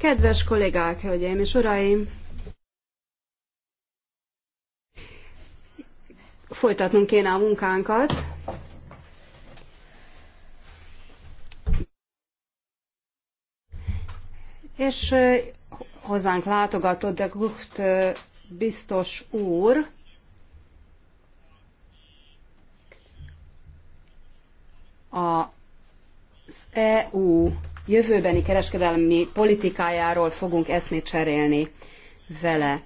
Kedves kollégák, hölgyeim és uraim! Folytatnunk kéne a munkánkat. És hozzánk látogatott de Gucht biztos úr, a az EU jövőbeni kereskedelmi politikájáról fogunk eszmét cserélni vele.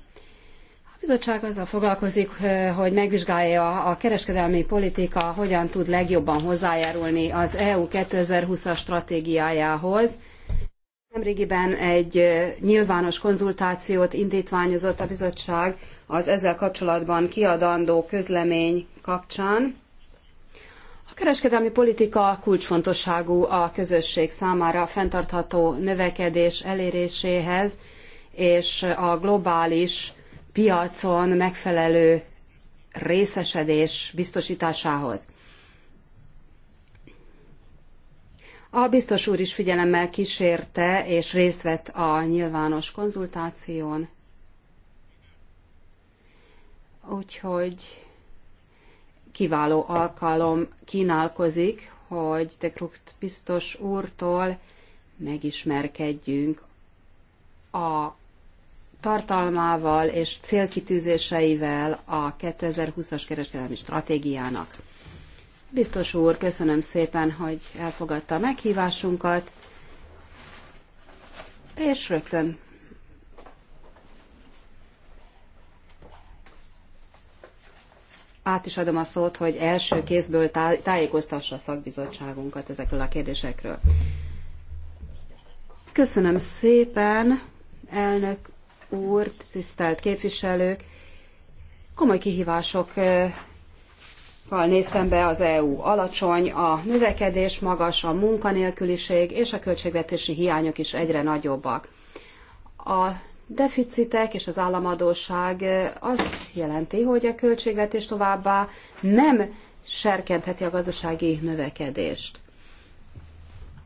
A bizottság azzal foglalkozik, hogy megvizsgálja a kereskedelmi politika hogyan tud legjobban hozzájárulni az EU 2020-as stratégiájához. Nemrégiben egy nyilvános konzultációt indítványozott a bizottság az ezzel kapcsolatban kiadandó közlemény kapcsán kereskedelmi politika kulcsfontosságú a közösség számára a fenntartható növekedés eléréséhez és a globális piacon megfelelő részesedés biztosításához. A biztos úr is figyelemmel kísérte és részt vett a nyilvános konzultáción. Úgyhogy kiváló alkalom kínálkozik, hogy de Krukt biztos úrtól megismerkedjünk a tartalmával és célkitűzéseivel a 2020-as kereskedelmi stratégiának. Biztos úr, köszönöm szépen, hogy elfogadta a meghívásunkat, és rögtön át is adom a szót, hogy első kézből tájékoztassa a szakbizottságunkat ezekről a kérdésekről. Köszönöm szépen, elnök úr, tisztelt képviselők! Komoly kihívásokkal néz szembe az EU. Alacsony a növekedés, magas a munkanélküliség, és a költségvetési hiányok is egyre nagyobbak. A deficitek és az államadóság azt jelenti, hogy a költségvetés továbbá nem serkentheti a gazdasági növekedést.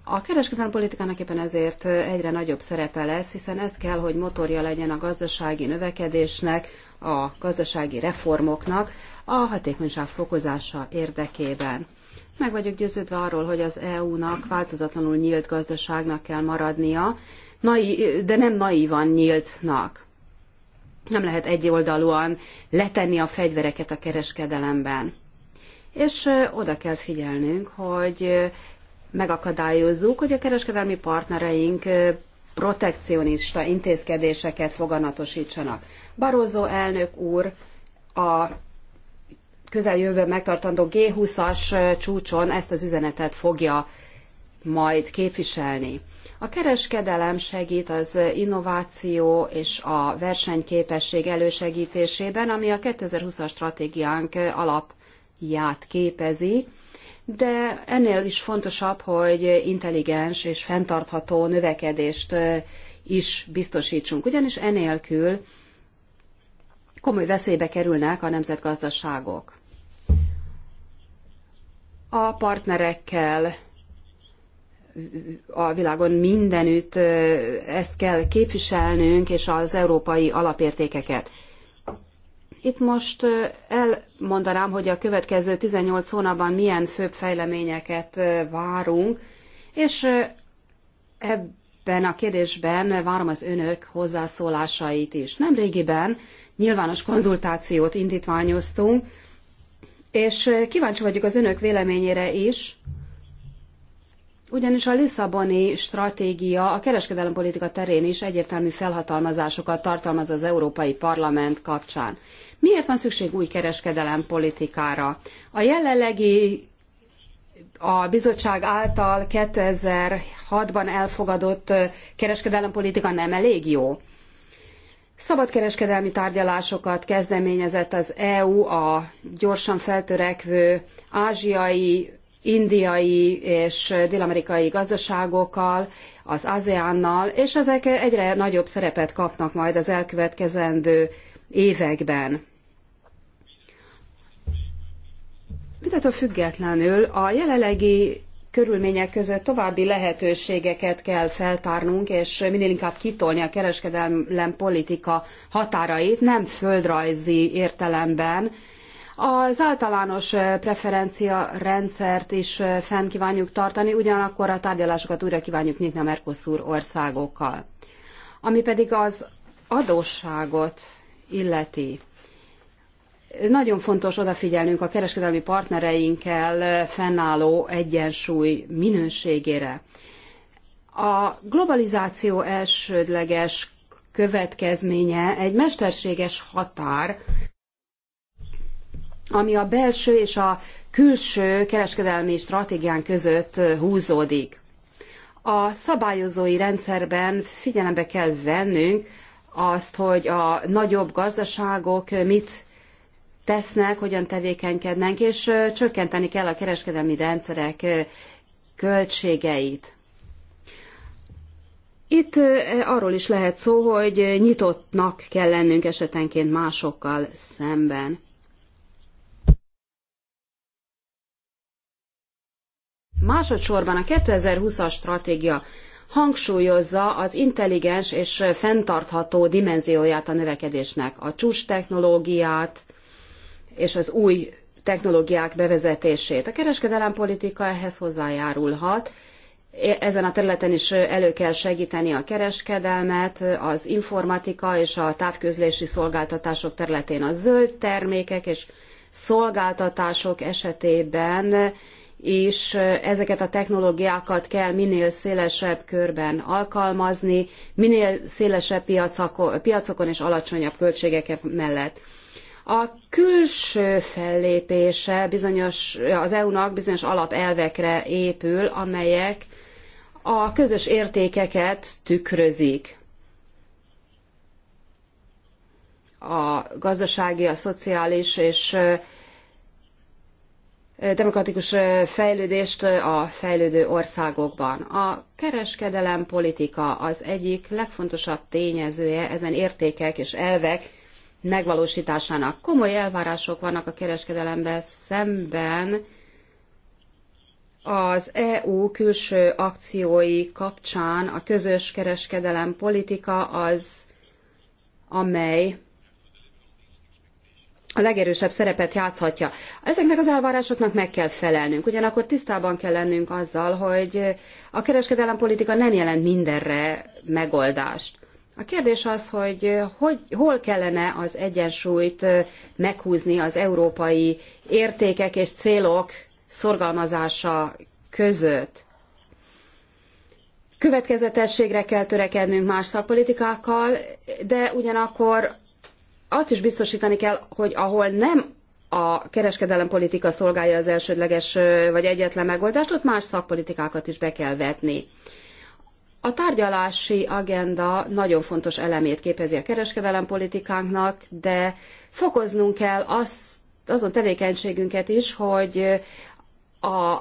A kereskedelmi politikának éppen ezért egyre nagyobb szerepe lesz, hiszen ez kell, hogy motorja legyen a gazdasági növekedésnek, a gazdasági reformoknak a hatékonyság fokozása érdekében. Meg vagyok győződve arról, hogy az EU-nak változatlanul nyílt gazdaságnak kell maradnia, naiv, de nem naívan nyíltnak. Nem lehet egyoldalúan letenni a fegyvereket a kereskedelemben. És oda kell figyelnünk, hogy megakadályozzuk, hogy a kereskedelmi partnereink protekcionista intézkedéseket foganatosítsanak. Barozó elnök úr a közeljövőben megtartandó G20-as csúcson ezt az üzenetet fogja majd képviselni. A kereskedelem segít az innováció és a versenyképesség elősegítésében, ami a 2020-as stratégiánk alapját képezi, de ennél is fontosabb, hogy intelligens és fenntartható növekedést is biztosítsunk, ugyanis enélkül komoly veszélybe kerülnek a nemzetgazdaságok. A partnerekkel a világon mindenütt ezt kell képviselnünk, és az európai alapértékeket. Itt most elmondanám, hogy a következő 18 hónapban milyen főbb fejleményeket várunk, és ebben a kérdésben várom az önök hozzászólásait is. Nemrégiben nyilvános konzultációt indítványoztunk, és kíváncsi vagyok az önök véleményére is, ugyanis a Lisszaboni stratégia a kereskedelempolitika terén is egyértelmű felhatalmazásokat tartalmaz az Európai Parlament kapcsán. Miért van szükség új kereskedelempolitikára? A jelenlegi a bizottság által 2006-ban elfogadott kereskedelempolitika nem elég jó. Szabadkereskedelmi tárgyalásokat kezdeményezett az EU a gyorsan feltörekvő ázsiai indiai és dél-amerikai gazdaságokkal, az ASEAN-nal, és ezek egyre nagyobb szerepet kapnak majd az elkövetkezendő években. Mindentől függetlenül a jelenlegi körülmények között további lehetőségeket kell feltárnunk, és minél inkább kitolni a kereskedelem politika határait, nem földrajzi értelemben, az általános preferencia rendszert is fenn kívánjuk tartani, ugyanakkor a tárgyalásokat újra kívánjuk nyitni a Mercosur országokkal. Ami pedig az adósságot illeti. Nagyon fontos odafigyelnünk a kereskedelmi partnereinkkel fennálló egyensúly minőségére. A globalizáció elsődleges következménye egy mesterséges határ, ami a belső és a külső kereskedelmi stratégián között húzódik. A szabályozói rendszerben figyelembe kell vennünk azt, hogy a nagyobb gazdaságok mit tesznek, hogyan tevékenykednek, és csökkenteni kell a kereskedelmi rendszerek költségeit. Itt arról is lehet szó, hogy nyitottnak kell lennünk esetenként másokkal szemben. Másodszorban a 2020-as stratégia hangsúlyozza az intelligens és fenntartható dimenzióját a növekedésnek, a csúcs technológiát és az új technológiák bevezetését. A kereskedelempolitika ehhez hozzájárulhat. E- ezen a területen is elő kell segíteni a kereskedelmet, az informatika és a távközlési szolgáltatások területén a zöld termékek és szolgáltatások esetében és ezeket a technológiákat kell minél szélesebb körben alkalmazni, minél szélesebb piacokon és alacsonyabb költségek mellett. A külső fellépése bizonyos, az EU-nak bizonyos alapelvekre épül, amelyek a közös értékeket tükrözik. A gazdasági, a szociális és demokratikus fejlődést a fejlődő országokban. A kereskedelem politika az egyik legfontosabb tényezője ezen értékek és elvek megvalósításának. Komoly elvárások vannak a kereskedelemben szemben az EU külső akciói kapcsán a közös kereskedelem politika az, amely a legerősebb szerepet játszhatja. Ezeknek az elvárásoknak meg kell felelnünk, ugyanakkor tisztában kell lennünk azzal, hogy a kereskedelem politika nem jelent mindenre megoldást. A kérdés az, hogy, hogy hol kellene az egyensúlyt meghúzni az európai értékek és célok szorgalmazása között. Következetességre kell törekednünk más szakpolitikákkal, de ugyanakkor azt is biztosítani kell, hogy ahol nem a kereskedelempolitika szolgálja az elsődleges vagy egyetlen megoldást, ott más szakpolitikákat is be kell vetni. A tárgyalási agenda nagyon fontos elemét képezi a kereskedelempolitikánknak, de fokoznunk kell azt, azon tevékenységünket is, hogy a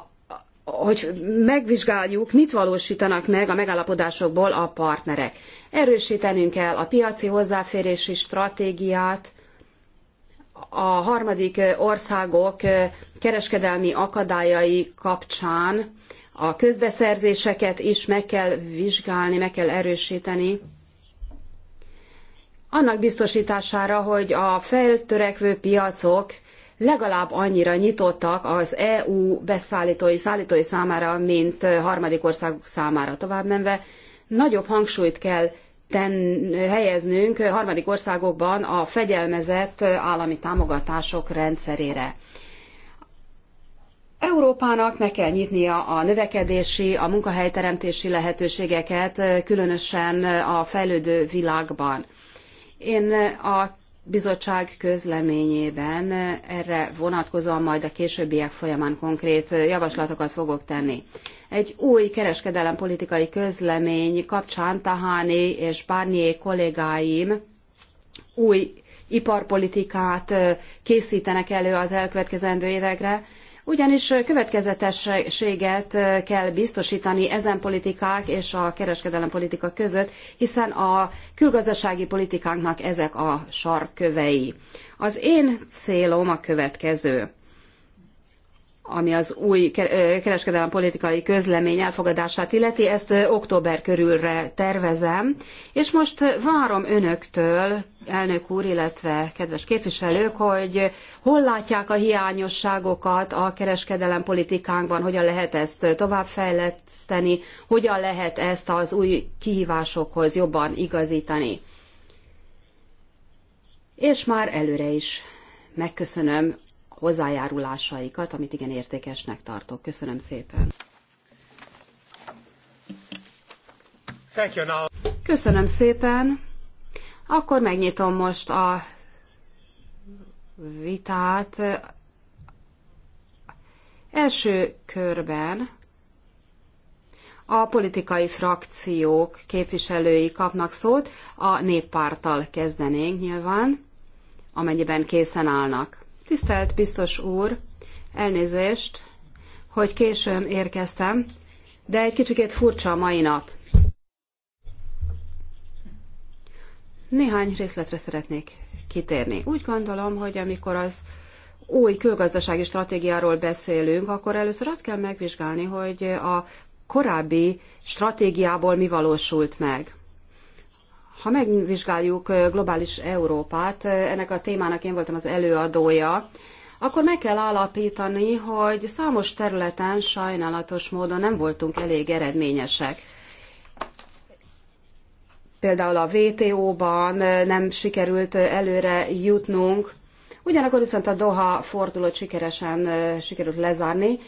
hogy megvizsgáljuk, mit valósítanak meg a megállapodásokból a partnerek. Erősítenünk kell a piaci hozzáférési stratégiát, a harmadik országok kereskedelmi akadályai kapcsán a közbeszerzéseket is meg kell vizsgálni, meg kell erősíteni. Annak biztosítására, hogy a feltörekvő piacok legalább annyira nyitottak az EU beszállítói, szállítói számára, mint harmadik országok számára. Tovább menve nagyobb hangsúlyt kell ten, helyeznünk harmadik országokban a fegyelmezett állami támogatások rendszerére. Európának meg kell nyitnia a növekedési, a munkahelyteremtési lehetőségeket, különösen a fejlődő világban. Én a bizottság közleményében erre vonatkozóan majd a későbbiek folyamán konkrét javaslatokat fogok tenni. Egy új kereskedelempolitikai közlemény kapcsán Tahani és Barnier kollégáim új iparpolitikát készítenek elő az elkövetkezendő évekre, ugyanis következetességet kell biztosítani ezen politikák és a kereskedelem politika között, hiszen a külgazdasági politikánknak ezek a sarkkövei. Az én célom a következő ami az új kereskedelmi politikai közlemény elfogadását illeti, ezt október körülre tervezem, és most várom önöktől, elnök úr, illetve kedves képviselők, hogy hol látják a hiányosságokat a kereskedelem politikánkban, hogyan lehet ezt továbbfejleszteni, hogyan lehet ezt az új kihívásokhoz jobban igazítani. És már előre is megköszönöm hozzájárulásaikat, amit igen értékesnek tartok. Köszönöm szépen. Köszönöm szépen. Akkor megnyitom most a vitát. Első körben a politikai frakciók képviselői kapnak szót, a néppárttal kezdenénk nyilván, amennyiben készen állnak. Tisztelt biztos úr, elnézést, hogy későn érkeztem, de egy kicsikét furcsa a mai nap. Néhány részletre szeretnék kitérni. Úgy gondolom, hogy amikor az új külgazdasági stratégiáról beszélünk, akkor először azt kell megvizsgálni, hogy a korábbi stratégiából mi valósult meg. Ha megvizsgáljuk globális Európát, ennek a témának én voltam az előadója, akkor meg kell állapítani, hogy számos területen sajnálatos módon nem voltunk elég eredményesek. Például a WTO-ban nem sikerült előre jutnunk, ugyanakkor viszont a Doha fordulót sikeresen sikerült lezárni,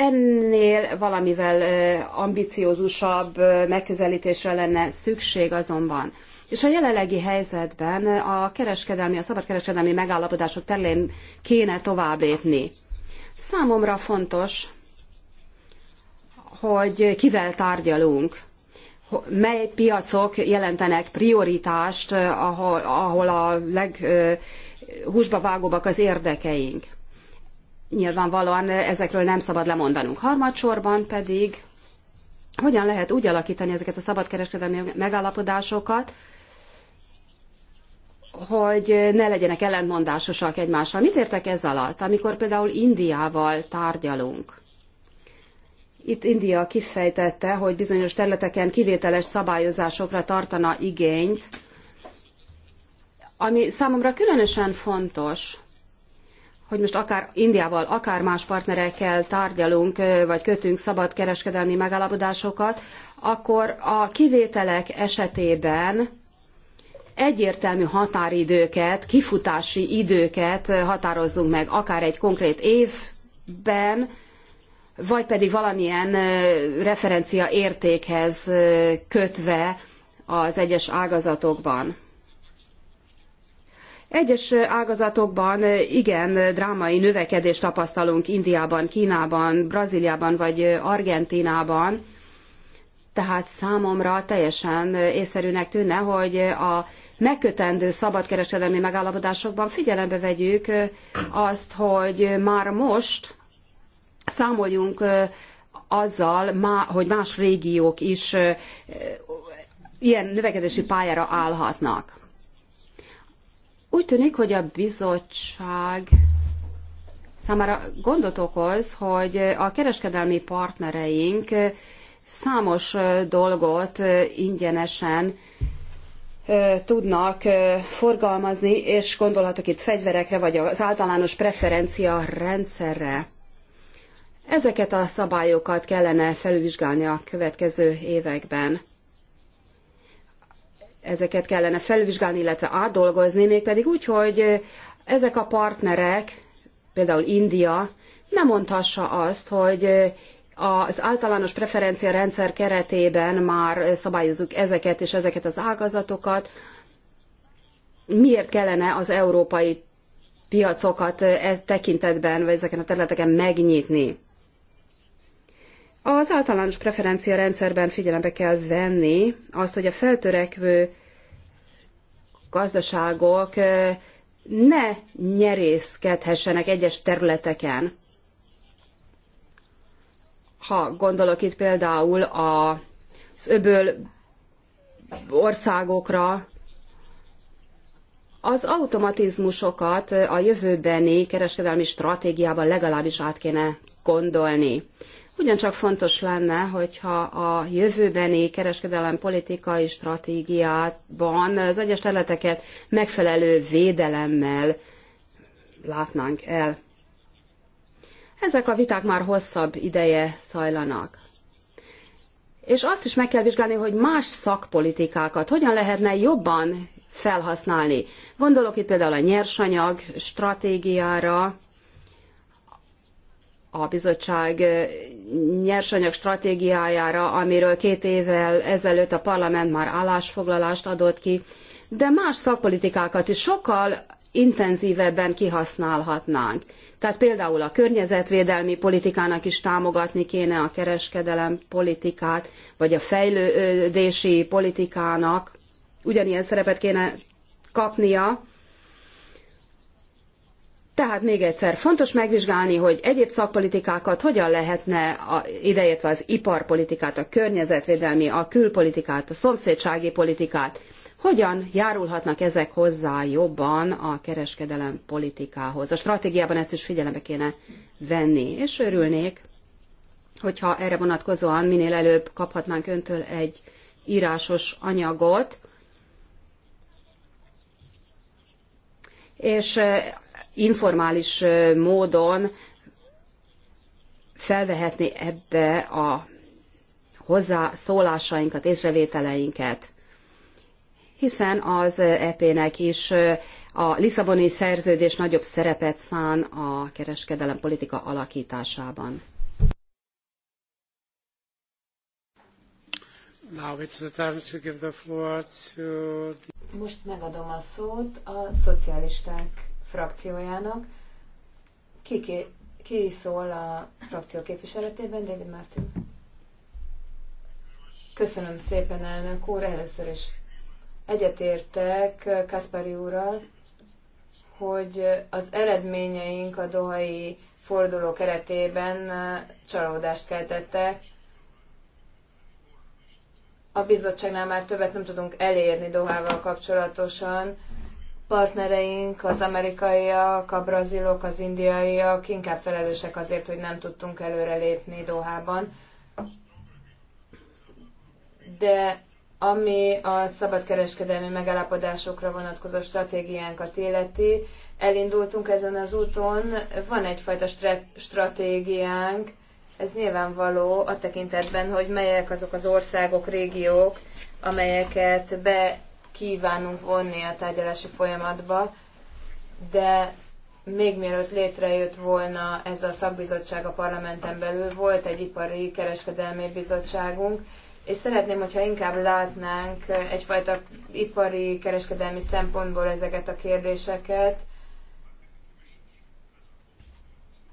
Ennél valamivel ambiciózusabb megközelítésre lenne szükség azonban. És a jelenlegi helyzetben a kereskedelmi, a szabadkereskedelmi megállapodások terén kéne tovább lépni. Számomra fontos, hogy kivel tárgyalunk, mely piacok jelentenek prioritást, ahol, ahol a leghúsba vágóbbak az érdekeink nyilvánvalóan ezekről nem szabad lemondanunk. Harmadsorban pedig hogyan lehet úgy alakítani ezeket a szabadkereskedelmi megállapodásokat, hogy ne legyenek ellentmondásosak egymással. Mit értek ez alatt, amikor például Indiával tárgyalunk? Itt India kifejtette, hogy bizonyos területeken kivételes szabályozásokra tartana igényt, ami számomra különösen fontos, hogy most akár Indiával, akár más partnerekkel tárgyalunk, vagy kötünk szabad kereskedelmi megállapodásokat, akkor a kivételek esetében egyértelmű határidőket, kifutási időket határozzunk meg, akár egy konkrét évben, vagy pedig valamilyen referencia értékhez kötve az egyes ágazatokban. Egyes ágazatokban eh, igen drámai növekedést tapasztalunk Indiában, Kínában, Brazíliában vagy eh, Argentínában, tehát számomra teljesen eh, észszerűnek tűnne, hogy a megkötendő szabadkereskedelmi megállapodásokban figyelembe vegyük azt, hogy már most számoljunk azzal, hogy más régiók is ilyen növekedési pályára állhatnak. Úgy tűnik, hogy a bizottság számára gondot okoz, hogy a kereskedelmi partnereink számos dolgot ingyenesen tudnak forgalmazni, és gondolhatok itt fegyverekre, vagy az általános preferencia rendszerre. Ezeket a szabályokat kellene felvizsgálni a következő években ezeket kellene felvizsgálni, illetve átdolgozni, mégpedig úgy, hogy ezek a partnerek, például India, nem mondhassa azt, hogy az általános preferencia rendszer keretében már szabályozzuk ezeket és ezeket az ágazatokat, miért kellene az európai piacokat e tekintetben, vagy ezeken a területeken megnyitni. Az általános preferencia rendszerben figyelembe kell venni azt, hogy a feltörekvő gazdaságok ne nyerészkedhessenek egyes területeken. Ha gondolok itt például az öböl országokra, az automatizmusokat a jövőbeni kereskedelmi stratégiában legalábbis át kéne gondolni. Ugyancsak fontos lenne, hogyha a jövőbeni kereskedelem politikai stratégiában az egyes területeket megfelelő védelemmel látnánk el. Ezek a viták már hosszabb ideje zajlanak. És azt is meg kell vizsgálni, hogy más szakpolitikákat hogyan lehetne jobban felhasználni. Gondolok itt például a nyersanyag stratégiára, a bizottság eh, nyersanyag stratégiájára, amiről két évvel ezelőtt a parlament már állásfoglalást adott ki, de más szakpolitikákat is sokkal intenzívebben kihasználhatnánk. Tehát például a környezetvédelmi politikának is támogatni kéne a kereskedelem politikát, vagy a fejlődési politikának ugyanilyen szerepet kéne kapnia, tehát még egyszer, fontos megvizsgálni, hogy egyéb szakpolitikákat hogyan lehetne, a, ideértve az iparpolitikát, a környezetvédelmi, a külpolitikát, a szomszédsági politikát, hogyan járulhatnak ezek hozzá jobban a kereskedelem politikához. A stratégiában ezt is figyelembe kéne venni, és örülnék, hogyha erre vonatkozóan minél előbb kaphatnánk öntől egy írásos anyagot, és eh, informális módon felvehetni ebbe a hozzászólásainkat, észrevételeinket. Hiszen az EP-nek is a Lisszaboni szerződés nagyobb szerepet szán a kereskedelem politika alakításában. Most megadom a szót a szocialisták frakciójának. Ki, ki, ki szól a frakció képviseletében? David Martin. Köszönöm szépen, elnök úr. Először is egyetértek Kaspari úrral, hogy az eredményeink a dohai forduló keretében csalódást keltettek. A bizottságnál már többet nem tudunk elérni Dohával kapcsolatosan, partnereink, az amerikaiak, a brazilok, az indiaiak inkább felelősek azért, hogy nem tudtunk előrelépni Dohában. De ami a szabadkereskedelmi megállapodásokra vonatkozó stratégiánkat illeti, elindultunk ezen az úton, van egyfajta stratégiánk, ez nyilvánvaló a tekintetben, hogy melyek azok az országok, régiók, amelyeket be kívánunk vonni a tárgyalási folyamatba, de még mielőtt létrejött volna ez a szakbizottság a parlamenten belül, volt egy ipari kereskedelmi bizottságunk, és szeretném, hogyha inkább látnánk egyfajta ipari kereskedelmi szempontból ezeket a kérdéseket,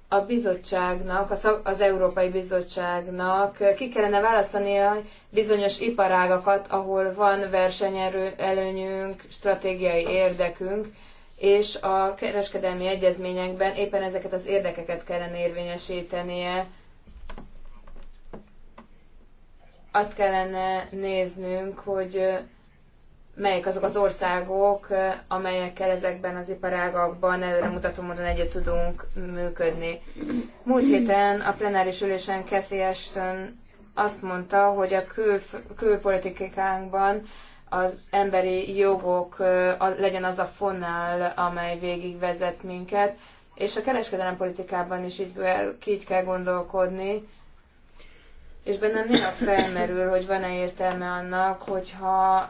a bizottságnak, az Európai Bizottságnak ki kellene választani a bizonyos iparágakat, ahol van versenyerő előnyünk, stratégiai érdekünk, és a kereskedelmi egyezményekben éppen ezeket az érdekeket kellene érvényesítenie. Azt kellene néznünk, hogy melyek azok az országok, amelyekkel ezekben az iparágakban előremutató módon együtt tudunk működni. Múlt héten a plenáris ülésen Cassie Ashton azt mondta, hogy a kül, külpolitikánkban az emberi jogok legyen az a fonál, amely végigvezet minket, és a kereskedelem politikában is így, így kell gondolkodni, és bennem néha felmerül, hogy van-e értelme annak, hogyha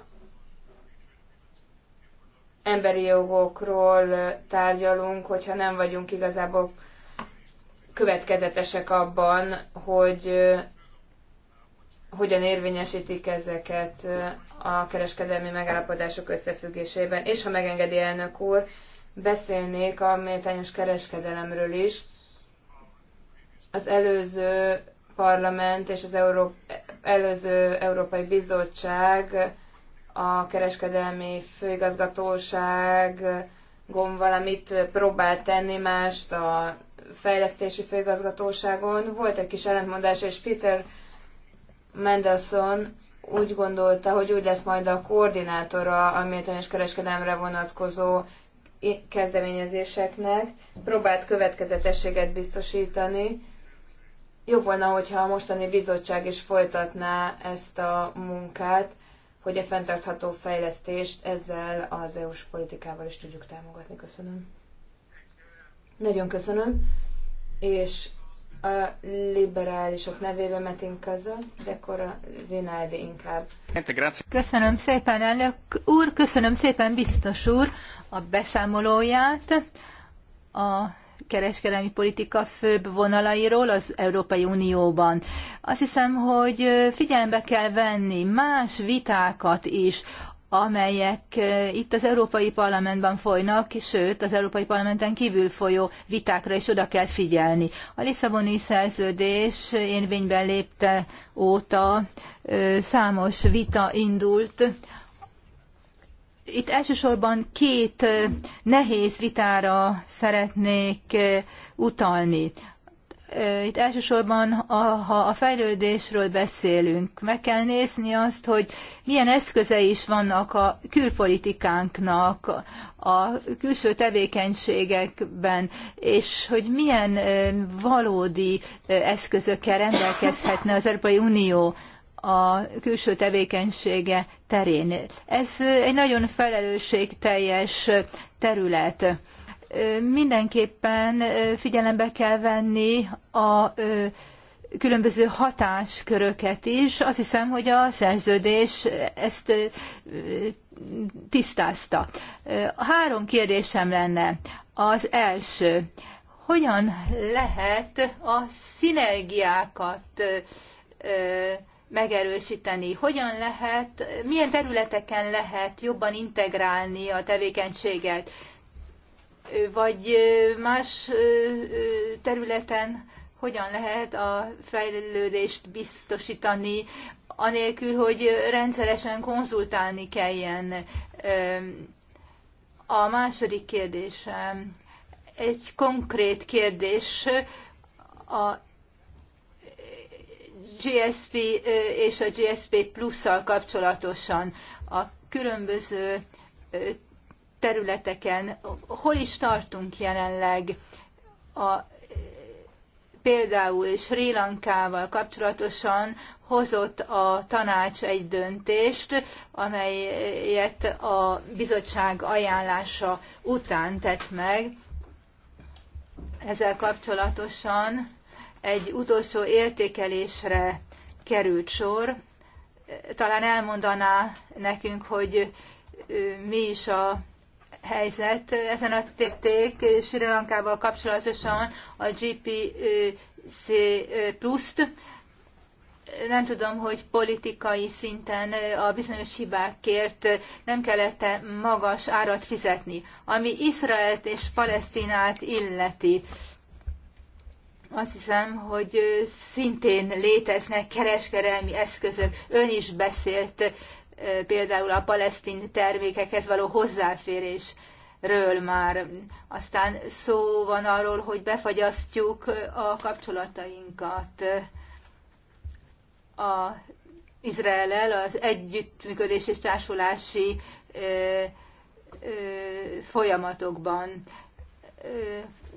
emberi jogokról tárgyalunk, hogyha nem vagyunk igazából következetesek abban, hogy hogyan érvényesítik ezeket a kereskedelmi megállapodások összefüggésében. És ha megengedi elnök úr, beszélnék a méltányos kereskedelemről is. Az előző parlament és az Euró- előző Európai Bizottság a kereskedelmi főigazgatóságon valamit próbált tenni, mást a fejlesztési főigazgatóságon. Volt egy kis ellentmondás, és Peter Mendelssohn úgy gondolta, hogy úgy lesz majd a koordinátora a méltányos kereskedelemre vonatkozó kezdeményezéseknek, próbált következetességet biztosítani. Jó volna, hogyha a mostani bizottság is folytatná ezt a munkát, hogy a fenntartható fejlesztést ezzel az EU-s politikával is tudjuk támogatni. Köszönöm. Nagyon köszönöm. És a liberálisok nevében Metin Kaza, de a Rinaldi inkább. Köszönöm szépen, elnök úr, köszönöm szépen, biztos úr, a beszámolóját. A kereskedelmi politika főbb vonalairól az Európai Unióban. Azt hiszem, hogy figyelembe kell venni más vitákat is, amelyek itt az Európai Parlamentben folynak, sőt az Európai Parlamenten kívül folyó vitákra is oda kell figyelni. A Lisszaboni szerződés érvényben lépte óta számos vita indult itt elsősorban két nehéz vitára szeretnék utalni. Itt elsősorban, ha a fejlődésről beszélünk, meg kell nézni azt, hogy milyen eszköze is vannak a külpolitikánknak, a külső tevékenységekben, és hogy milyen valódi eszközökkel rendelkezhetne az Európai Unió a külső tevékenysége terén. Ez egy nagyon felelősségteljes terület. Mindenképpen figyelembe kell venni a különböző hatásköröket is. Azt hiszem, hogy a szerződés ezt tisztázta. Három kérdésem lenne. Az első, hogyan lehet a szinergiákat megerősíteni? Hogyan lehet, milyen területeken lehet jobban integrálni a tevékenységet? Vagy más területen hogyan lehet a fejlődést biztosítani, anélkül, hogy rendszeresen konzultálni kelljen? A második kérdésem egy konkrét kérdés a GSP és a GSP plusszal kapcsolatosan a különböző területeken hol is tartunk jelenleg a például Sri Lankával kapcsolatosan hozott a tanács egy döntést, amelyet a bizottság ajánlása után tett meg. Ezzel kapcsolatosan egy utolsó értékelésre került sor. Talán elmondaná nekünk, hogy mi is a helyzet ezen a tették Sri Lankával kapcsolatosan a GPC pluszt. Nem tudom, hogy politikai szinten a bizonyos hibákért nem kellett -e magas árat fizetni, ami Izraelt és Palesztinát illeti. Azt hiszem, hogy szintén léteznek kereskedelmi eszközök. Ön is beszélt például a palesztin termékekhez való hozzáférésről már. Aztán szó van arról, hogy befagyasztjuk a kapcsolatainkat a Izrael-el az együttműködés és társulási folyamatokban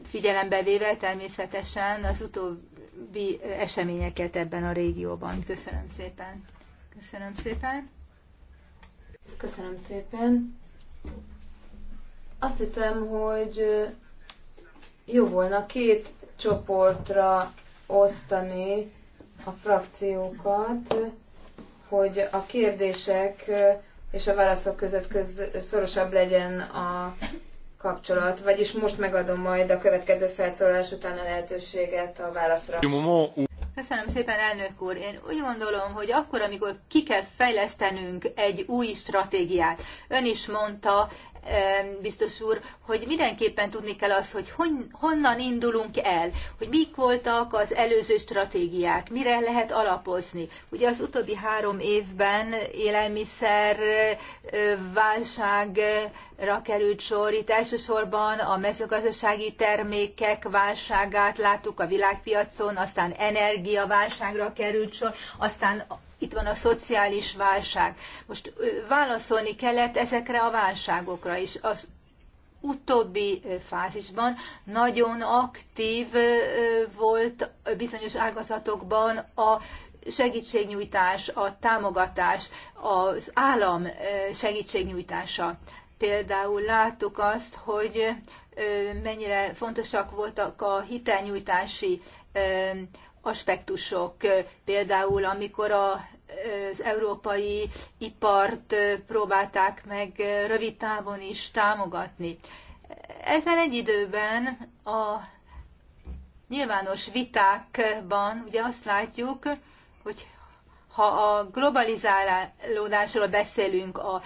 figyelembe véve természetesen az utóbbi eseményeket ebben a régióban. Köszönöm szépen. Köszönöm szépen. Köszönöm szépen. Azt hiszem, hogy jó volna két csoportra osztani a frakciókat, hogy a kérdések és a válaszok között köz, szorosabb legyen a kapcsolat, vagyis most megadom majd a következő felszólalás után a lehetőséget a válaszra. Köszönöm szépen, elnök úr. Én úgy gondolom, hogy akkor, amikor ki kell fejlesztenünk egy új stratégiát, ön is mondta, biztos úr, hogy mindenképpen tudni kell azt, hogy honnan indulunk el, hogy mik voltak az előző stratégiák, mire lehet alapozni. Ugye az utóbbi három évben élelmiszer válságra került sor, itt elsősorban a mezőgazdasági termékek válságát láttuk a világpiacon, aztán energiaválságra került sor, aztán itt van a szociális válság. Most válaszolni kellett ezekre a válságokra is. Az utóbbi fázisban nagyon aktív volt bizonyos ágazatokban a segítségnyújtás, a támogatás, az állam segítségnyújtása. Például láttuk azt, hogy mennyire fontosak voltak a hitelnyújtási aspektusok, például amikor a az európai ipart próbálták meg rövid távon is támogatni. Ezzel egy időben a nyilvános vitákban ugye azt látjuk, hogy ha a globalizálódásról beszélünk, a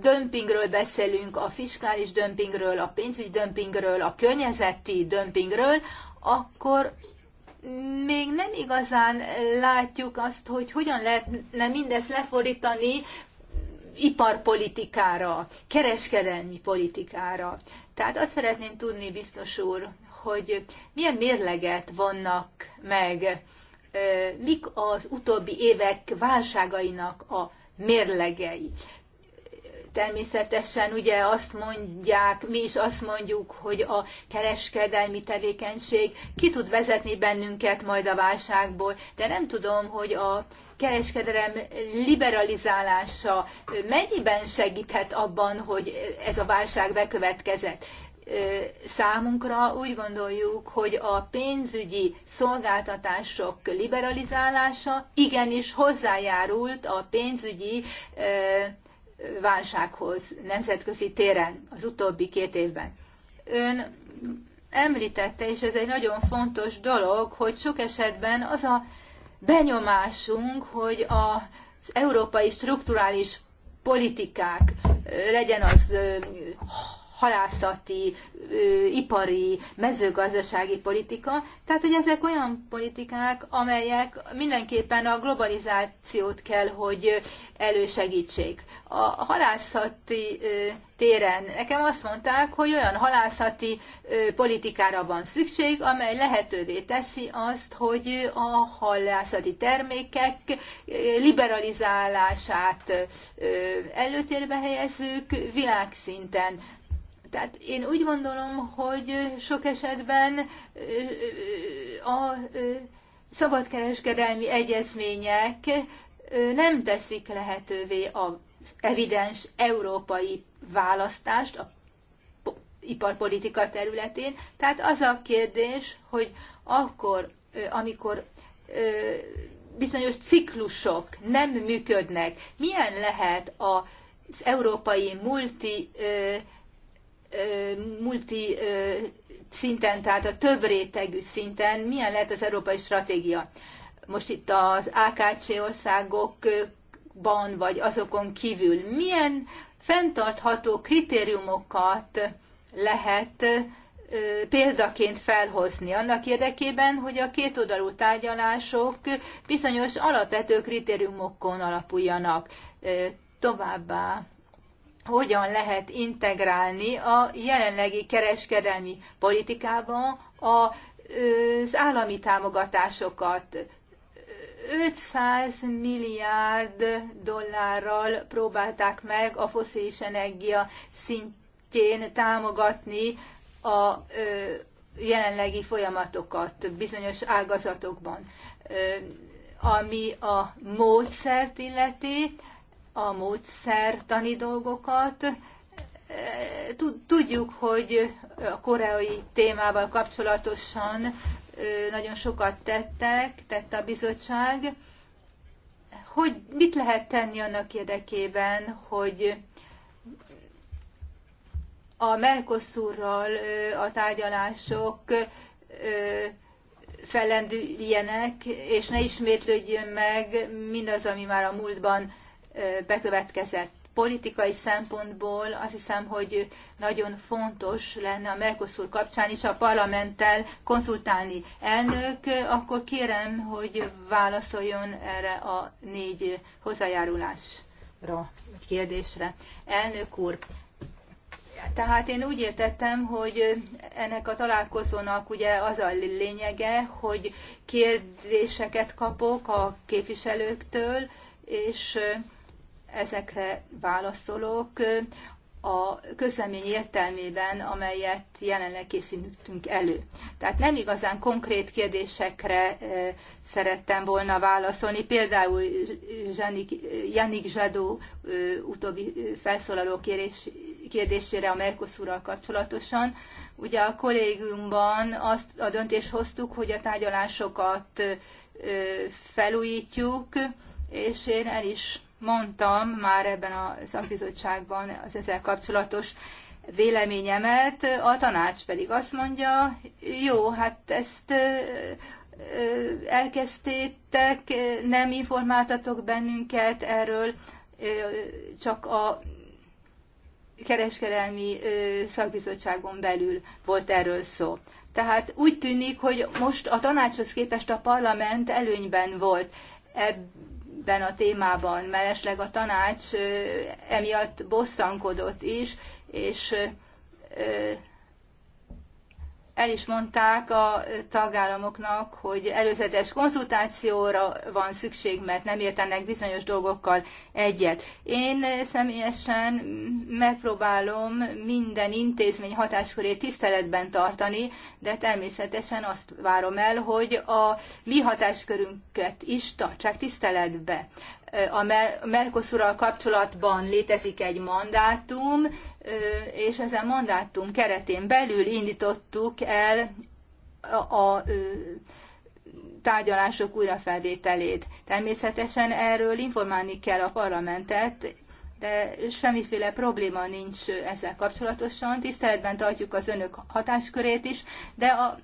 dömpingről beszélünk, a fiskális dömpingről, a pénzügyi dömpingről, a környezeti dömpingről, akkor még nem igazán látjuk azt, hogy hogyan lehetne mindezt lefordítani iparpolitikára, kereskedelmi politikára. Tehát azt szeretném tudni, biztos úr, hogy milyen mérleget vannak meg, mik az utóbbi évek válságainak a mérlegei. Természetesen ugye azt mondják, mi is azt mondjuk, hogy a kereskedelmi tevékenység ki tud vezetni bennünket majd a válságból, de nem tudom, hogy a kereskedelem liberalizálása mennyiben segíthet abban, hogy ez a válság bekövetkezett. Számunkra úgy gondoljuk, hogy a pénzügyi szolgáltatások liberalizálása igenis hozzájárult a pénzügyi válsághoz nemzetközi téren az utóbbi két évben. Ön említette, és ez egy nagyon fontos dolog, hogy sok esetben az a benyomásunk, hogy az európai strukturális politikák, legyen az halászati, ipari, mezőgazdasági politika. Tehát, hogy ezek olyan politikák, amelyek mindenképpen a globalizációt kell, hogy elősegítsék a halászati téren. Nekem azt mondták, hogy olyan halászati politikára van szükség, amely lehetővé teszi azt, hogy a halászati termékek liberalizálását előtérbe helyezzük világszinten. Tehát én úgy gondolom, hogy sok esetben a szabadkereskedelmi egyezmények nem teszik lehetővé a evidens európai választást a iparpolitika területén. Tehát az a kérdés, hogy akkor, amikor bizonyos ciklusok nem működnek, milyen lehet az európai multi, multi szinten, tehát a több rétegű szinten, milyen lehet az európai stratégia? Most itt az AKC országok ban vagy azokon kívül milyen fenntartható kritériumokat lehet példaként felhozni annak érdekében, hogy a kétoldalú tárgyalások bizonyos alapvető kritériumokon alapuljanak. Továbbá hogyan lehet integrálni a jelenlegi kereskedelmi politikába az állami támogatásokat. 500 milliárd dollárral próbálták meg a foszilis energia szintjén támogatni a jelenlegi folyamatokat bizonyos ágazatokban. Ami a módszert illeti, a módszertani dolgokat, tudjuk, hogy a koreai témával kapcsolatosan nagyon sokat tettek, tett a bizottság. Hogy mit lehet tenni annak érdekében, hogy a Mercosurral a tárgyalások fellendüljenek, és ne ismétlődjön meg mindaz, ami már a múltban bekövetkezett politikai szempontból azt hiszem, hogy nagyon fontos lenne a Mercosur kapcsán is a parlamenttel konzultálni. Elnök, akkor kérem, hogy válaszoljon erre a négy hozzájárulásra, kérdésre. Elnök úr, tehát én úgy értettem, hogy ennek a találkozónak ugye az a lényege, hogy kérdéseket kapok a képviselőktől, és ezekre válaszolok a közlemény értelmében, amelyet jelenleg készítünk elő. Tehát nem igazán konkrét kérdésekre szerettem volna válaszolni. Például Janik Zsadó utóbbi felszólaló kérés, kérdésére a Mercosurral kapcsolatosan. Ugye a kollégiumban azt a döntést hoztuk, hogy a tárgyalásokat felújítjuk, és én el is mondtam már ebben a szakbizottságban az ezzel kapcsolatos véleményemet, a tanács pedig azt mondja, jó, hát ezt elkezdtétek, nem informáltatok bennünket erről, csak a kereskedelmi szakbizottságon belül volt erről szó. Tehát úgy tűnik, hogy most a tanácshoz képest a parlament előnyben volt ebben a témában, mellesleg a tanács emiatt bosszankodott is, és el is mondták a tagállamoknak, hogy előzetes konzultációra van szükség, mert nem értenek bizonyos dolgokkal egyet. Én személyesen megpróbálom minden intézmény hatáskörét tiszteletben tartani, de természetesen azt várom el, hogy a mi hatáskörünket is tartsák tiszteletbe a Mercosurral kapcsolatban létezik egy mandátum, és ezen mandátum keretén belül indítottuk el a tárgyalások újrafelvételét. Természetesen erről informálni kell a parlamentet, de semmiféle probléma nincs ezzel kapcsolatosan. Tiszteletben tartjuk az önök hatáskörét is, de a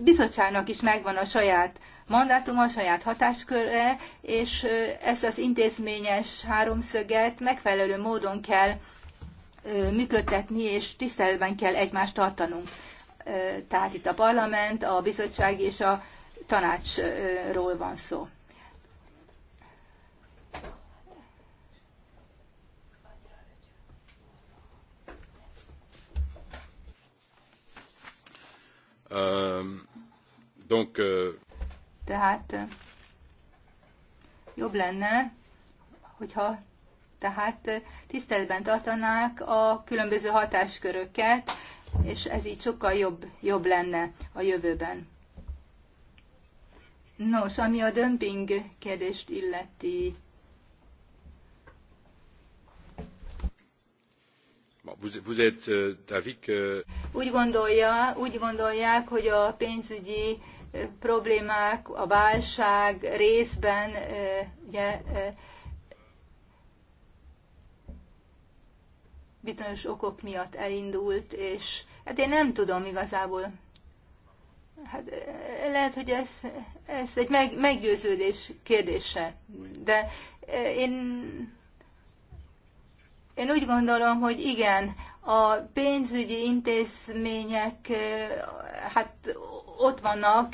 bizottságnak is megvan a saját mandátuma, saját hatásköre, és ezt az intézményes háromszöget megfelelő módon kell működtetni, és tiszteletben kell egymást tartanunk. Tehát itt a parlament, a bizottság és a tanácsról van szó. Euh, donc, euh, tehát jobb lenne, hogyha tehát tiszteletben tartanák a különböző hatásköröket, és ez így sokkal jobb, jobb lenne a jövőben. Nos, ami a dömping kérdést illeti. Euh, úgy, gondolja, úgy gondolják, hogy a pénzügyi problémák, a válság részben ugye, bizonyos okok miatt elindult, és hát én nem tudom igazából. Hát lehet, hogy ez, ez egy meg, meggyőződés kérdése, de én, én úgy gondolom, hogy igen, a pénzügyi intézmények hát ott vannak,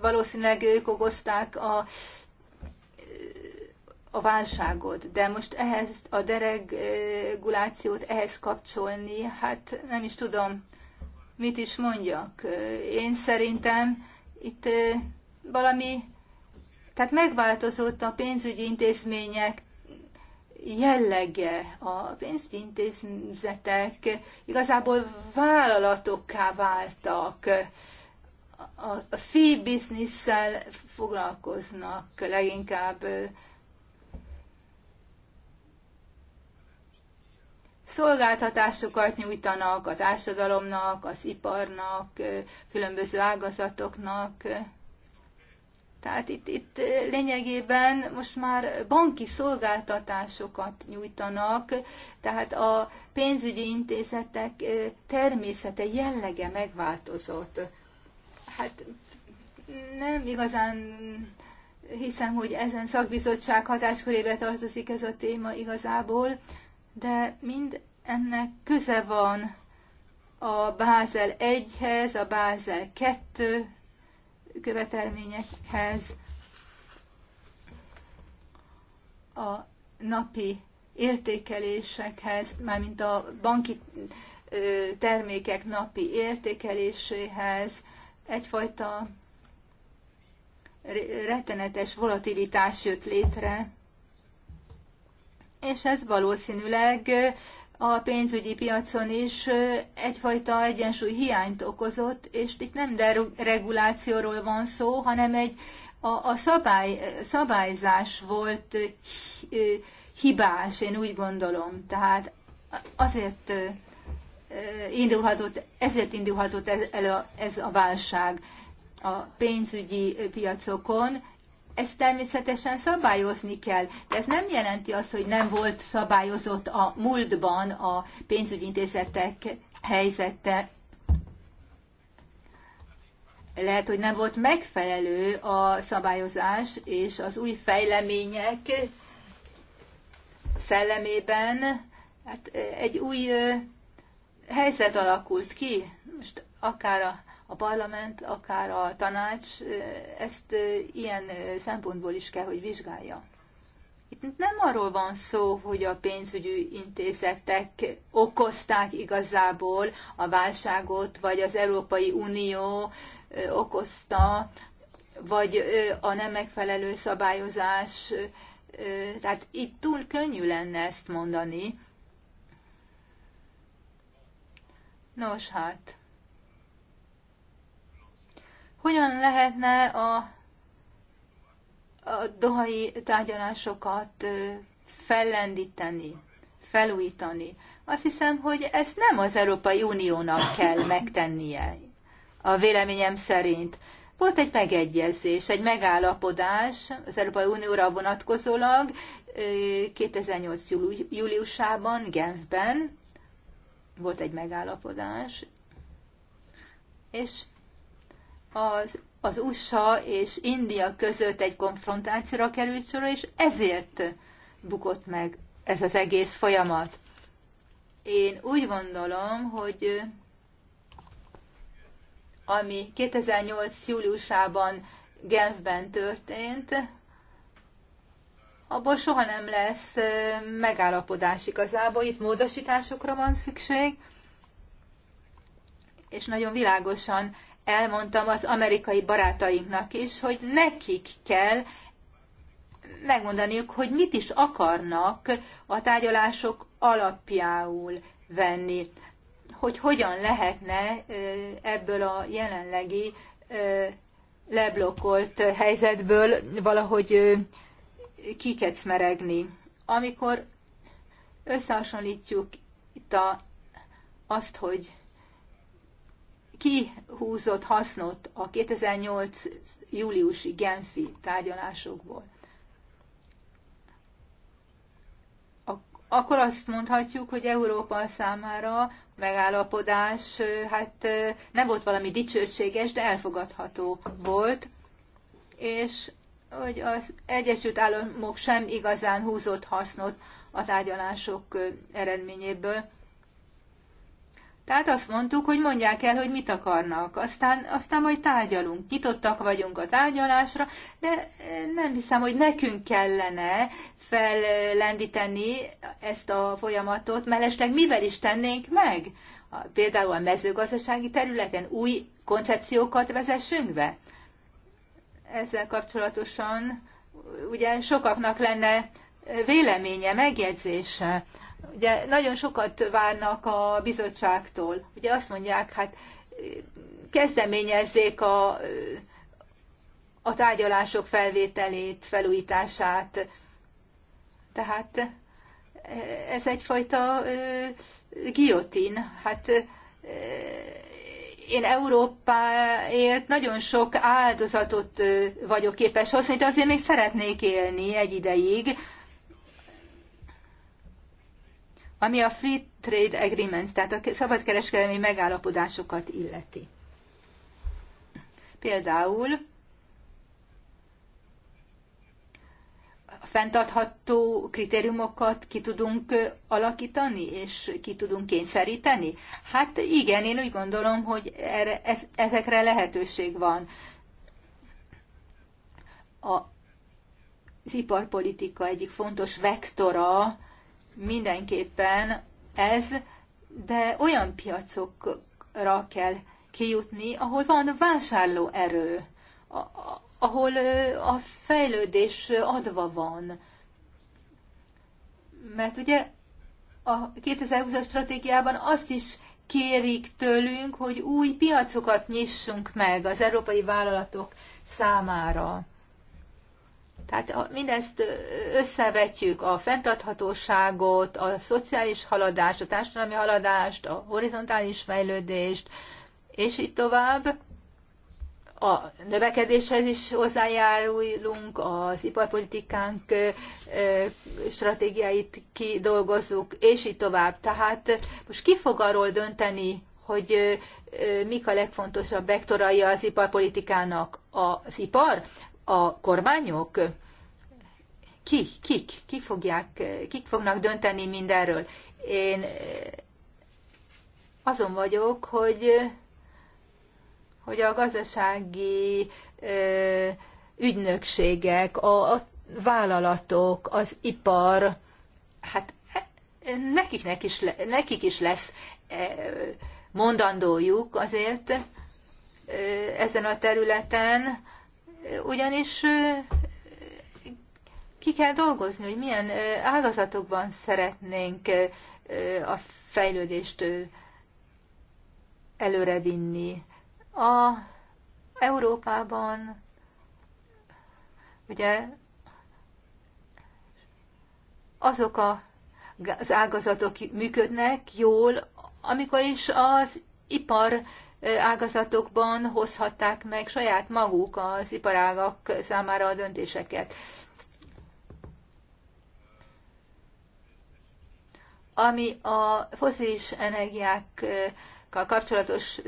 valószínűleg ők okozták a, a válságot, de most ehhez a deregulációt ehhez kapcsolni, hát nem is tudom, mit is mondjak. Én szerintem itt valami, tehát megváltozott a pénzügyi intézmények jellege, a pénzügyi intézetek igazából vállalatokká váltak a fee business foglalkoznak leginkább. Szolgáltatásokat nyújtanak a társadalomnak, az iparnak, különböző ágazatoknak. Tehát itt, itt lényegében most már banki szolgáltatásokat nyújtanak, tehát a pénzügyi intézetek természete, jellege megváltozott. Hát nem igazán hiszem, hogy ezen szakbizottság hatáskörébe tartozik ez a téma igazából, de mind ennek köze van a Bázel 1-hez, a Bázel 2 követelményekhez, a napi értékelésekhez, mármint a banki termékek napi értékeléséhez, egyfajta rettenetes volatilitás jött létre, és ez valószínűleg a pénzügyi piacon is egyfajta egyensúly hiányt okozott, és itt nem deregulációról van szó, hanem egy a, a szabály, szabályzás volt hibás, én úgy gondolom. Tehát azért indulhatott, ezért indulhatott a, ez a válság a pénzügyi piacokon. Ezt természetesen szabályozni kell, de ez nem jelenti azt, hogy nem volt szabályozott a múltban a pénzügyi intézetek helyzete. Lehet, hogy nem volt megfelelő a szabályozás, és az új fejlemények szellemében hát egy új helyzet alakult ki, most akár a, a parlament, akár a tanács ezt ilyen szempontból is kell, hogy vizsgálja. Itt nem arról van szó, hogy a pénzügyi intézetek okozták igazából a válságot, vagy az Európai Unió okozta, vagy a nem megfelelő szabályozás. Tehát itt túl könnyű lenne ezt mondani. Nos hát, hogyan lehetne a, a dohai tárgyalásokat fellendíteni, felújítani? Azt hiszem, hogy ezt nem az Európai Uniónak kell megtennie, a véleményem szerint. Volt egy megegyezés, egy megállapodás az Európai Unióra vonatkozólag 2008. júliusában, Genfben, volt egy megállapodás, és az, az USA és India között egy konfrontációra került sor, és ezért bukott meg ez az egész folyamat. Én úgy gondolom, hogy ami 2008. júliusában Genfben történt, abból soha nem lesz megállapodás igazából. Itt módosításokra van szükség, és nagyon világosan elmondtam az amerikai barátainknak is, hogy nekik kell megmondaniuk, hogy mit is akarnak a tárgyalások alapjául venni, hogy hogyan lehetne ebből a jelenlegi leblokkolt helyzetből valahogy kikecmeregni. Amikor összehasonlítjuk itt a, azt, hogy ki húzott hasznot a 2008. júliusi Genfi tárgyalásokból, akkor azt mondhatjuk, hogy Európa számára megállapodás, hát nem volt valami dicsőséges, de elfogadható volt, és hogy az Egyesült Államok sem igazán húzott hasznot a tárgyalások eredményéből. Tehát azt mondtuk, hogy mondják el, hogy mit akarnak, aztán, aztán majd tárgyalunk. Nyitottak vagyunk a tárgyalásra, de nem hiszem, hogy nekünk kellene fellendíteni ezt a folyamatot, mellesleg mivel is tennénk meg? Például a mezőgazdasági területen új koncepciókat vezessünk be? ezzel kapcsolatosan ugye sokaknak lenne véleménye, megjegyzése. Ugye nagyon sokat várnak a bizottságtól. Ugye azt mondják, hát kezdeményezzék a, a tárgyalások felvételét, felújítását. Tehát ez egyfajta ö, guillotine. Hát ö, én Európáért nagyon sok áldozatot vagyok képes hozni, de azért még szeretnék élni egy ideig. Ami a Free Trade Agreements, tehát a szabadkereskedelmi megállapodásokat illeti. Például fenntartható kritériumokat ki tudunk alakítani, és ki tudunk kényszeríteni? Hát igen, én úgy gondolom, hogy erre, ez, ezekre lehetőség van. A, az iparpolitika egyik fontos vektora mindenképpen ez, de olyan piacokra kell kijutni, ahol van vásárlóerő, ahol a fejlődés adva van. Mert ugye a 2020-as stratégiában azt is kérik tőlünk, hogy új piacokat nyissunk meg az európai vállalatok számára. Tehát mindezt összevetjük a fenntarthatóságot, a szociális haladást, a társadalmi haladást, a horizontális fejlődést, és így tovább a növekedéshez is hozzájárulunk, az iparpolitikánk stratégiáit kidolgozzuk, és így tovább. Tehát most ki fog arról dönteni, hogy mik a legfontosabb vektorai az iparpolitikának? Az ipar? A kormányok? Ki, kik, kik, fogják, kik fognak dönteni mindenről? Én azon vagyok, hogy hogy a gazdasági ügynökségek, a vállalatok, az ipar, hát e, nekiknek is, nekik is lesz e, mondandójuk azért ezen a területen, ugyanis ki kell dolgozni, hogy milyen ágazatokban szeretnénk a fejlődést előrevinni. A Európában ugye azok a, az ágazatok működnek jól, amikor is az ipar ágazatokban hozhatták meg saját maguk az iparágak számára a döntéseket. Ami a foszilis energiákkal kapcsolatos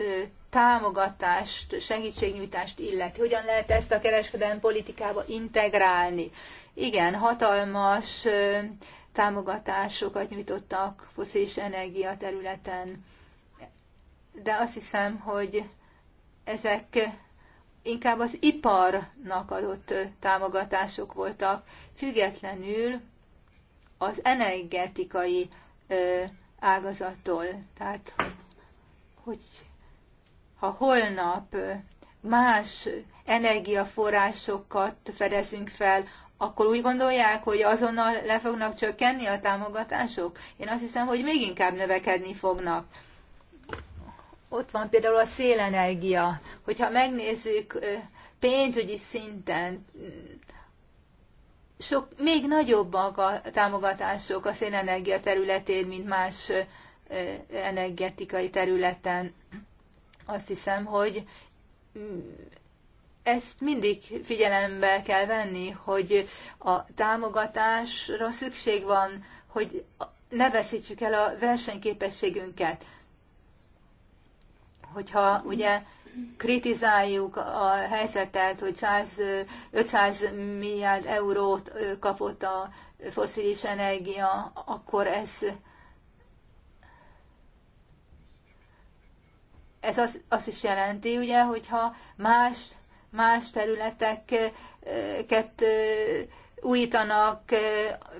támogatást, segítségnyújtást illeti. Hogyan lehet ezt a kereskedelmi politikába integrálni? Igen, hatalmas támogatásokat nyújtottak foszilis energia területen, de azt hiszem, hogy ezek inkább az iparnak adott támogatások voltak, függetlenül az energetikai ágazattól. Tehát, hogy ha holnap más energiaforrásokat fedezünk fel, akkor úgy gondolják, hogy azonnal le fognak csökkenni a támogatások? Én azt hiszem, hogy még inkább növekedni fognak. Ott van például a szélenergia. Hogyha megnézzük pénzügyi szinten, sok, még nagyobbak a támogatások a szélenergia területén, mint más energetikai területen azt hiszem, hogy ezt mindig figyelembe kell venni, hogy a támogatásra szükség van, hogy ne veszítsük el a versenyképességünket. Hogyha ugye kritizáljuk a helyzetet, hogy 100, 500 milliárd eurót kapott a foszilis energia, akkor ez ez az, azt is jelenti, ugye, hogyha más, más területeket újítanak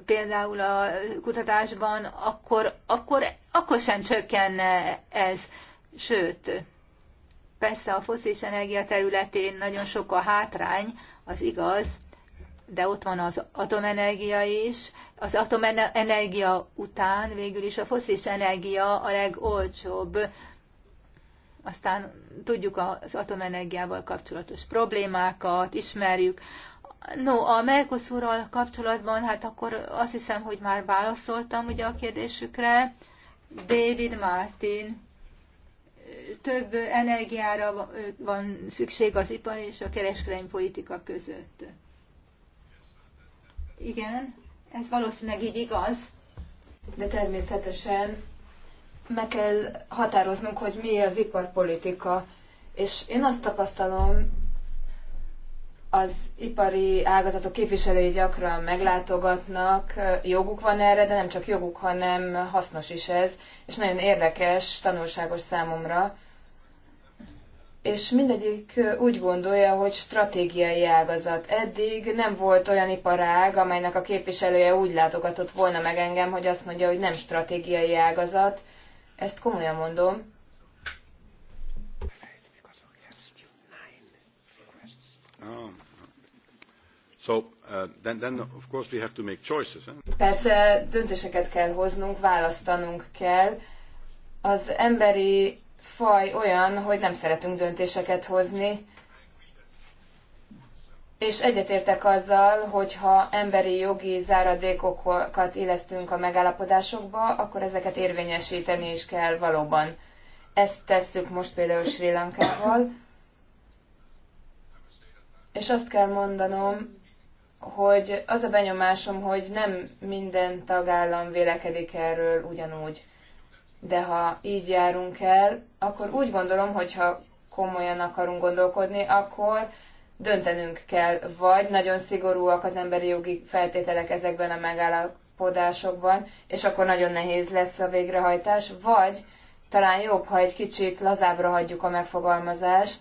például a kutatásban, akkor, akkor, akkor sem csökkenne ez. Sőt, persze a foszilis energia területén nagyon sok a hátrány, az igaz, de ott van az atomenergia is. Az atomenergia után végül is a foszilis energia a legolcsóbb aztán tudjuk az atomenergiával kapcsolatos problémákat, ismerjük. No, a Mercosurral kapcsolatban, hát akkor azt hiszem, hogy már válaszoltam ugye a kérdésükre. David Martin több energiára van szükség az ipar és a kereskedelmi politika között. Igen, ez valószínűleg így igaz. De természetesen meg kell határoznunk, hogy mi az iparpolitika. És én azt tapasztalom, az ipari ágazatok képviselői gyakran meglátogatnak, joguk van erre, de nem csak joguk, hanem hasznos is ez, és nagyon érdekes, tanulságos számomra. És mindegyik úgy gondolja, hogy stratégiai ágazat. Eddig nem volt olyan iparág, amelynek a képviselője úgy látogatott volna meg engem, hogy azt mondja, hogy nem stratégiai ágazat, ezt komolyan mondom. Persze döntéseket kell hoznunk, választanunk kell. Az emberi faj olyan, hogy nem szeretünk döntéseket hozni és egyetértek azzal, hogy ha emberi jogi záradékokat illesztünk a megállapodásokba, akkor ezeket érvényesíteni is kell valóban. Ezt tesszük most például Sri Lankával. És azt kell mondanom, hogy az a benyomásom, hogy nem minden tagállam vélekedik erről ugyanúgy. De ha így járunk el, akkor úgy gondolom, hogy ha komolyan akarunk gondolkodni, akkor döntenünk kell, vagy nagyon szigorúak az emberi jogi feltételek ezekben a megállapodásokban, és akkor nagyon nehéz lesz a végrehajtás, vagy talán jobb, ha egy kicsit lazábbra hagyjuk a megfogalmazást,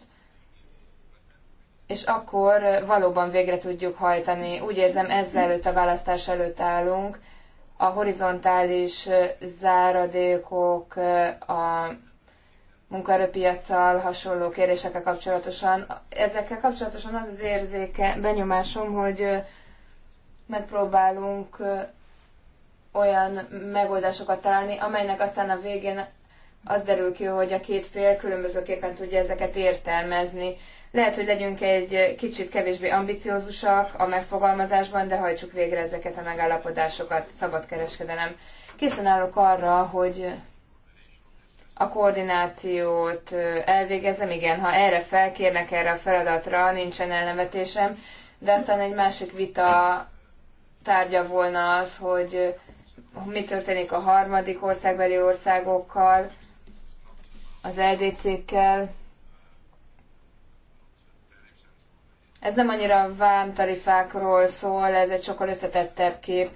és akkor valóban végre tudjuk hajtani. Úgy érzem, ezzel előtt a választás előtt állunk. A horizontális záradékok, a munkaerőpiacsal hasonló kérdésekkel kapcsolatosan. Ezekkel kapcsolatosan az az érzéke, benyomásom, hogy megpróbálunk olyan megoldásokat találni, amelynek aztán a végén az derül ki, hogy a két fél különbözőképpen tudja ezeket értelmezni. Lehet, hogy legyünk egy kicsit kevésbé ambiciózusak a megfogalmazásban, de hajtsuk végre ezeket a megállapodásokat, szabadkereskedelem. Készen állok arra, hogy a koordinációt elvégezem, igen, ha erre felkérnek erre a feladatra, nincsen ellenvetésem, de aztán egy másik vita tárgya volna az, hogy mi történik a harmadik országbeli országokkal, az LDC-kkel. Ez nem annyira vámtarifákról szól, ez egy sokkal összetettebb kép.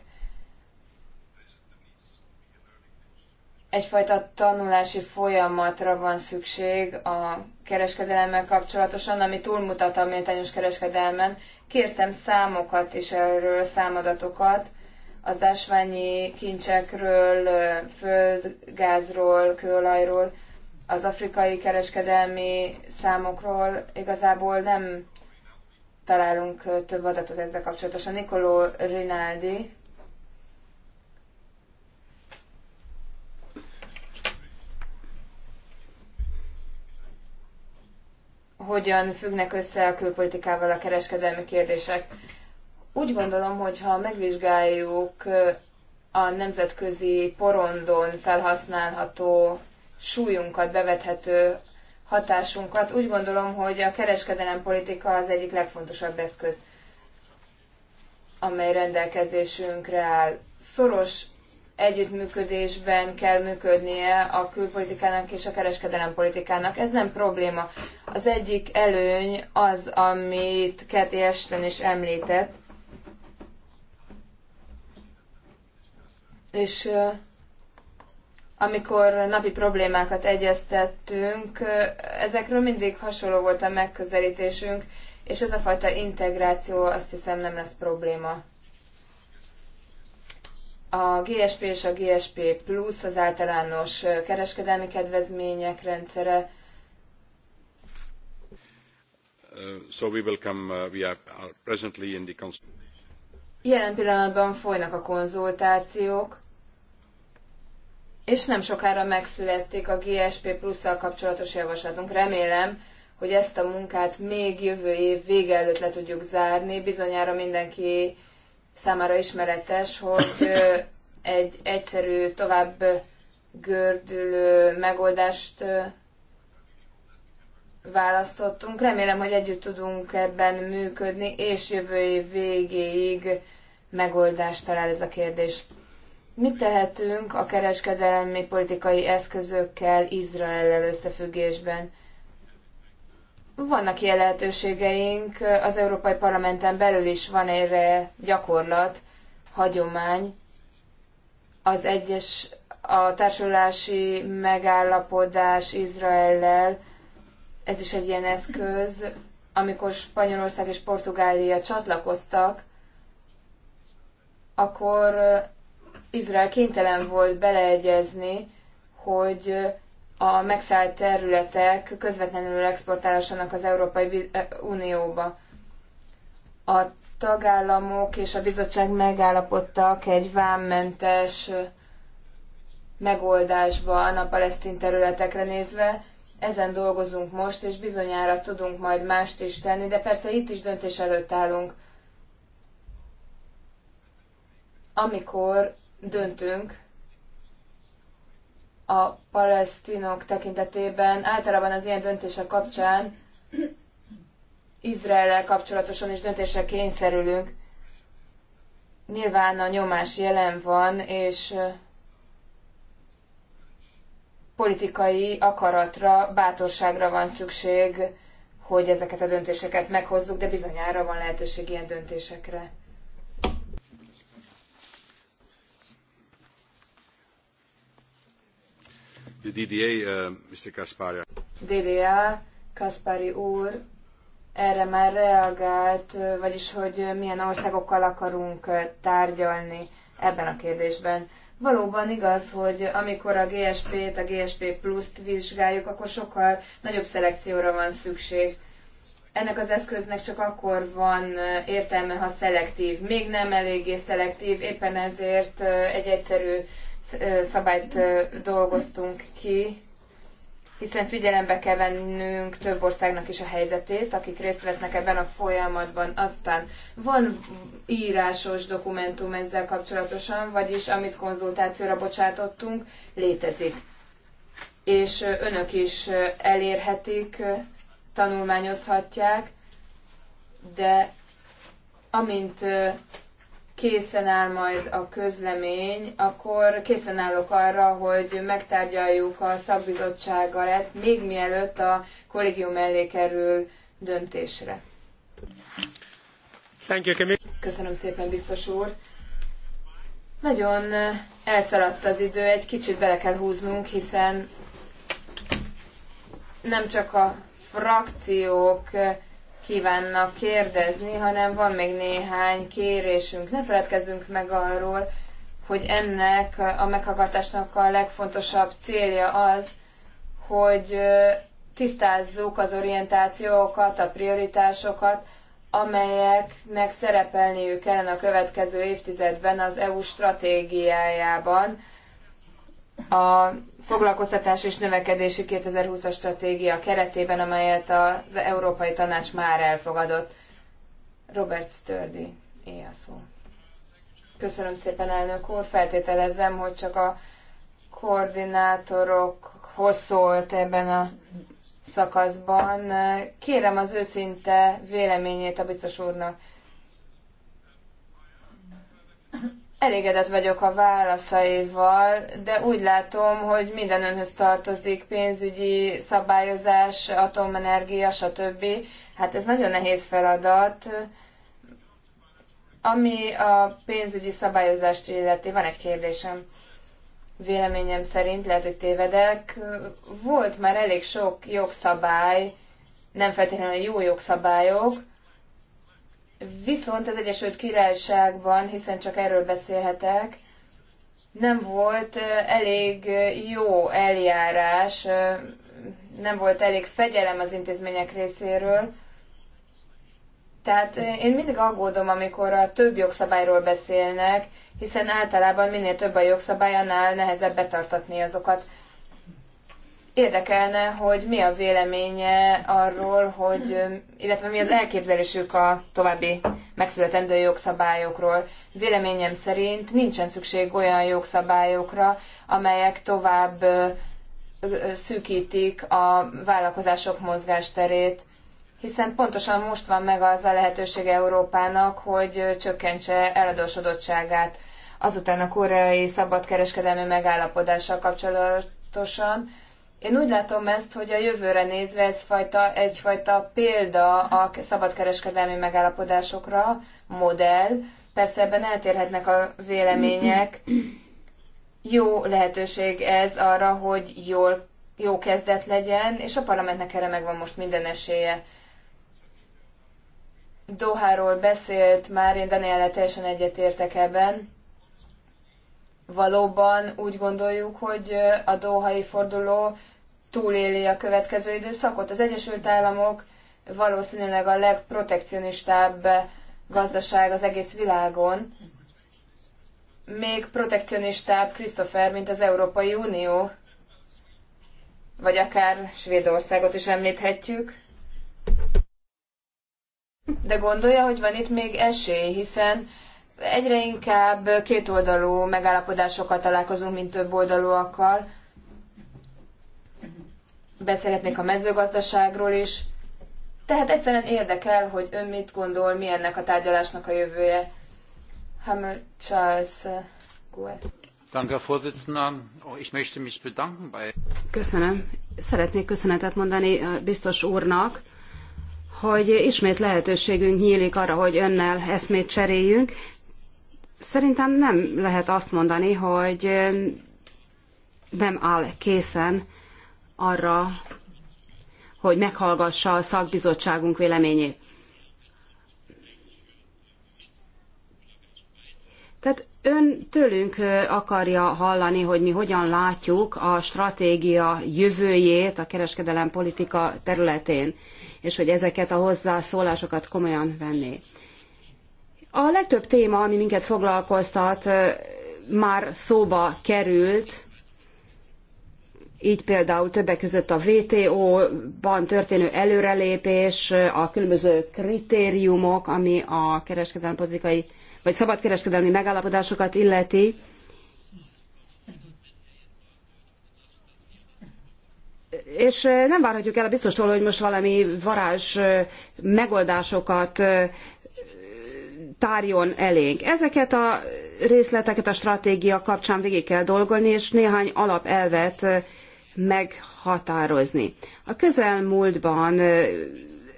egyfajta tanulási folyamatra van szükség a kereskedelemmel kapcsolatosan, ami túlmutat a méltányos kereskedelmen. Kértem számokat és erről számadatokat, az ásványi kincsekről, földgázról, kőolajról, az afrikai kereskedelmi számokról igazából nem találunk több adatot ezzel kapcsolatosan. Nicolò Rinaldi hogyan függnek össze a külpolitikával a kereskedelmi kérdések. Úgy gondolom, hogy ha megvizsgáljuk a nemzetközi porondon felhasználható súlyunkat, bevethető hatásunkat, úgy gondolom, hogy a kereskedelem politika az egyik legfontosabb eszköz, amely rendelkezésünkre áll. Szoros együttműködésben kell működnie a külpolitikának és a kereskedelempolitikának. Ez nem probléma. Az egyik előny az, amit Keti Esten is említett, és amikor napi problémákat egyeztettünk, ezekről mindig hasonló volt a megközelítésünk, és ez a fajta integráció azt hiszem nem lesz probléma. A GSP és a GSP Plus az általános kereskedelmi kedvezmények rendszere. Uh, so we will come, uh, we are presently in the Jelen pillanatban folynak a konzultációk, és nem sokára megszületik a GSP plusszal kapcsolatos javaslatunk. Remélem, hogy ezt a munkát még jövő év vége előtt le tudjuk zárni. Bizonyára mindenki számára ismeretes, hogy egy egyszerű, tovább gördülő megoldást választottunk. Remélem, hogy együtt tudunk ebben működni, és jövő év végéig megoldást talál ez a kérdés. Mit tehetünk a kereskedelmi politikai eszközökkel Izraellel összefüggésben? Vannak ilyen lehetőségeink, az Európai Parlamenten belül is van erre gyakorlat, hagyomány. Az egyes a társulási megállapodás Izraellel, ez is egy ilyen eszköz, amikor Spanyolország és Portugália csatlakoztak, akkor Izrael kénytelen volt beleegyezni, hogy a megszállt területek közvetlenül exportálhassanak az Európai eh, Unióba. A tagállamok és a bizottság megállapodtak egy vámmentes eh, megoldásban a palesztin területekre nézve. Ezen dolgozunk most, és bizonyára tudunk majd mást is tenni, de persze itt is döntés előtt állunk. Amikor döntünk, a palesztinok tekintetében általában az ilyen döntések kapcsán Izrael kapcsolatosan is döntésre kényszerülünk. Nyilván a nyomás jelen van, és politikai akaratra, bátorságra van szükség, hogy ezeket a döntéseket meghozzuk, de bizonyára van lehetőség ilyen döntésekre. DDA, uh, Mr. Kaspari. DDA, Kaspari úr erre már reagált, vagyis hogy milyen országokkal akarunk tárgyalni ebben a kérdésben. Valóban igaz, hogy amikor a GSP-t, a GSP Plus-t vizsgáljuk, akkor sokkal nagyobb szelekcióra van szükség. Ennek az eszköznek csak akkor van értelme, ha szelektív. Még nem eléggé szelektív, éppen ezért egy egyszerű szabályt dolgoztunk ki, hiszen figyelembe kell vennünk több országnak is a helyzetét, akik részt vesznek ebben a folyamatban. Aztán van írásos dokumentum ezzel kapcsolatosan, vagyis amit konzultációra bocsátottunk, létezik. És önök is elérhetik, tanulmányozhatják, de amint készen áll majd a közlemény, akkor készen állok arra, hogy megtárgyaljuk a szakbizottsággal ezt, még mielőtt a kollégium elé kerül döntésre. Köszönöm szépen, biztos úr. Nagyon elszaladt az idő, egy kicsit bele kell húznunk, hiszen nem csak a frakciók kívánnak kérdezni, hanem van még néhány kérésünk. Ne feledkezzünk meg arról, hogy ennek a meghallgatásnak a legfontosabb célja az, hogy tisztázzuk az orientációkat, a prioritásokat, amelyeknek szerepelniük kellene a következő évtizedben az EU stratégiájában a foglalkoztatás és növekedési 2020-as stratégia keretében, amelyet az Európai Tanács már elfogadott. Robert Sturdy, éj Köszönöm szépen, elnök úr. Feltételezem, hogy csak a koordinátorokhoz szólt ebben a szakaszban. Kérem az őszinte véleményét a biztos úrnak. Elégedett vagyok a válaszaival, de úgy látom, hogy minden önhöz tartozik, pénzügyi szabályozás, atomenergia, stb. Hát ez nagyon nehéz feladat. Ami a pénzügyi szabályozást illeti, van egy kérdésem. Véleményem szerint, lehet, hogy tévedek, volt már elég sok jogszabály, nem feltétlenül jó jogszabályok, Viszont az Egyesült Királyságban, hiszen csak erről beszélhetek, nem volt elég jó eljárás, nem volt elég fegyelem az intézmények részéről. Tehát én mindig aggódom, amikor a több jogszabályról beszélnek, hiszen általában minél több a jogszabály, annál nehezebb betartatni azokat. Érdekelne, hogy mi a véleménye arról, hogy, illetve mi az elképzelésük a további megszületendő jogszabályokról. Véleményem szerint nincsen szükség olyan jogszabályokra, amelyek tovább szűkítik a vállalkozások mozgásterét, hiszen pontosan most van meg az a lehetőség Európának, hogy csökkentse eladósodottságát. Azután a koreai szabadkereskedelmi megállapodással kapcsolatosan én úgy látom ezt, hogy a jövőre nézve ez fajta, egyfajta példa a szabadkereskedelmi megállapodásokra, modell. Persze ebben eltérhetnek a vélemények. Jó lehetőség ez arra, hogy jól, jó kezdet legyen, és a parlamentnek erre megvan most minden esélye. Doháról beszélt már, én Daniela teljesen egyetértek ebben. Valóban úgy gondoljuk, hogy a Dohai forduló túléli a következő időszakot. Az Egyesült Államok valószínűleg a legprotekcionistább gazdaság az egész világon, még protekcionistább Christopher, mint az Európai Unió, vagy akár Svédországot is említhetjük. De gondolja, hogy van itt még esély, hiszen egyre inkább kétoldalú megállapodásokkal találkozunk, mint több oldalúakkal beszélhetnék a mezőgazdaságról is. Tehát egyszerűen érdekel, hogy ön mit gondol, mi ennek a tárgyalásnak a jövője. Hamel Charles eh, Guer. Oh, Köszönöm. Szeretnék köszönetet mondani a eh, biztos úrnak, hogy ismét lehetőségünk nyílik arra, hogy önnel eszmét cseréljünk. Szerintem nem lehet azt mondani, hogy eh, nem áll készen arra, hogy meghallgassa a szakbizottságunk véleményét. Tehát ön tőlünk akarja hallani, hogy mi hogyan látjuk a stratégia jövőjét a kereskedelem politika területén, és hogy ezeket a hozzászólásokat komolyan venné. A legtöbb téma, ami minket foglalkoztat, már szóba került, így például többek között a WTO-ban történő előrelépés, a különböző kritériumok, ami a kereskedelmi politikai vagy szabadkereskedelmi megállapodásokat illeti, és nem várhatjuk el a biztostól, hogy most valami varázs megoldásokat tárjon elénk. Ezeket a részleteket a stratégia kapcsán végig kell dolgozni és néhány alapelvet meghatározni. A közelmúltban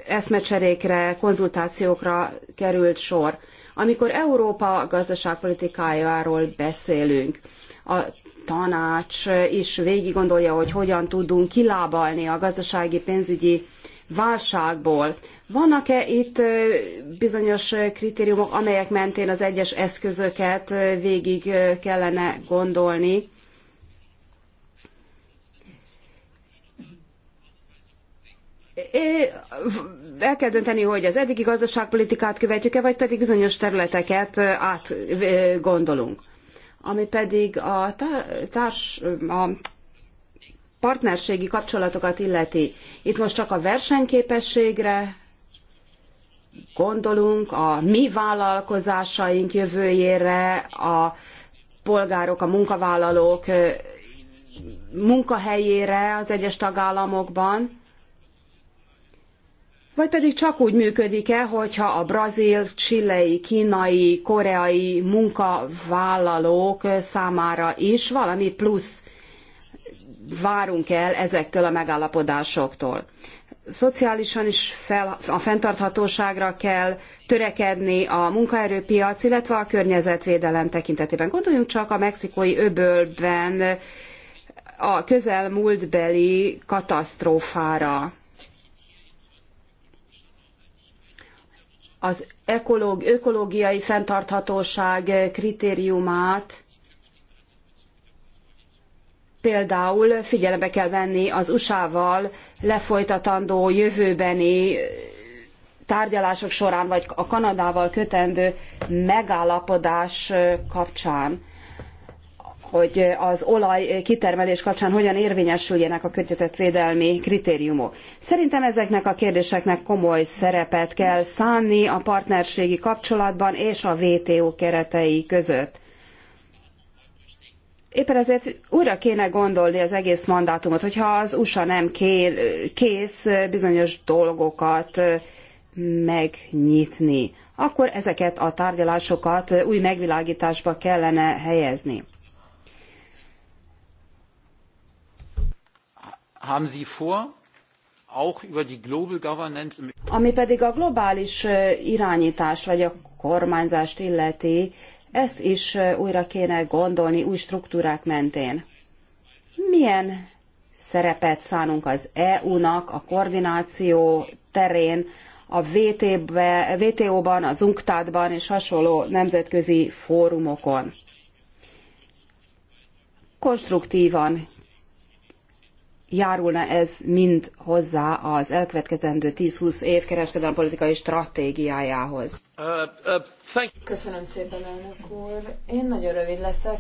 eszmecserékre, konzultációkra került sor. Amikor Európa gazdaságpolitikájáról beszélünk, a tanács is gondolja, hogy hogyan tudunk kilábalni a gazdasági pénzügyi válságból. Vannak-e itt bizonyos kritériumok, amelyek mentén az egyes eszközöket végig kellene gondolni? el kell dönteni, hogy az eddigi gazdaságpolitikát követjük-e, vagy pedig bizonyos területeket átgondolunk. Ami pedig a, társ, a partnerségi kapcsolatokat illeti. Itt most csak a versenyképességre gondolunk, a mi vállalkozásaink jövőjére, a polgárok, a munkavállalók munkahelyére az egyes tagállamokban vagy pedig csak úgy működik-e, hogyha a brazil, csilei, kínai, koreai munkavállalók számára is valami plusz várunk el ezektől a megállapodásoktól. Szociálisan is fel, a fenntarthatóságra kell törekedni a munkaerőpiac, illetve a környezetvédelem tekintetében. Gondoljunk csak a mexikói öbölben a közelmúltbeli katasztrófára. az ökológiai fenntarthatóság kritériumát például figyelembe kell venni az USA-val lefolytatandó jövőbeni tárgyalások során, vagy a Kanadával kötendő megállapodás kapcsán hogy az olaj kitermelés kapcsán hogyan érvényesüljenek a környezetvédelmi kritériumok. Szerintem ezeknek a kérdéseknek komoly szerepet kell szánni a partnerségi kapcsolatban és a WTO keretei között. Éppen ezért újra kéne gondolni az egész mandátumot, hogyha az USA nem kész bizonyos dolgokat megnyitni, akkor ezeket a tárgyalásokat új megvilágításba kellene helyezni. haben Sie vor, auch über die Global Governance Ami pedig a globális irányítást vagy a kormányzást illeti, ezt is újra kéne gondolni új struktúrák mentén. Milyen szerepet szánunk az EU-nak a koordináció terén, a WTO-ban, az UNCTAD-ban és hasonló nemzetközi fórumokon. Konstruktívan járulna ez mind hozzá az elkövetkezendő 10-20 év kereskedelmi politikai stratégiájához? Uh, uh, Köszönöm szépen, elnök úr. Én nagyon rövid leszek.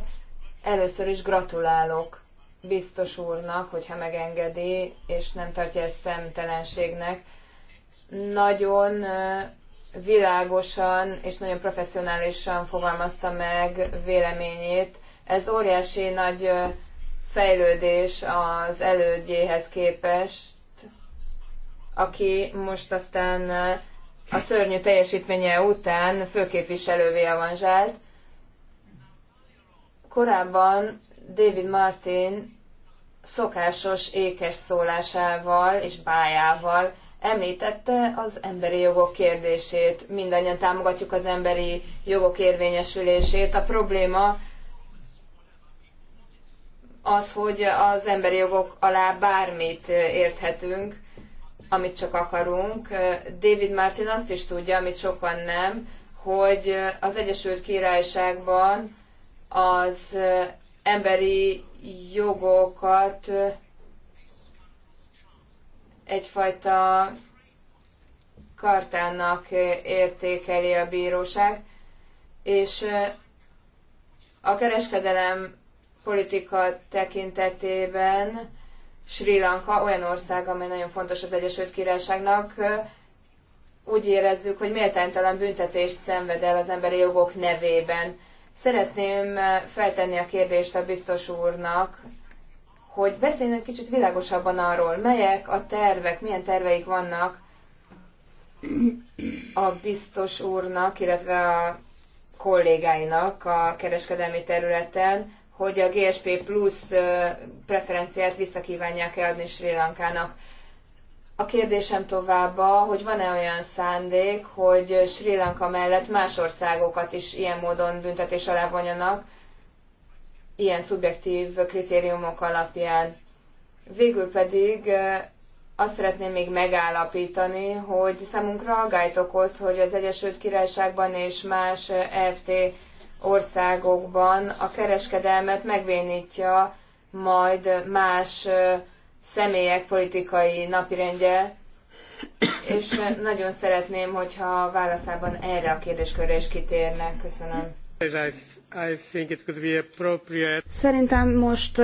Először is gratulálok biztos úrnak, hogyha megengedi, és nem tartja ezt szemtelenségnek. Nagyon uh, világosan és nagyon professzionálisan fogalmazta meg véleményét. Ez óriási nagy fejlődés az elődjéhez képest, aki most aztán eh, a szörnyű teljesítménye után főképviselővé avanzsált. Korábban David Martin szokásos ékes szólásával és bájával említette az emberi jogok kérdését. Mindannyian támogatjuk az emberi jogok érvényesülését. A probléma az, hogy az emberi jogok alá bármit érthetünk, amit csak akarunk. David Martin azt is tudja, amit sokan nem, hogy az Egyesült Királyságban az emberi jogokat egyfajta kartának értékeli a bíróság, és a kereskedelem politika tekintetében Sri Lanka olyan ország, amely nagyon fontos az Egyesült Királyságnak, úgy érezzük, hogy méltánytalan büntetést szenved el az emberi jogok nevében. Szeretném eh, feltenni a kérdést a biztos úrnak, hogy beszéljen kicsit világosabban arról, melyek a tervek, milyen terveik vannak a biztos úrnak, illetve a kollégáinak a kereskedelmi területen, hogy a GSP Plus preferenciát visszakívánják-e adni Sri Lankának. A kérdésem továbbá, hogy van-e olyan szándék, hogy Sri Lanka mellett más országokat is ilyen módon büntetés alá vonjanak, ilyen szubjektív kritériumok alapján. Végül pedig azt szeretném még megállapítani, hogy számunkra aggályt okoz, hogy az Egyesült Királyságban és más EFT országokban a kereskedelmet megvénítja majd más személyek politikai napirendje, és nagyon szeretném, hogyha a válaszában erre a kérdéskörre is kitérnek. Köszönöm. Szerintem most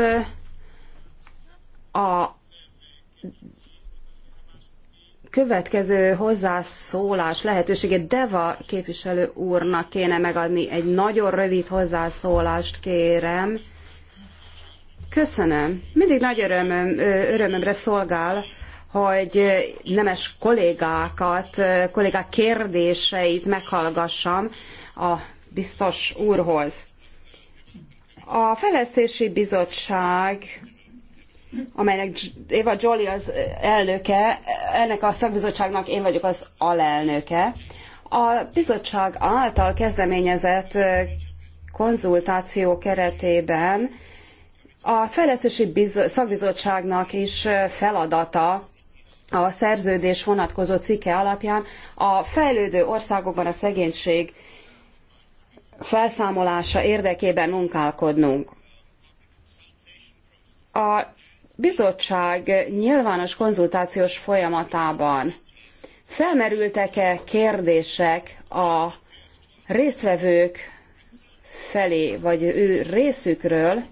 a következő hozzászólás lehetőségét Deva képviselő úrnak kéne megadni. Egy nagyon rövid hozzászólást kérem. Köszönöm. Mindig nagy örömöm, örömömre szolgál, hogy nemes kollégákat, kollégák kérdéseit meghallgassam a biztos úrhoz. A Fejlesztési Bizottság amelynek Éva Jolly az elnöke, ennek a szakbizottságnak én vagyok az alelnöke. A bizottság által kezdeményezett konzultáció keretében a fejlesztési szakbizottságnak is feladata a szerződés vonatkozó cikke alapján a fejlődő országokban a szegénység felszámolása érdekében munkálkodnunk. A bizottság nyilvános konzultációs folyamatában felmerültek-e kérdések a résztvevők felé, vagy ő részükről,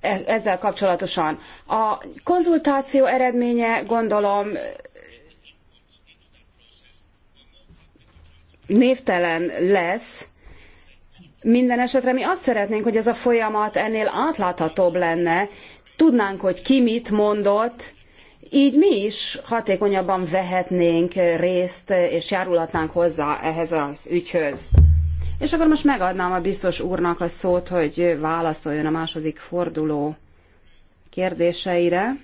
e- ezzel kapcsolatosan. A konzultáció eredménye gondolom névtelen lesz, minden esetre mi azt szeretnénk, hogy ez a folyamat ennél átláthatóbb lenne, tudnánk, hogy ki mit mondott, így mi is hatékonyabban vehetnénk részt, és járulhatnánk hozzá ehhez az ügyhöz. És akkor most megadnám a biztos úrnak a szót, hogy válaszoljon a második forduló kérdéseire.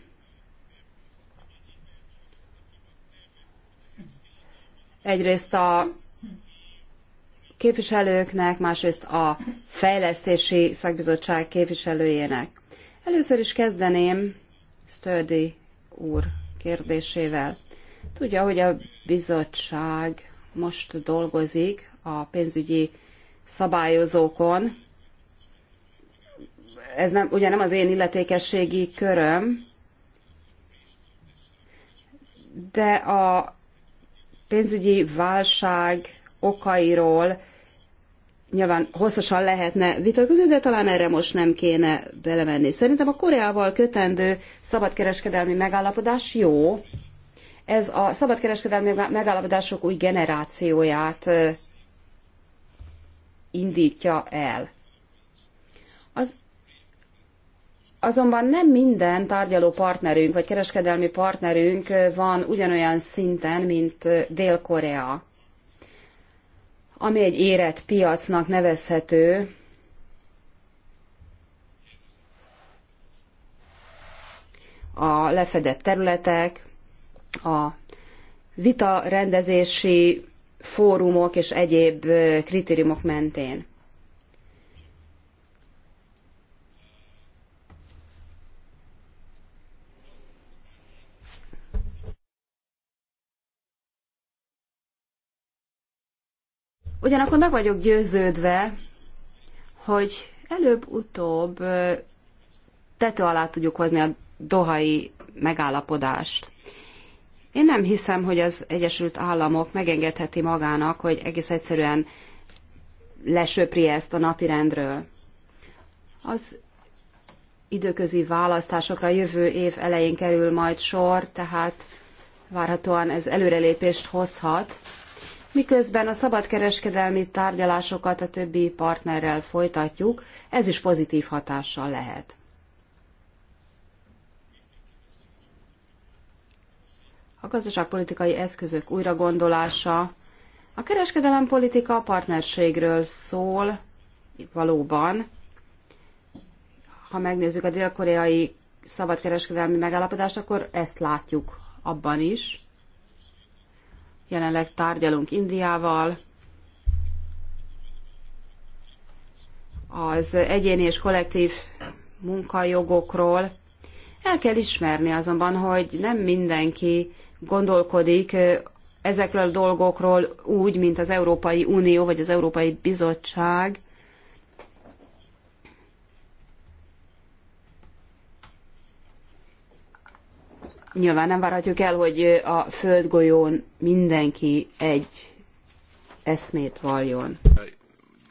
Egyrészt a képviselőknek, másrészt a fejlesztési szakbizottság képviselőjének. Először is kezdeném Sturdy úr kérdésével. Tudja, hogy a bizottság most dolgozik a pénzügyi szabályozókon. Ez nem, ugye nem az én illetékességi köröm, de a pénzügyi válság okairól nyilván hosszasan lehetne vitatkozni, de talán erre most nem kéne belemenni. Szerintem a Koreával kötendő szabadkereskedelmi megállapodás jó. Ez a szabadkereskedelmi megállapodások új generációját indítja el. Az Azonban nem minden tárgyaló partnerünk vagy kereskedelmi partnerünk van ugyanolyan szinten, mint Dél-Korea ami egy érett piacnak nevezhető, a lefedett területek, a vita rendezési fórumok és egyéb kritériumok mentén. Ugyanakkor meg vagyok győződve, hogy előbb-utóbb tető alá tudjuk hozni a dohai megállapodást. Én nem hiszem, hogy az Egyesült Államok megengedheti magának, hogy egész egyszerűen lesöpri ezt a napirendről. Az időközi választásokra jövő év elején kerül majd sor, tehát várhatóan ez előrelépést hozhat miközben a szabadkereskedelmi tárgyalásokat a többi partnerrel folytatjuk, ez is pozitív hatással lehet. A gazdaságpolitikai eszközök újragondolása, a kereskedelempolitika a partnerségről szól, valóban. Ha megnézzük a dél-koreai szabadkereskedelmi megállapodást, akkor ezt látjuk abban is. Jelenleg tárgyalunk Indiával, az egyéni és kollektív munkajogokról. El kell ismerni azonban, hogy nem mindenki gondolkodik ezekről a dolgokról úgy, mint az Európai Unió vagy az Európai Bizottság. Nyilván nem várhatjuk el, hogy a földgolyón mindenki egy eszmét valljon.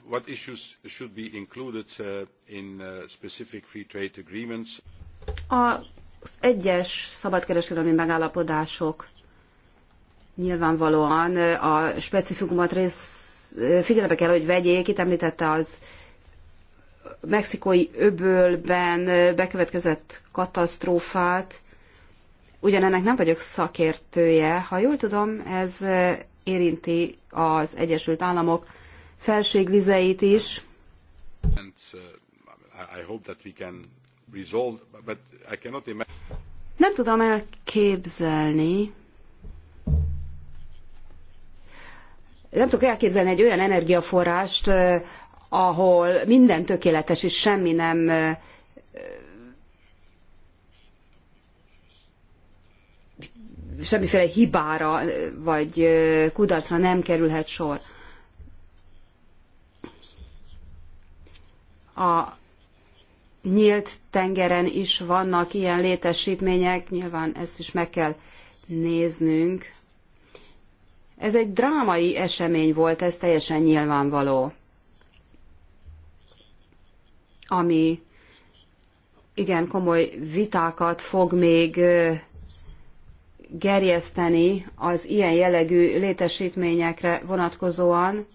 What issues should be included uh, in uh, specific free trade agreements? Az egyes szabadkereskedelmi megállapodások nyilvánvalóan uh, a specifikumot rész figyelembe kell, hogy vegyék. Itt említette az mexikói öbölben bekövetkezett katasztrófát, ugyanennek nem vagyok szakértője. Ha jól tudom, ez érinti az Egyesült Államok felségvizeit is. Uh, nem tudom elképzelni, nem tudok elképzelni egy olyan energiaforrást, eh, ahol minden tökéletes és semmi nem eh, semmiféle hibára vagy kudarcra nem kerülhet sor. A nyílt tengeren is vannak ilyen létesítmények, nyilván ezt is meg kell néznünk. Ez egy drámai esemény volt, ez teljesen nyilvánvaló. Ami igen komoly vitákat fog még gerjeszteni az ilyen jellegű létesítményekre vonatkozóan,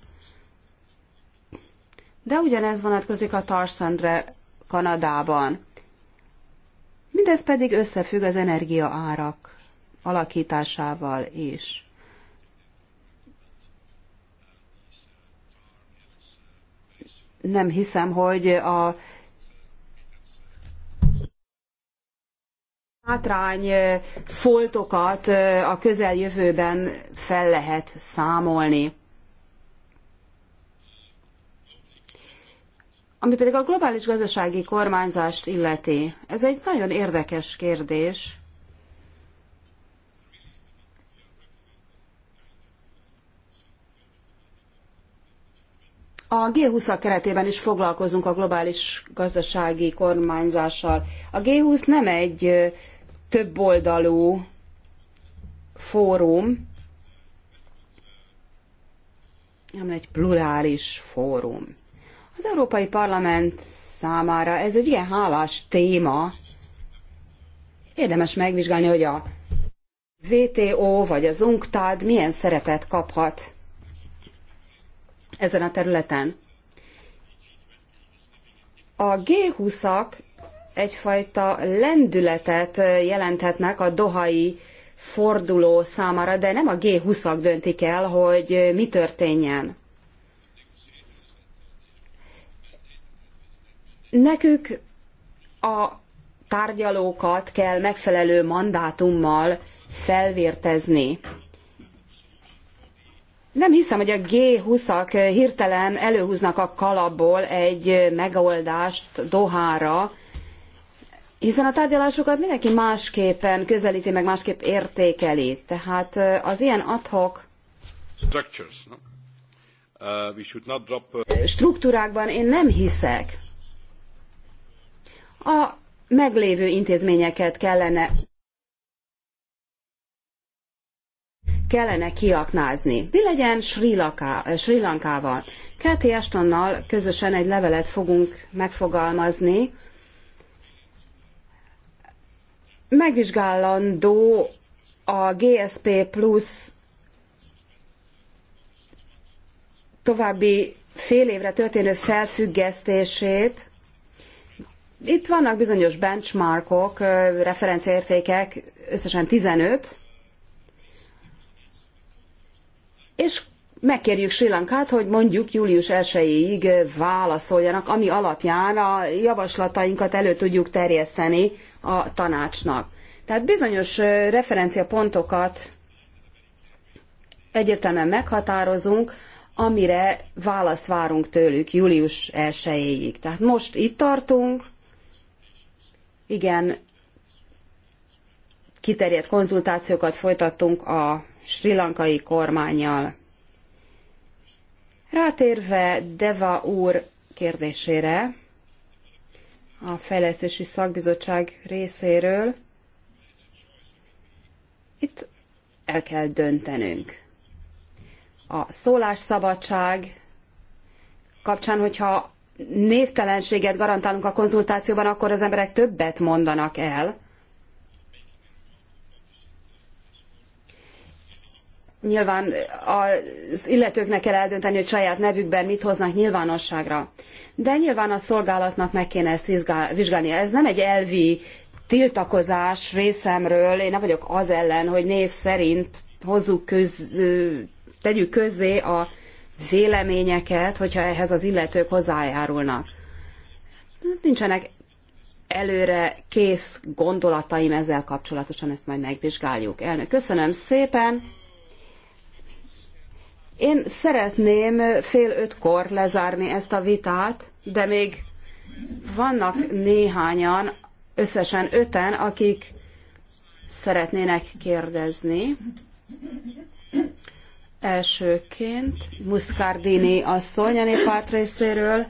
de ugyanez vonatkozik a Tarsandre Kanadában. Mindez pedig összefügg az energiaárak alakításával is. Nem hiszem, hogy a hátrány foltokat a közeljövőben fel lehet számolni. Ami pedig a globális gazdasági kormányzást illeti, ez egy nagyon érdekes kérdés. A g 20 keretében is foglalkozunk a globális gazdasági kormányzással. A G20 nem egy többoldalú fórum, nem egy plurális fórum. Az Európai Parlament számára ez egy ilyen hálás téma. Érdemes megvizsgálni, hogy a VTO vagy az UNCTAD milyen szerepet kaphat ezen a területen. A G20-ak egyfajta lendületet jelenthetnek a dohai forduló számára, de nem a G20-ak döntik el, hogy mi történjen. Nekük a tárgyalókat kell megfelelő mandátummal felvértezni. Nem hiszem, hogy a G20-ak hirtelen előhúznak a kalapból egy megoldást Dohára, hiszen a tárgyalásokat mindenki másképpen közelíti, meg másképp értékeli. Tehát az ilyen adhok uh, uh, struktúrákban én nem hiszek. A meglévő intézményeket kellene kellene kiaknázni. Mi legyen Sri, Lanka, eh, Sri Lankával? Kathy Ashtonnal közösen egy levelet fogunk megfogalmazni, megvizsgálandó a GSP Plus további fél évre történő felfüggesztését. Itt vannak bizonyos benchmarkok, referenciértékek, összesen 15, és megkérjük Sri Lankát, hogy mondjuk július 1-ig válaszoljanak, ami alapján a javaslatainkat elő tudjuk terjeszteni a tanácsnak. Tehát bizonyos referenciapontokat egyértelműen meghatározunk, amire választ várunk tőlük július 1-ig. Tehát most itt tartunk, igen, kiterjedt konzultációkat folytattunk a sri lankai kormányjal. Rátérve Deva úr kérdésére a Fejlesztési Szakbizottság részéről, itt el kell döntenünk. A szólásszabadság kapcsán, hogyha névtelenséget garantálunk a konzultációban, akkor az emberek többet mondanak el, nyilván az illetőknek kell eldönteni, hogy saját nevükben mit hoznak nyilvánosságra. De nyilván a szolgálatnak meg kéne ezt vizsgálnia. Ez nem egy elvi tiltakozás részemről, én nem vagyok az ellen, hogy név szerint hozzuk köz, tegyük közzé a véleményeket, hogyha ehhez az illetők hozzájárulnak. Nincsenek előre kész gondolataim ezzel kapcsolatosan, ezt majd megvizsgáljuk. Elnök, köszönöm szépen! Én szeretném fél ötkor lezárni ezt a vitát, de még vannak néhányan, összesen öten, akik szeretnének kérdezni. Elsőként Muscardini asszony a néppárt részéről.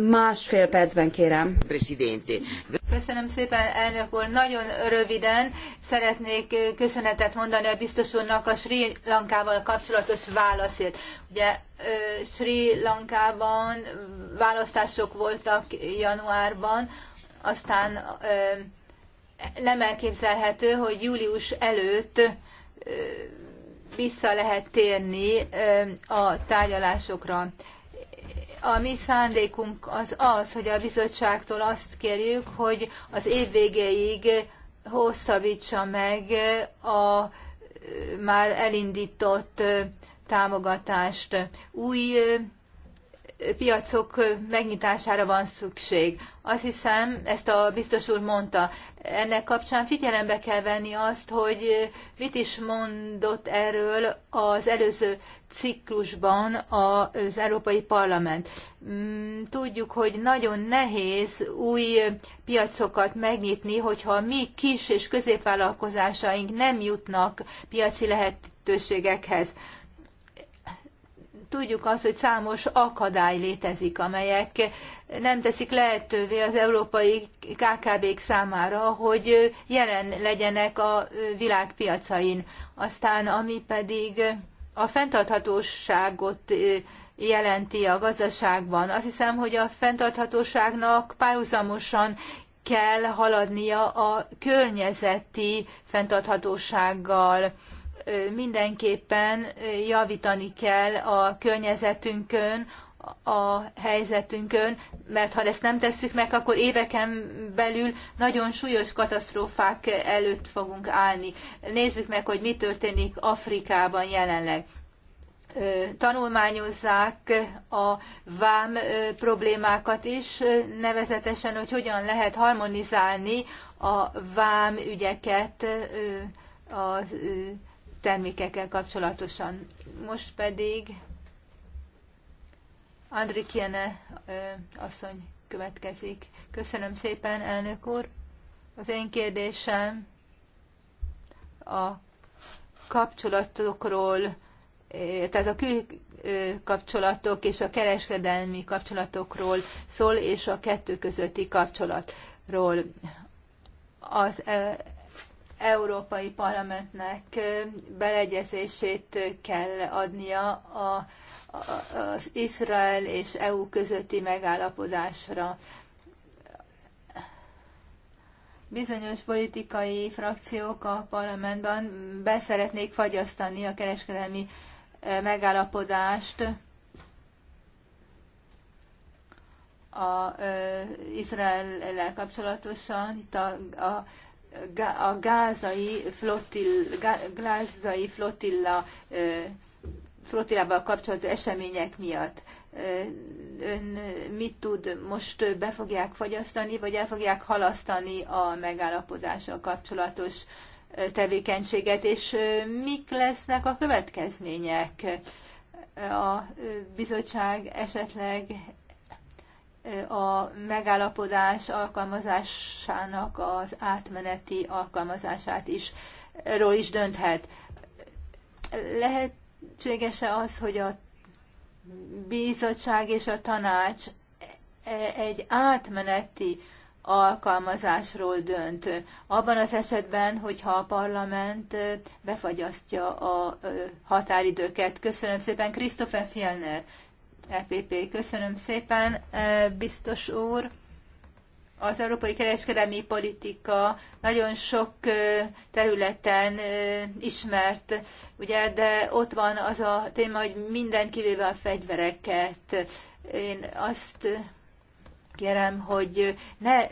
Másfél percben kérem. Köszönöm szépen, elnök úr. Nagyon röviden szeretnék köszönetet mondani a biztos úrnak a Sri Lankával kapcsolatos válaszért. Ugye Sri Lankában választások voltak januárban, aztán nem elképzelhető, hogy július előtt vissza lehet térni a tárgyalásokra a mi szándékunk az az, hogy a bizottságtól azt kérjük, hogy az év végéig hosszabbítsa meg a már elindított támogatást. Új piacok megnyitására van szükség. Azt hiszem, ezt a biztos úr mondta, ennek kapcsán figyelembe kell venni azt, hogy mit is mondott erről az előző ciklusban az Európai Parlament. Mm, tudjuk, hogy nagyon nehéz új piacokat megnyitni, hogyha mi kis és középvállalkozásaink nem jutnak piaci lehetőségekhez tudjuk azt, hogy számos akadály létezik, amelyek nem teszik lehetővé az európai KKB-k számára, hogy jelen legyenek a világpiacain. Aztán ami pedig a fenntarthatóságot jelenti a gazdaságban. Azt hiszem, hogy a fenntarthatóságnak párhuzamosan kell haladnia a környezeti fenntarthatósággal mindenképpen javítani kell a környezetünkön, a helyzetünkön, mert ha ezt nem tesszük meg, akkor éveken belül nagyon súlyos katasztrófák előtt fogunk állni. Nézzük meg, hogy mi történik Afrikában jelenleg. Tanulmányozzák a vám problémákat is, nevezetesen, hogy hogyan lehet harmonizálni a vám ügyeket az termékekkel kapcsolatosan. Most pedig Andri Kiene asszony következik. Köszönöm szépen, elnök úr. Az én kérdésem a kapcsolatokról, tehát a külkapcsolatok és a kereskedelmi kapcsolatokról szól, és a kettő közötti kapcsolatról. Az Európai Parlamentnek beleegyezését kell adnia a, a, az Izrael és EU közötti megállapodásra. Bizonyos politikai frakciók a parlamentben beszeretnék fagyasztani a kereskedelmi megállapodást a, izrael kapcsolatosan. Itt a, a a gázai, flottil, gázai flottilla flottillával kapcsolatos események miatt. Ön mit tud, most be fogják fogyasztani, vagy el fogják halasztani a megállapodással kapcsolatos tevékenységet, és mik lesznek a következmények? A bizottság esetleg a megállapodás alkalmazásának az átmeneti alkalmazását is, ról is dönthet. Lehetséges-e az, hogy a bizottság és a tanács egy átmeneti alkalmazásról dönt. Abban az esetben, hogyha a parlament befagyasztja a határidőket. Köszönöm szépen, Christopher Fjellner. EPP. Köszönöm szépen, e, biztos úr. Az európai kereskedelmi politika nagyon sok e, területen e, ismert, ugye, de ott van az a téma, hogy minden kivéve a fegyvereket. Én azt kérem, hogy ne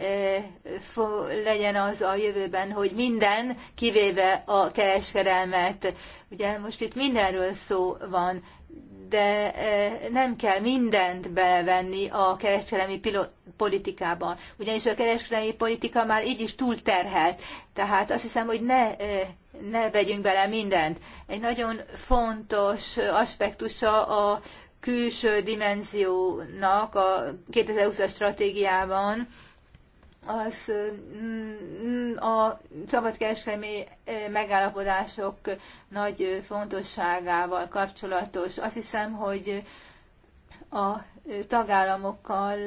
legyen az a jövőben, hogy minden, kivéve a kereskedelmet. Ugye most itt mindenről szó van de e, nem kell mindent bevenni a kereskedelmi politikába, ugyanis a kereskedelmi politika már így is túl terhelt. Tehát azt hiszem, hogy ne, e, ne vegyünk bele mindent. Egy nagyon fontos aspektusa a külső dimenziónak a 2020-as stratégiában az mm, a kereskedelmi eh, megállapodások nagy fontosságával kapcsolatos. Azt hiszem, hogy a tagállamokkal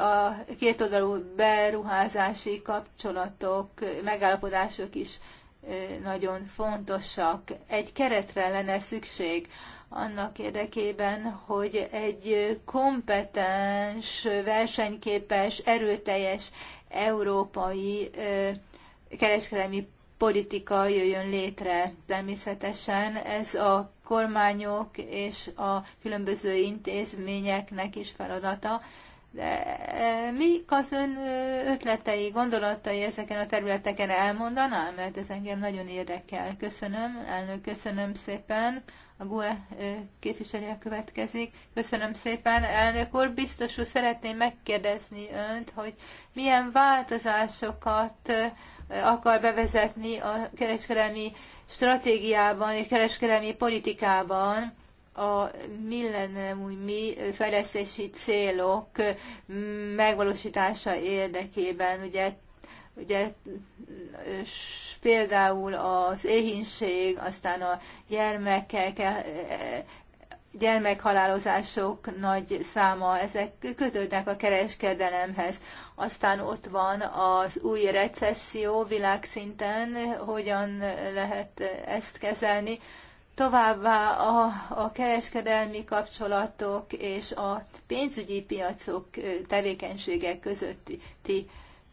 a kétoldalú beruházási kapcsolatok, megállapodások is eh, nagyon fontosak. Egy keretre lenne szükség annak érdekében, hogy egy kompetens, versenyképes, erőteljes európai kereskedelmi politika jöjjön létre. Természetesen ez a kormányok és a különböző intézményeknek is feladata. De mik az ön ötletei, gondolatai ezeken a területeken elmondaná? Mert ez engem nagyon érdekel. Köszönöm, elnök, köszönöm szépen a GUE képviselője következik. Köszönöm szépen, elnök úr. Biztos úr, szeretném megkérdezni önt, hogy milyen változásokat akar bevezetni a kereskedelmi stratégiában és kereskedelmi politikában a millenniumi fejlesztési célok megvalósítása érdekében. Ugye ugye például az éhínség, aztán a gyermekek, e, e, gyermekhalálozások nagy száma, ezek kötődnek a kereskedelemhez. Aztán ott van az új recesszió világszinten, hogyan lehet ezt kezelni. Továbbá a, a kereskedelmi kapcsolatok és a pénzügyi piacok tevékenységek közötti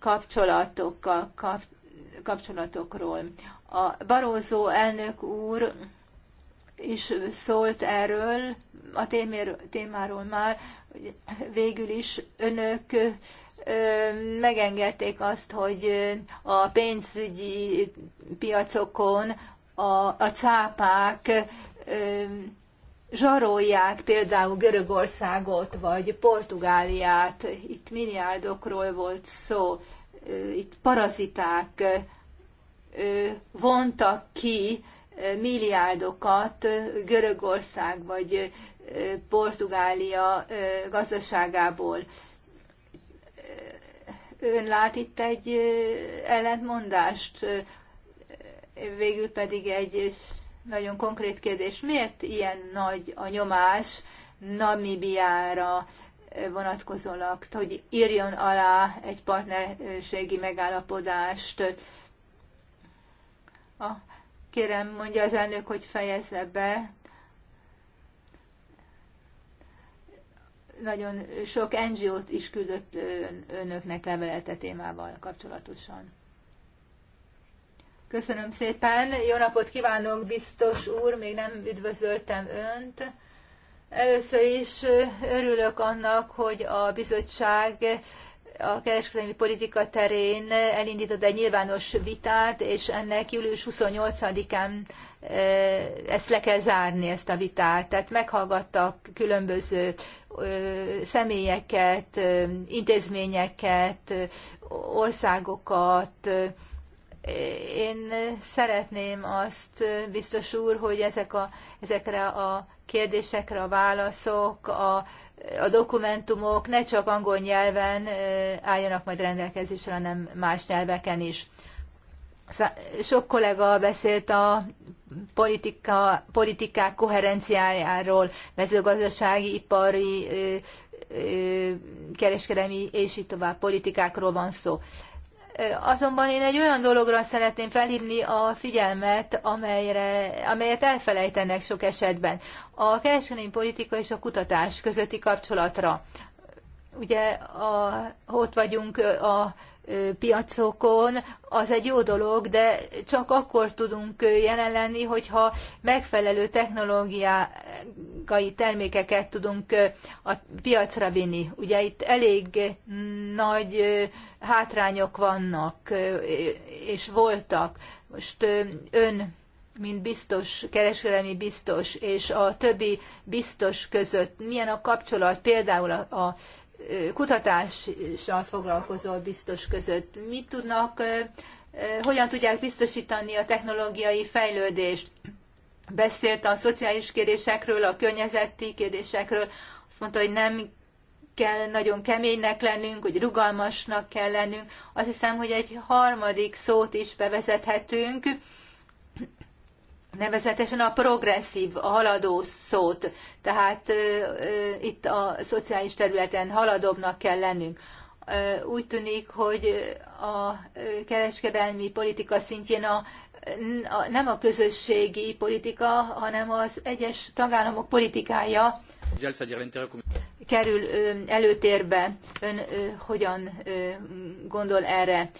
kapcsolatokkal, kap, kapcsolatokról. A Barózó elnök úr is szólt erről a témér, témáról már, hogy végül is önök megengedték azt, hogy a pénzügyi piacokon a, a cápák zsarolják például Görögországot, vagy Portugáliát, itt milliárdokról volt szó, itt paraziták vontak ki milliárdokat Görögország vagy Portugália gazdaságából. Ön lát itt egy ellentmondást, végül pedig egy nagyon konkrét kérdés. Miért ilyen nagy a nyomás Namibiára eh, vonatkozólag, hogy írjon alá egy partnerségi megállapodást? A, kérem, mondja az elnök, hogy fejezze be. Nagyon sok NGO-t is küldött önöknek levelet a témával kapcsolatosan. Köszönöm szépen, jó napot kívánok, biztos úr, még nem üdvözöltem önt. Először is örülök annak, hogy a bizottság a kereskedelmi politika terén elindított egy nyilvános vitát, és ennek július 28-án ezt le kell zárni, ezt a vitát. Tehát meghallgattak különböző személyeket, intézményeket, országokat, én szeretném azt, biztos úr, hogy ezek a, ezekre a kérdésekre a válaszok, a, a dokumentumok ne csak angol nyelven álljanak majd rendelkezésre, hanem más nyelveken is. Sok kollega beszélt a politika, politikák koherenciájáról, mezőgazdasági, ipari, kereskedelmi és így tovább politikákról van szó. Azonban én egy olyan dologra szeretném felhívni a figyelmet, amelyre, amelyet elfelejtenek sok esetben. A kereskedelmi politika és a kutatás közötti kapcsolatra. Ugye a, ott vagyunk a piacokon, az egy jó dolog, de csak akkor tudunk jelen lenni, hogyha megfelelő technológiai termékeket tudunk a piacra vinni. Ugye itt elég nagy hátrányok vannak, és voltak. Most ön mint biztos, kereskedelmi biztos, és a többi biztos között milyen a kapcsolat például a, a kutatással foglalkozó biztos között. Mit tudnak, hogyan tudják biztosítani a technológiai fejlődést? Beszélt a szociális kérdésekről, a környezeti kérdésekről, azt mondta, hogy nem kell nagyon keménynek lennünk, hogy rugalmasnak kell lennünk. Azt hiszem, hogy egy harmadik szót is bevezethetünk, nevezetesen a progresszív, a haladó szót. Tehát uh, itt a szociális területen haladóbbnak kell lennünk. Uh, úgy tűnik, hogy a kereskedelmi politika szintjén a, a, nem a közösségi politika, hanem az egyes tagállamok politikája kerül előtérbe. Ön hogyan gondol erre?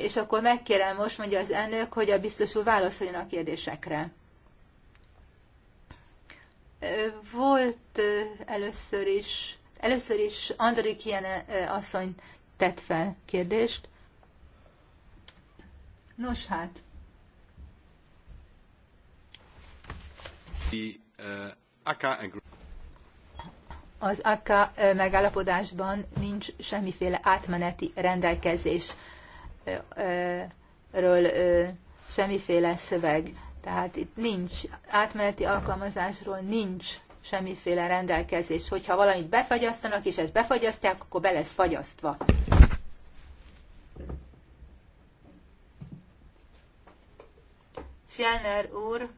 és akkor megkérem most, mondja az elnök, hogy a biztos úr válaszoljon a kérdésekre. Volt először is, először is Andrik ilyen asszony tett fel kérdést. Nos hát. Uh, az AKA megállapodásban nincs semmiféle átmeneti rendelkezés ről semmiféle szöveg. Tehát itt nincs, átmeneti alkalmazásról nincs semmiféle rendelkezés. Hogyha valamit befagyasztanak, és ezt befagyasztják, akkor be lesz fagyasztva. Fjellner úr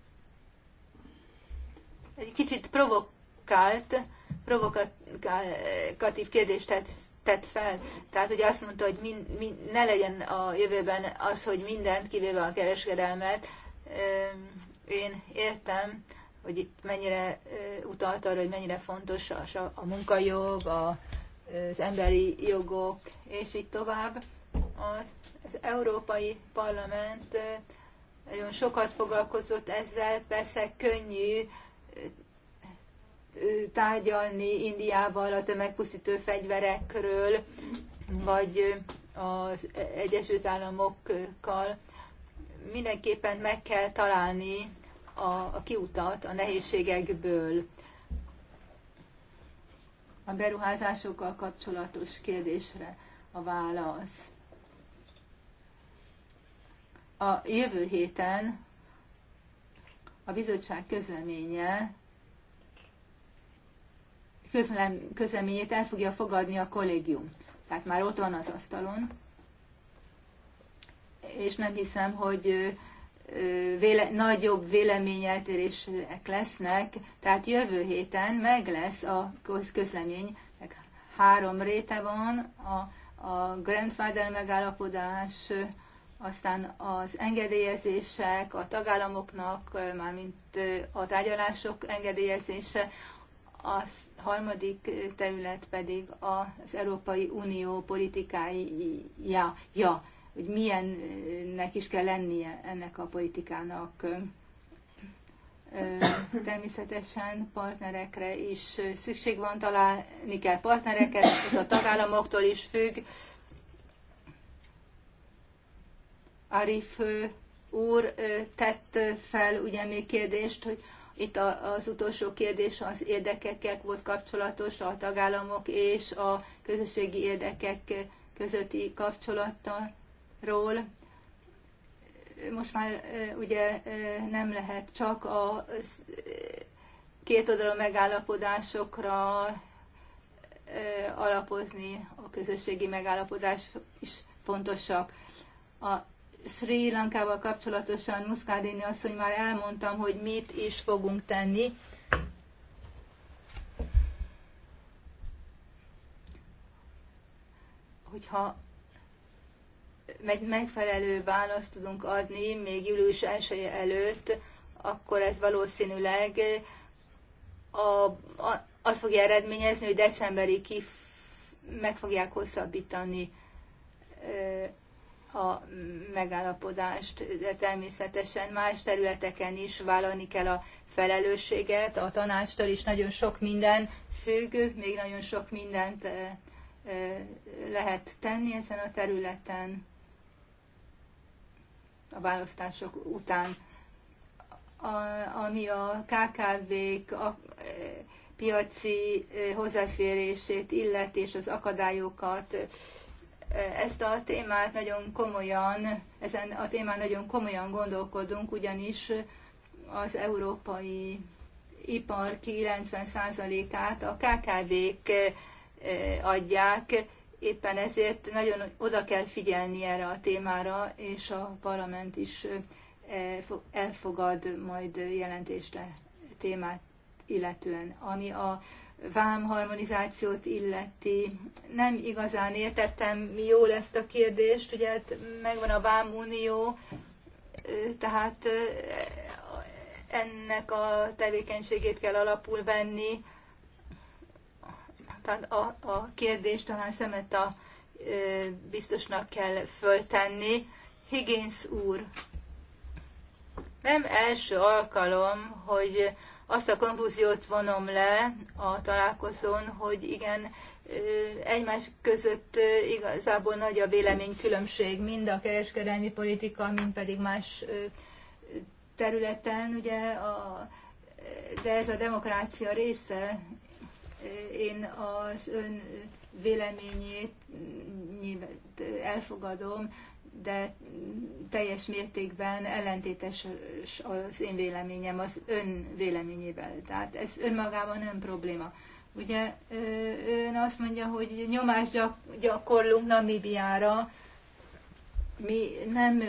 egy kicsit provokált, provokatív kérdést tett tett fel. Tehát hogy azt mondta, hogy min, min, ne legyen a jövőben az, hogy mindent, kivéve a kereskedelmet. Én értem, hogy itt mennyire utalt arra, hogy mennyire fontos a, a munkajog, a, az emberi jogok, és így tovább. Az, az Európai Parlament nagyon sokat foglalkozott ezzel, persze könnyű tárgyalni Indiával a tömegpusztító fegyverekről, vagy az Egyesült Államokkal. Mindenképpen meg kell találni a, a kiutat a nehézségekből. A beruházásokkal kapcsolatos kérdésre a válasz. A jövő héten a bizottság közleménye közlem, közleményét el fogja fogadni a kollégium. Tehát már ott van az asztalon. És nem hiszem, hogy véle, nagyobb véleményeltérések lesznek, tehát jövő héten meg lesz a közlemény, három réte van, a, a grandfather megállapodás, aztán az engedélyezések a tagállamoknak, mármint a tárgyalások engedélyezése, a harmadik terület pedig az Európai Unió politikája, ja, hogy milyennek is kell lennie ennek a politikának. Természetesen partnerekre is szükség van, találni kell partnereket, ez a tagállamoktól is függ. Arif úr tett fel ugye még kérdést, hogy itt az utolsó kérdés az érdekekkel volt kapcsolatos, a tagállamok és a közösségi érdekek közötti kapcsolatról. Most már ugye nem lehet csak a kétoldalú megállapodásokra alapozni, a közösségi megállapodás is fontosak. A Sri Lankával kapcsolatosan azt asszony már elmondtam, hogy mit is fogunk tenni. Hogyha megfelelő választ tudunk adni még július 1 előtt, akkor ez valószínűleg a, a, azt fogja eredményezni, hogy decemberi kif, meg fogják hosszabbítani a megállapodást, de természetesen más területeken is vállalni kell a felelősséget. A tanácstól is nagyon sok minden függ, még nagyon sok mindent eh, eh, lehet tenni ezen a területen a választások után. A, ami a KKV-k a, eh, piaci hozzáférését illeti és az akadályokat ezt a témát nagyon komolyan, ezen a témán nagyon komolyan gondolkodunk, ugyanis az európai ipar 90%-át a KKV-k eh, adják, éppen ezért nagyon oda kell figyelni erre a témára, és a parlament is eh, elfogad majd jelentést a témát illetően. Ami a vámharmonizációt illeti. Nem igazán értettem jól ezt a kérdést, ugye hát megvan a vámunió, tehát ennek a tevékenységét kell alapul venni. Tehát a, a kérdést talán szemet a biztosnak kell föltenni. Higgins úr, nem első alkalom, hogy azt a konklúziót vonom le a találkozón, hogy igen, egymás között igazából nagy a véleménykülönbség, mind a kereskedelmi politika, mind pedig más területen, ugye, a, de ez a demokrácia része. Én az ön véleményét elfogadom, de teljes mértékben ellentétes az én véleményem az ön véleményével. Tehát ez önmagában nem probléma. Ugye ön azt mondja, hogy nyomást gyakorlunk Namibiára, mi nem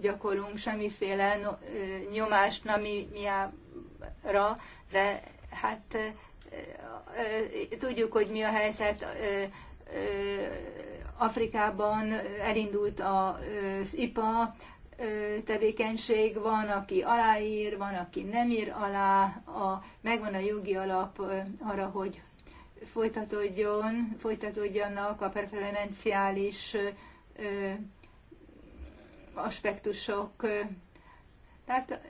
gyakorlunk semmiféle nyomást Namibiára, de hát tudjuk, hogy mi a helyzet Afrikában elindult az IPA tevékenység, van, aki aláír, van, aki nem ír alá, a, megvan a jogi alap arra, hogy folytatódjon, folytatódjanak a preferenciális aspektusok. Tehát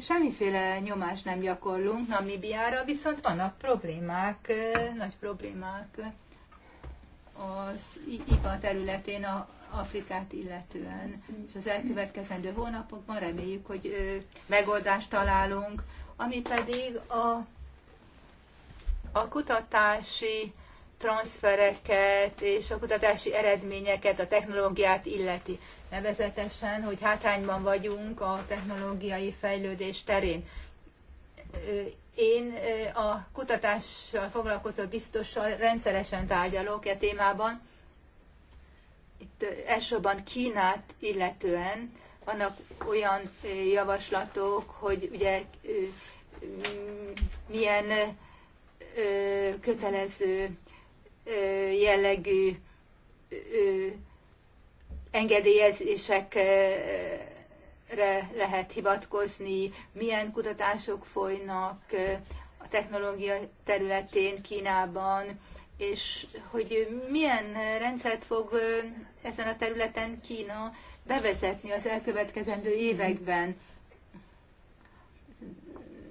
semmiféle nyomást nem gyakorlunk Namibiára, viszont vannak problémák, nagy problémák az IPA területén a Afrikát illetően. És az elkövetkezendő hónapokban reméljük, hogy megoldást találunk, ami pedig a, a kutatási transfereket és a kutatási eredményeket, a technológiát illeti. Nevezetesen, hogy hátrányban vagyunk a technológiai fejlődés terén. Én a kutatással foglalkozó biztossal rendszeresen tárgyalok e témában. Itt elsősorban Kínát illetően vannak olyan javaslatok, hogy ugye milyen kötelező jellegű engedélyezések lehet hivatkozni, milyen kutatások folynak a technológia területén Kínában, és hogy milyen rendszert fog ezen a területen Kína bevezetni az elkövetkezendő években.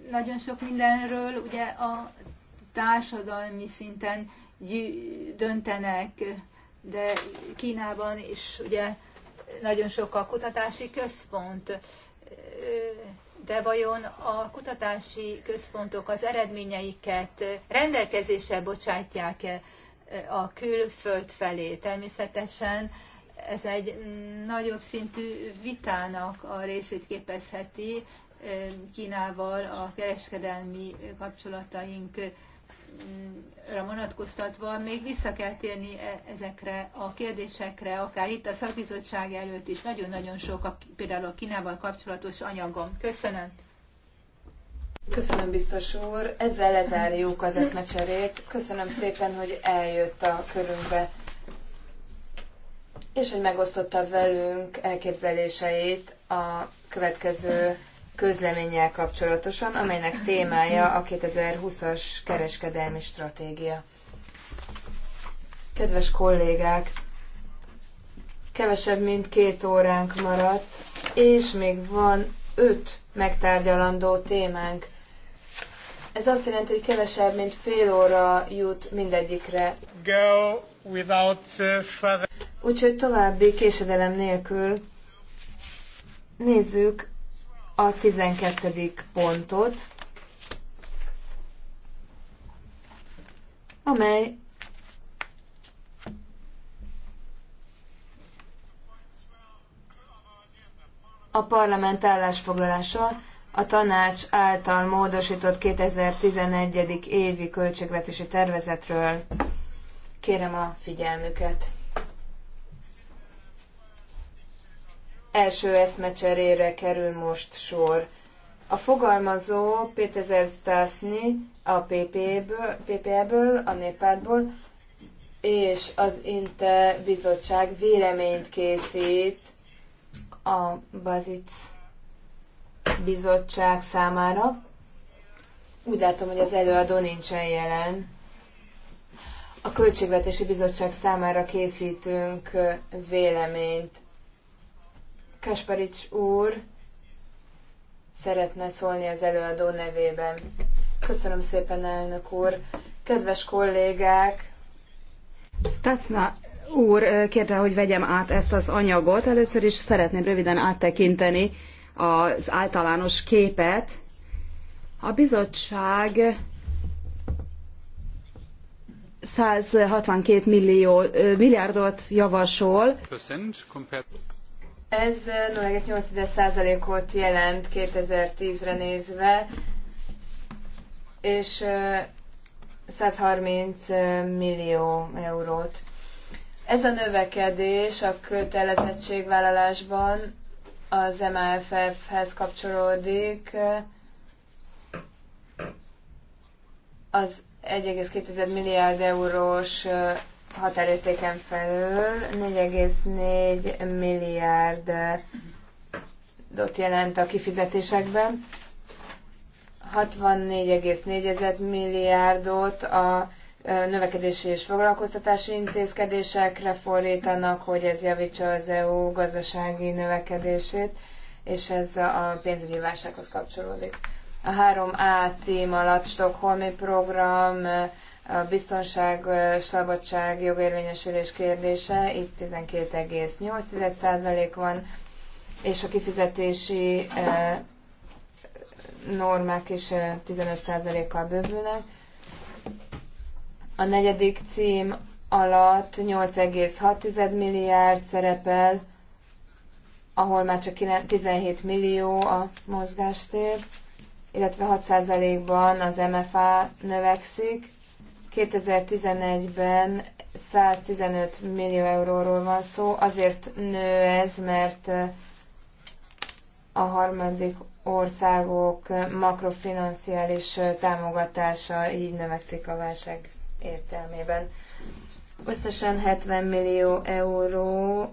Nagyon sok mindenről ugye a társadalmi szinten döntenek, de Kínában is ugye nagyon sok a kutatási központ, de vajon a kutatási központok az eredményeiket rendelkezésre bocsátják-e a külföld felé? Természetesen ez egy nagyobb szintű vitának a részét képezheti Kínával a kereskedelmi kapcsolataink vonatkoztatva még vissza kell térni e, ezekre a kérdésekre, akár itt a szakbizottság előtt is. Nagyon-nagyon sok a, például a Kínával kapcsolatos anyagom. Köszönöm. Köszönöm, biztos úr. Ezzel lezárjuk az eszmecserét. Köszönöm szépen, hogy eljött a körünkbe, és hogy megosztotta velünk elképzeléseit a következő közleménnyel kapcsolatosan, amelynek témája a 2020-as kereskedelmi stratégia. Kedves kollégák, kevesebb, mint két óránk maradt, és még van öt megtárgyalandó témánk. Ez azt jelenti, hogy kevesebb, mint fél óra jut mindegyikre. Go without uh, further... Úgyhogy további késedelem nélkül nézzük a 12. pontot, amely a parlament állásfoglalása a tanács által módosított 2011. évi költségvetési tervezetről. Kérem a figyelmüket. első eszmecserére kerül most sor. A fogalmazó Péter Zerstasny a ppe ből ből a néppártból, és az Inte bizottság véleményt készít a Bazic bizottság számára. Úgy látom, hogy az előadó nincsen jelen. A Költségvetési Bizottság számára készítünk véleményt. Kasparics úr szeretne szólni az előadó nevében. Köszönöm szépen, elnök úr. Kedves kollégák! Stacna úr kérte, hogy vegyem át ezt az anyagot. Először is szeretném röviden áttekinteni az általános képet. A bizottság 162 millió, milliárdot javasol. Ez 0,8%-ot jelent 2010-re nézve, és 130 millió eurót. Ez a növekedés a kötelezettségvállalásban az MAFF-hez kapcsolódik. Az 1,2 milliárd eurós határértéken felül 4,4 dot jelent a kifizetésekben, 64,4 milliárdot a növekedési és foglalkoztatási intézkedésekre fordítanak, hogy ez javítsa az EU gazdasági növekedését, és ez a pénzügyi válsághoz kapcsolódik. A 3A cím alatt Stockholmi program, a biztonság, szabadság, jogérvényesülés kérdése, itt 12,8% van, és a kifizetési normák is 15%-kal bővülnek. A negyedik cím alatt 8,6 milliárd szerepel, ahol már csak 17 millió a mozgástér, illetve 6%-ban az MFA növekszik, 2011-ben 115 millió euróról van szó, azért nő ez, mert a harmadik országok makrofinanciális támogatása így növekszik a válság értelmében. Összesen 70 millió euró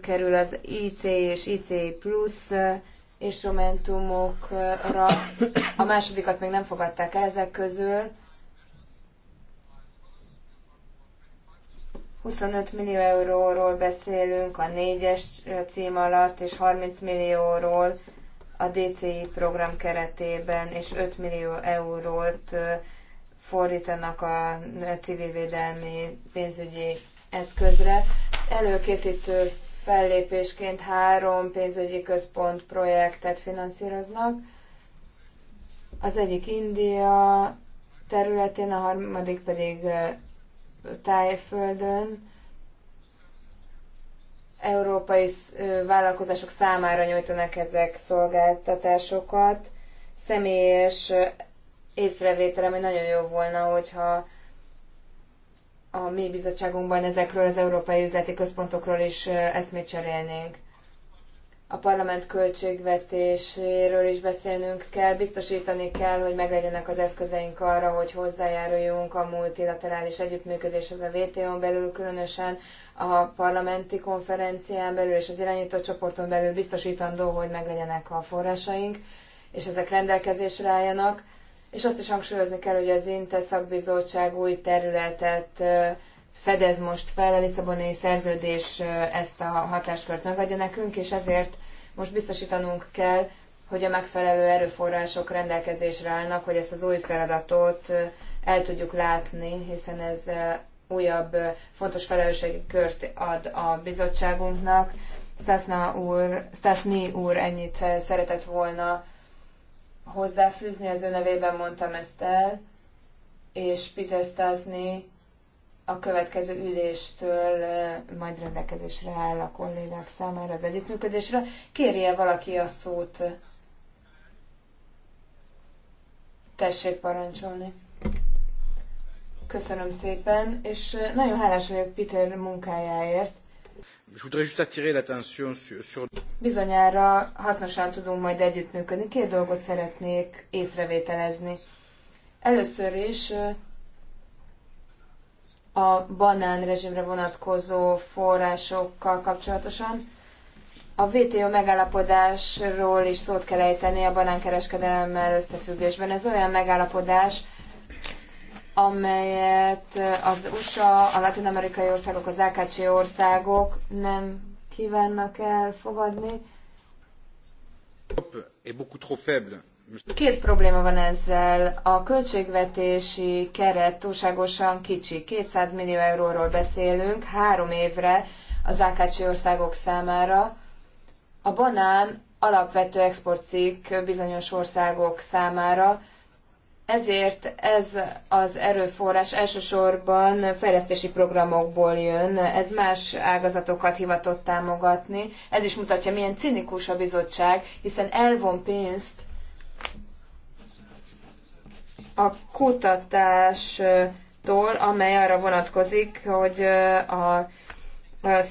kerül az IC és IC plusz instrumentumokra. A másodikat még nem fogadták el ezek közül. 25 millió euróról beszélünk a négyes cím alatt, és 30 millióról a DCI program keretében, és 5 millió eurót fordítanak a civil védelmi pénzügyi eszközre. Előkészítő fellépésként három pénzügyi központ projektet finanszíroznak. Az egyik India területén, a harmadik pedig tájföldön európai vállalkozások számára nyújtanak ezek szolgáltatásokat. Személyes észrevételem, hogy nagyon jó volna, hogyha a mi bizottságunkban ezekről az európai üzleti központokról is eszmét cserélnénk a parlament költségvetéséről is beszélnünk kell, biztosítani kell, hogy meglegyenek az eszközeink arra, hogy hozzájáruljunk a multilaterális együttműködéshez a WTO-n belül, különösen a parlamenti konferencián belül és az irányító csoporton belül biztosítandó, hogy meglegyenek a forrásaink, és ezek rendelkezésre álljanak. És azt is hangsúlyozni kell, hogy az INTE szakbizottság új területet fedez most fel, a Lisszaboni szerződés ezt a hatáskört megadja nekünk, és ezért most biztosítanunk kell, hogy a megfelelő erőforrások rendelkezésre állnak, hogy ezt az új feladatot el tudjuk látni, hiszen ez újabb fontos felelősségi kört ad a bizottságunknak. Szaszna úr, Szaszni úr ennyit szeretett volna hozzáfűzni, az ő nevében mondtam ezt el, és Peter Stasny a következő üléstől majd rendelkezésre áll a kollégák számára az együttműködésre. Kérje valaki a szót. Tessék parancsolni. Köszönöm szépen, és nagyon hálás vagyok Peter munkájáért. Bizonyára hasznosan tudunk majd együttműködni. Két dolgot szeretnék észrevételezni. Először is a banán rezsimre vonatkozó forrásokkal kapcsolatosan. A WTO megállapodásról is szót kell ejteni a banánkereskedelemmel összefüggésben. Ez olyan megállapodás, amelyet az USA, a latin-amerikai országok, az AKC országok nem kívánnak elfogadni. Et beaucoup trop faible Két probléma van ezzel. A költségvetési keret túlságosan kicsi. 200 millió euróról beszélünk három évre az AKC országok számára. A banán alapvető exportcikk bizonyos országok számára, ezért ez az erőforrás elsősorban fejlesztési programokból jön, ez más ágazatokat hivatott támogatni. Ez is mutatja, milyen cinikus a bizottság, hiszen elvon pénzt a kutatástól, amely arra vonatkozik, hogy a a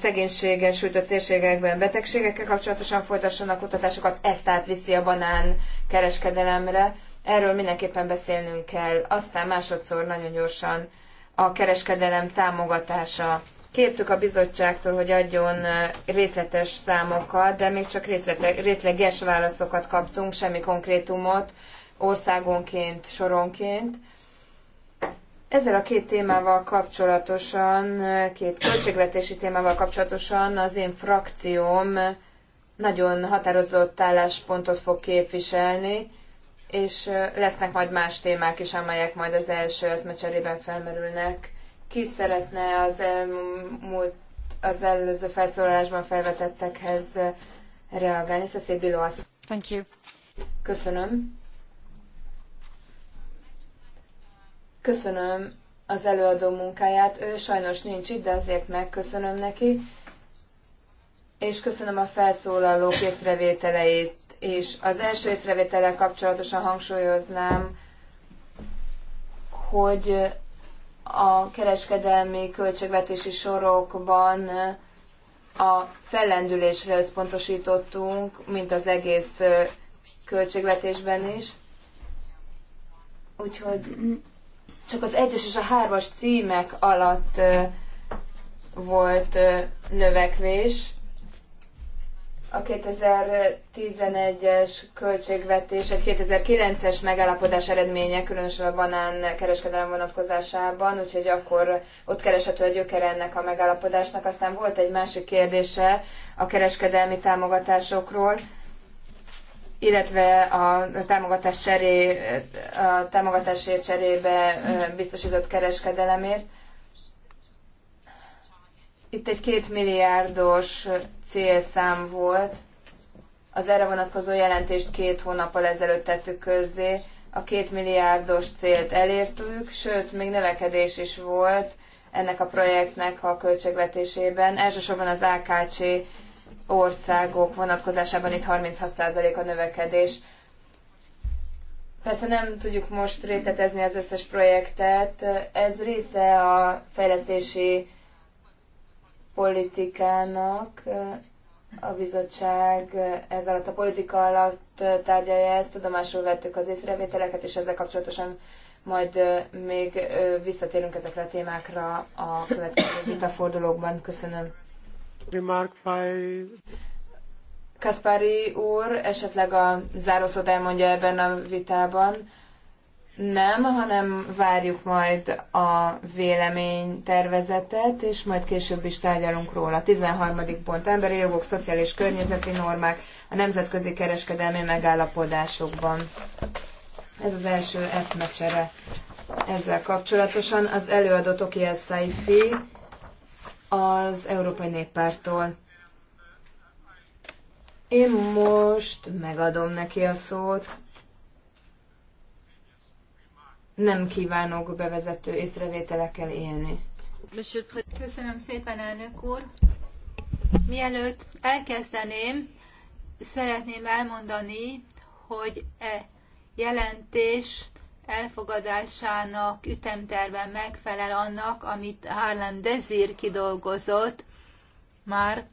sújtott térségekben betegségekkel kapcsolatosan folytassanak kutatásokat, ezt átviszi a banán kereskedelemre. Erről mindenképpen beszélnünk kell. Aztán másodszor nagyon gyorsan a kereskedelem támogatása. Kértük a bizottságtól, hogy adjon részletes számokat, de még csak részlete, részleges válaszokat kaptunk, semmi konkrétumot országonként, soronként. Ezzel a két témával kapcsolatosan, két költségvetési témával kapcsolatosan az én frakcióm nagyon határozott álláspontot fog képviselni, és lesznek majd más témák is, amelyek majd az első eszmecserében felmerülnek. Ki szeretne az elmúlt, az előző felszólalásban felvetettekhez reagálni? Szeszély Biló Thank you. Köszönöm. Köszönöm az előadó munkáját. Ő sajnos nincs itt, de azért megköszönöm neki. És köszönöm a felszólalók észrevételeit És Az első észrevétellel kapcsolatosan hangsúlyoznám, hogy a kereskedelmi költségvetési sorokban a fellendülésre összpontosítottunk, mint az egész költségvetésben is. Úgyhogy csak az egyes és a hármas címek alatt volt növekvés. A 2011-es költségvetés egy 2009-es megállapodás eredménye, különösen a banán kereskedelem vonatkozásában, úgyhogy akkor ott kereshető a gyökere ennek a megállapodásnak. Aztán volt egy másik kérdése a kereskedelmi támogatásokról illetve a támogatás, cseré, a támogatásért cserébe biztosított kereskedelemért. Itt egy két milliárdos célszám volt. Az erre vonatkozó jelentést két hónappal ezelőtt tettük közzé. A két milliárdos célt elértük, sőt, még növekedés is volt ennek a projektnek a költségvetésében. Elsősorban az AKC országok vonatkozásában itt 36% a növekedés. Persze nem tudjuk most részletezni az összes projektet, ez része a fejlesztési politikának, a bizottság ez alatt a politika alatt tárgyalja ezt, tudomásul vettük az észrevételeket, és ezzel kapcsolatosan majd még visszatérünk ezekre a témákra a következő vitafordulókban. Köszönöm. Kaspari úr esetleg a zárószót elmondja ebben a vitában. Nem, hanem várjuk majd a véleménytervezetet, és majd később is tárgyalunk róla. 13. pont emberi jogok, szociális környezeti normák a nemzetközi kereskedelmi megállapodásokban. Ez az első eszmecsere ezzel kapcsolatosan. Az előadó Tokiel Saifi az Európai Néppártól. Én most megadom neki a szót. Nem kívánok bevezető észrevételekkel élni. Köszönöm szépen, elnök úr! Mielőtt elkezdeném, szeretném elmondani, hogy e jelentés elfogadásának ütemterve megfelel annak, amit Harlem Desir kidolgozott már,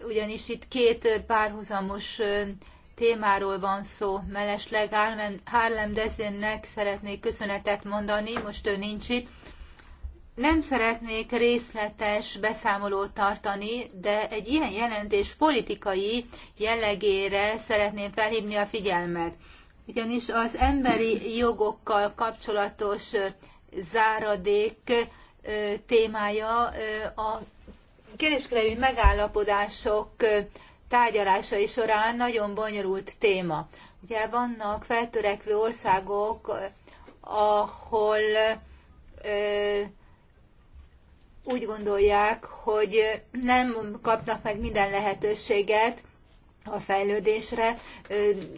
ugyanis itt két párhuzamos témáról van szó. Mellesleg Harlem Desirnek szeretnék köszönetet mondani, most ő nincs itt. Nem szeretnék részletes beszámolót tartani, de egy ilyen jelentés politikai jellegére szeretném felhívni a figyelmet ugyanis az emberi jogokkal kapcsolatos záradék témája a kereskedelmi megállapodások tárgyalásai során nagyon bonyolult téma. Ugye vannak feltörekvő országok, ahol úgy gondolják, hogy nem kapnak meg minden lehetőséget, a fejlődésre,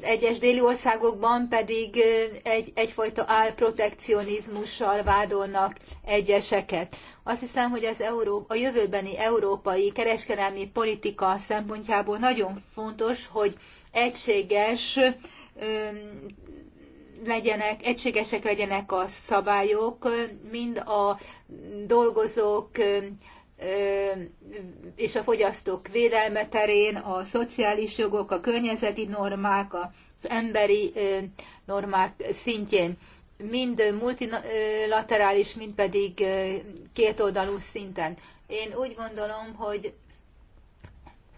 egyes déli országokban pedig egy, egyfajta álprotekcionizmussal vádolnak egyeseket. Azt hiszem, hogy az Euró- a jövőbeni európai kereskedelmi politika szempontjából nagyon fontos, hogy egységes legyenek, egységesek legyenek a szabályok, mind a dolgozók, és a fogyasztók védelme terén, a szociális jogok, a környezeti normák, az emberi normák szintjén, mind multilaterális, mind pedig kétoldalú szinten. Én úgy gondolom, hogy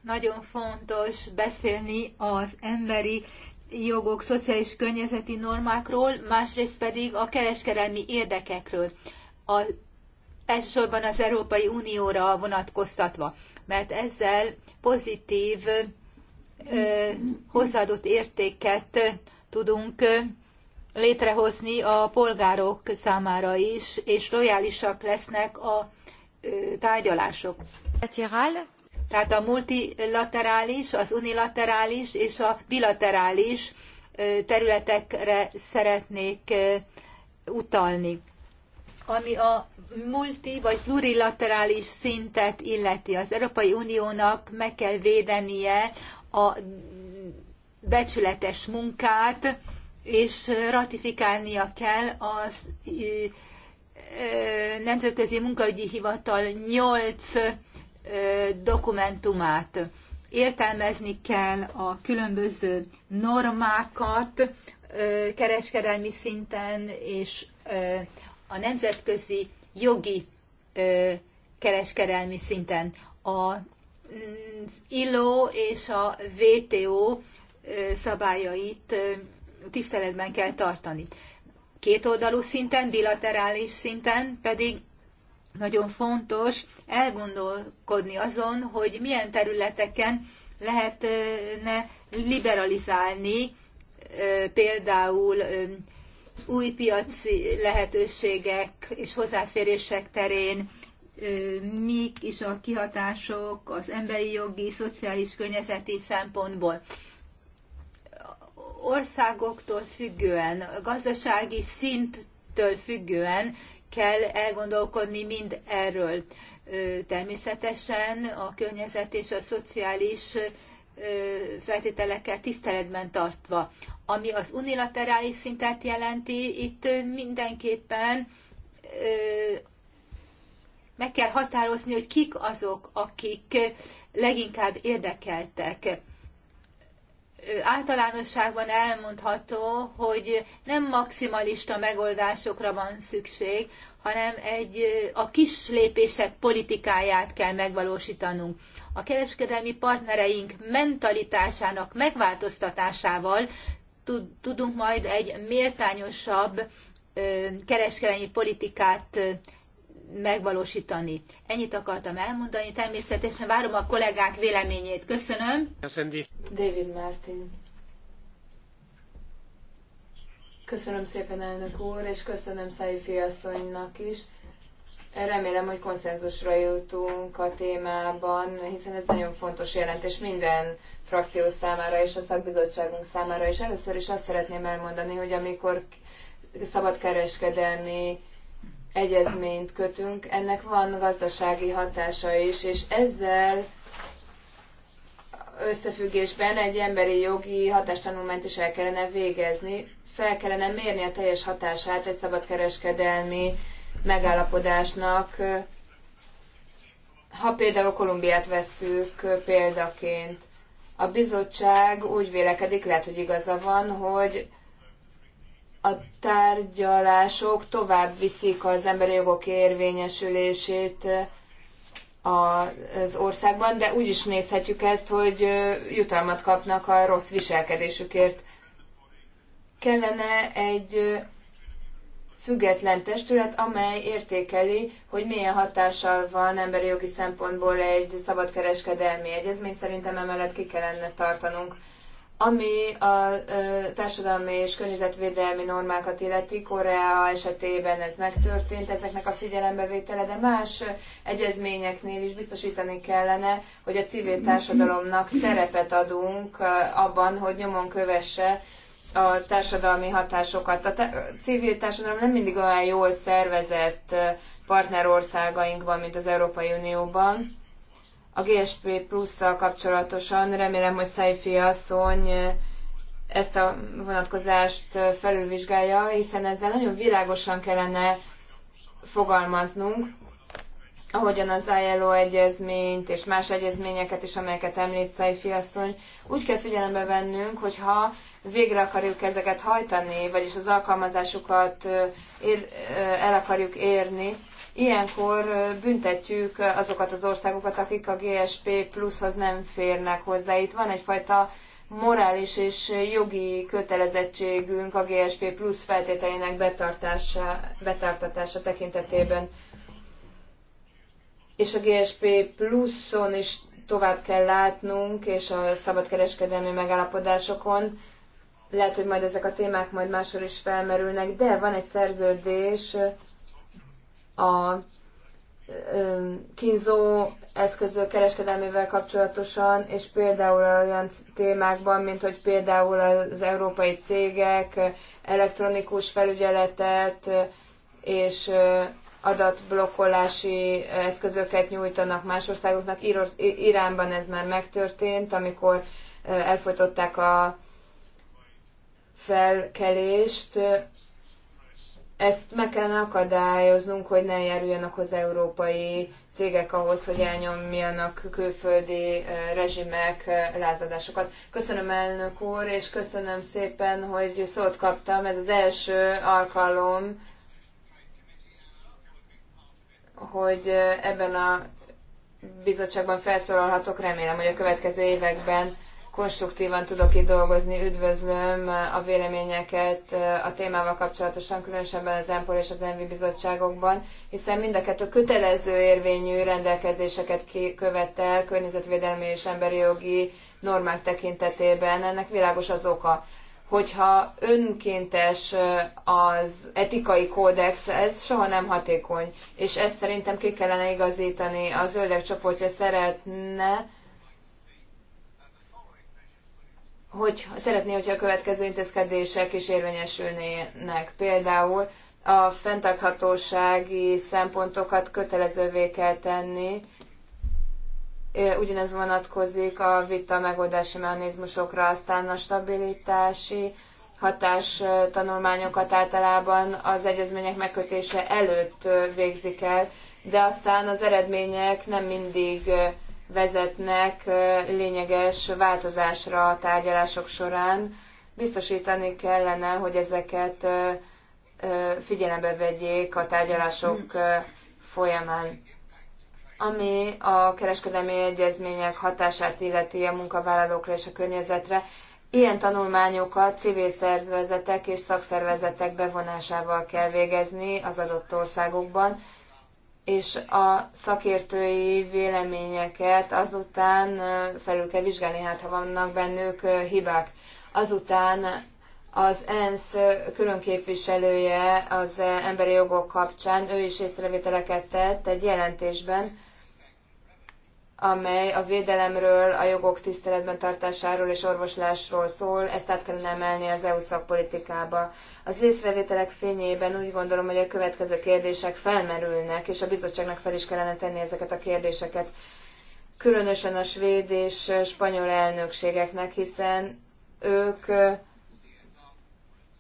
nagyon fontos beszélni az emberi jogok, szociális környezeti normákról, másrészt pedig a kereskedelmi érdekekről. A elsősorban az Európai Unióra vonatkoztatva, mert ezzel pozitív ö, hozzáadott értéket tudunk létrehozni a polgárok számára is, és lojálisak lesznek a ö, tárgyalások. Tehát a multilaterális, az unilaterális és a bilaterális területekre szeretnék utalni ami a multi vagy plurilaterális szintet illeti. Az Európai Uniónak meg kell védenie a becsületes munkát, és ratifikálnia kell az Nemzetközi Munkaügyi Hivatal 8 dokumentumát. Értelmezni kell a különböző normákat kereskedelmi szinten és a nemzetközi jogi ö, kereskedelmi szinten. A mm, ILO és a VTO szabályait tiszteletben kell tartani. Kétoldalú szinten, bilaterális szinten pedig nagyon fontos elgondolkodni azon, hogy milyen területeken lehetne liberalizálni például új piaci lehetőségek és hozzáférések terén, mik is a kihatások az emberi jogi, szociális, környezeti szempontból. Országoktól függően, gazdasági szinttől függően kell elgondolkodni mind erről. Természetesen a környezet és a szociális feltételekkel tiszteletben tartva. Ami az unilaterális szintet jelenti, itt mindenképpen meg kell határozni, hogy kik azok, akik leginkább érdekeltek. Általánosságban elmondható, hogy nem maximalista megoldásokra van szükség, hanem egy, a kis lépések politikáját kell megvalósítanunk a kereskedelmi partnereink mentalitásának megváltoztatásával tudunk majd egy méltányosabb kereskedelmi politikát megvalósítani. Ennyit akartam elmondani, természetesen várom a kollégák véleményét. Köszönöm. David Martin. Köszönöm szépen, elnök úr, és köszönöm Szaifi asszonynak is Remélem, hogy konszenzusra jutunk a témában, hiszen ez nagyon fontos jelentés minden frakció számára és a szakbizottságunk számára. És először is azt szeretném elmondani, hogy amikor szabadkereskedelmi egyezményt kötünk, ennek van gazdasági hatása is, és ezzel összefüggésben egy emberi jogi hatástanulmányt is el kellene végezni, fel kellene mérni a teljes hatását egy szabadkereskedelmi megállapodásnak. Ha például Kolumbiát veszük példaként, a bizottság úgy vélekedik, lehet, hogy igaza van, hogy a tárgyalások tovább viszik az emberi jogok érvényesülését az országban, de úgy is nézhetjük ezt, hogy jutalmat kapnak a rossz viselkedésükért. Kellene egy független testület, amely értékeli, hogy milyen hatással van emberi jogi szempontból egy szabadkereskedelmi egyezmény. Szerintem emellett ki kellene tartanunk. Ami a ö, társadalmi és környezetvédelmi normákat illeti, Korea esetében ez megtörtént, ezeknek a figyelembevétele, de más egyezményeknél is biztosítani kellene, hogy a civil társadalomnak szerepet adunk abban, hogy nyomon kövesse a társadalmi hatásokat. A civil társadalom nem mindig olyan jól szervezett partnerországainkban, mint az Európai Unióban. A GSP plusszal kapcsolatosan remélem, hogy Szájfi asszony ezt a vonatkozást felülvizsgálja, hiszen ezzel nagyon világosan kellene fogalmaznunk, ahogyan az ILO egyezményt és más egyezményeket is, amelyeket említ Szaifi asszony, úgy kell figyelembe vennünk, hogyha végre akarjuk ezeket hajtani, vagyis az alkalmazásukat ér, el akarjuk érni, ilyenkor büntetjük azokat az országokat, akik a GSP pluszhoz nem férnek hozzá. Itt van egyfajta morális és jogi kötelezettségünk a GSP plusz feltételének betartása, betartatása tekintetében. És a GSP pluszon is tovább kell látnunk, és a szabadkereskedelmi megállapodásokon, lehet, hogy majd ezek a témák majd máshol is felmerülnek, de van egy szerződés a kínzó eszközök kereskedelmével kapcsolatosan, és például olyan témákban, mint hogy például az európai cégek elektronikus felügyeletet és adatblokkolási eszközöket nyújtanak más országoknak. Iránban ez már megtörtént, amikor elfolytották a felkelést, ezt meg kellene akadályoznunk, hogy ne járuljanak az európai cégek ahhoz, hogy elnyomjanak külföldi eh, rezsimek eh, lázadásokat. Köszönöm elnök úr, és köszönöm szépen, hogy szót kaptam. Ez az első alkalom, hogy eh, ebben a bizottságban felszólalhatok. Remélem, hogy a következő években konstruktívan tudok itt dolgozni. Üdvözlöm a véleményeket a témával kapcsolatosan, különösen az EMPOL és az ENVI bizottságokban, hiszen mind a kettő kötelező érvényű rendelkezéseket követel környezetvédelmi és emberi jogi normák tekintetében. Ennek világos az oka hogyha önkéntes az etikai kódex, ez soha nem hatékony, és ezt szerintem ki kellene igazítani. A zöldek csoportja szeretne, hogy szeretné, hogyha a következő intézkedések is érvényesülnének. Például a fenntarthatósági szempontokat kötelezővé kell tenni, ugyanez vonatkozik a vita megoldási mechanizmusokra, aztán a stabilitási hatás tanulmányokat általában az egyezmények megkötése előtt végzik el, de aztán az eredmények nem mindig vezetnek lényeges változásra a tárgyalások során. Biztosítani kellene, hogy ezeket figyelembe vegyék a tárgyalások folyamán. Ami a kereskedelmi egyezmények hatását illeti a munkavállalókra és a környezetre, ilyen tanulmányokat civil szervezetek és szakszervezetek bevonásával kell végezni az adott országokban, és a szakértői véleményeket azután felül kell vizsgálni, hát ha vannak bennük hibák. Azután az ENSZ külön képviselője az emberi jogok kapcsán, ő is észrevételeket tett egy jelentésben, amely a védelemről, a jogok tiszteletben tartásáról és orvoslásról szól, ezt át kellene emelni az EU szakpolitikába. Az észrevételek fényében úgy gondolom, hogy a következő kérdések felmerülnek, és a bizottságnak fel is kellene tenni ezeket a kérdéseket, különösen a svéd és spanyol elnökségeknek, hiszen ők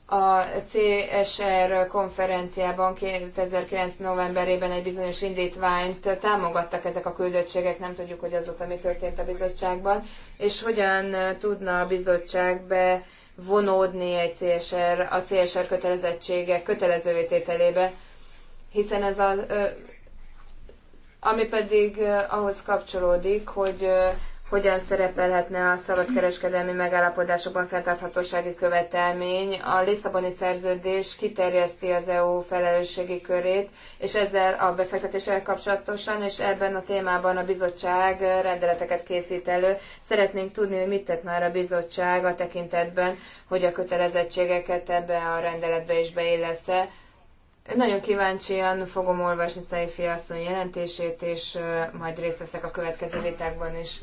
a CSR konferenciában 2009. novemberében egy bizonyos indítványt támogattak ezek a küldöttségek, nem tudjuk, hogy azóta mi történt a bizottságban, és hogyan tudna a bizottság be vonódni egy CSR, a CSR kötelezettségek kötelezővé tételébe, hiszen ez a, ami pedig ahhoz kapcsolódik, hogy hogyan szerepelhetne a szabadkereskedelmi megállapodásokban fenntarthatósági követelmény. A Lisszaboni szerződés kiterjeszti az EU felelősségi körét, és ezzel a befektetéssel kapcsolatosan, és ebben a témában a bizottság rendeleteket készít elő. Szeretnénk tudni, hogy mit tett már a bizottság a tekintetben, hogy a kötelezettségeket ebbe a rendeletbe is beillesz nagyon kíváncsian fogom olvasni Szaifi asszony jelentését, és majd részt veszek a következő vitákban is.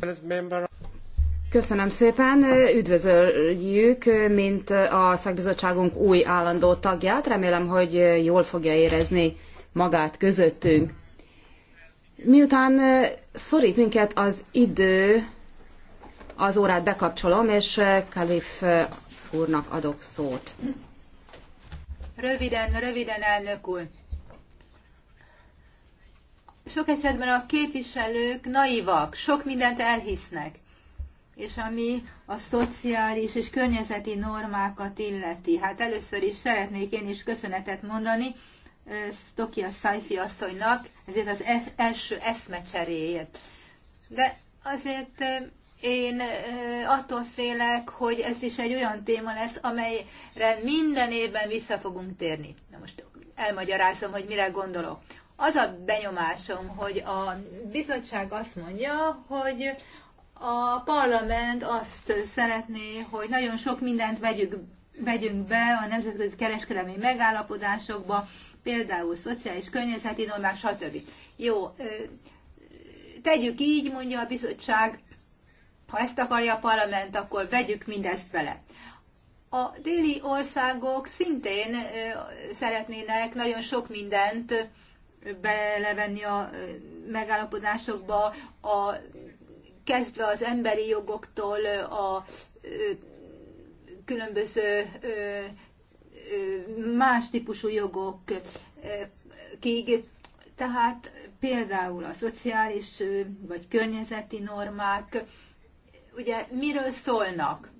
Köszönöm szépen, üdvözöljük, mint a szakbizottságunk új állandó tagját. Remélem, hogy jól fogja érezni magát közöttünk. Miután szorít minket az idő, az órát bekapcsolom, és Kalif úrnak adok szót. Röviden, röviden, elnök úr. Sok esetben a képviselők naivak, sok mindent elhisznek, és ami a szociális és környezeti normákat illeti. Hát először is szeretnék én is köszönetet mondani Stokia Szajfi asszonynak, ezért az e-, első eszmecseréért. De azért én attól félek, hogy ez is egy olyan téma lesz, amelyre minden évben vissza fogunk térni. Na most elmagyarázom, hogy mire gondolok. Az a benyomásom, hogy a bizottság azt mondja, hogy a parlament azt szeretné, hogy nagyon sok mindent vegyük, vegyünk be a nemzetközi kereskedelmi megállapodásokba, például szociális környezeti normák, stb. Jó, tegyük így, mondja a bizottság, ha ezt akarja a parlament, akkor vegyük mindezt bele. A déli országok szintén szeretnének nagyon sok mindent belevenni a megállapodásokba, a, kezdve az emberi jogoktól a különböző más típusú jogokig, tehát például a szociális vagy környezeti normák, ugye miről szólnak?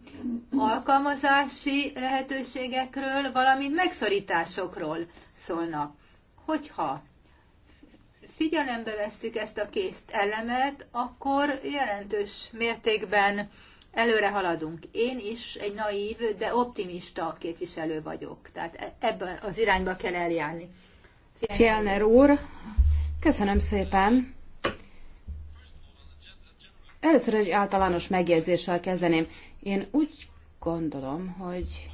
Alkalmazási lehetőségekről, valamint megszorításokról szólnak. Hogyha figyelembe vesszük ezt a két elemet, akkor jelentős mértékben előre haladunk. Én is egy naív, de optimista képviselő vagyok. Tehát e- ebben az irányba kell eljárni. Fjellner úr, köszönöm szépen. Először egy általános megjegyzéssel kezdeném. Én úgy gondolom, hogy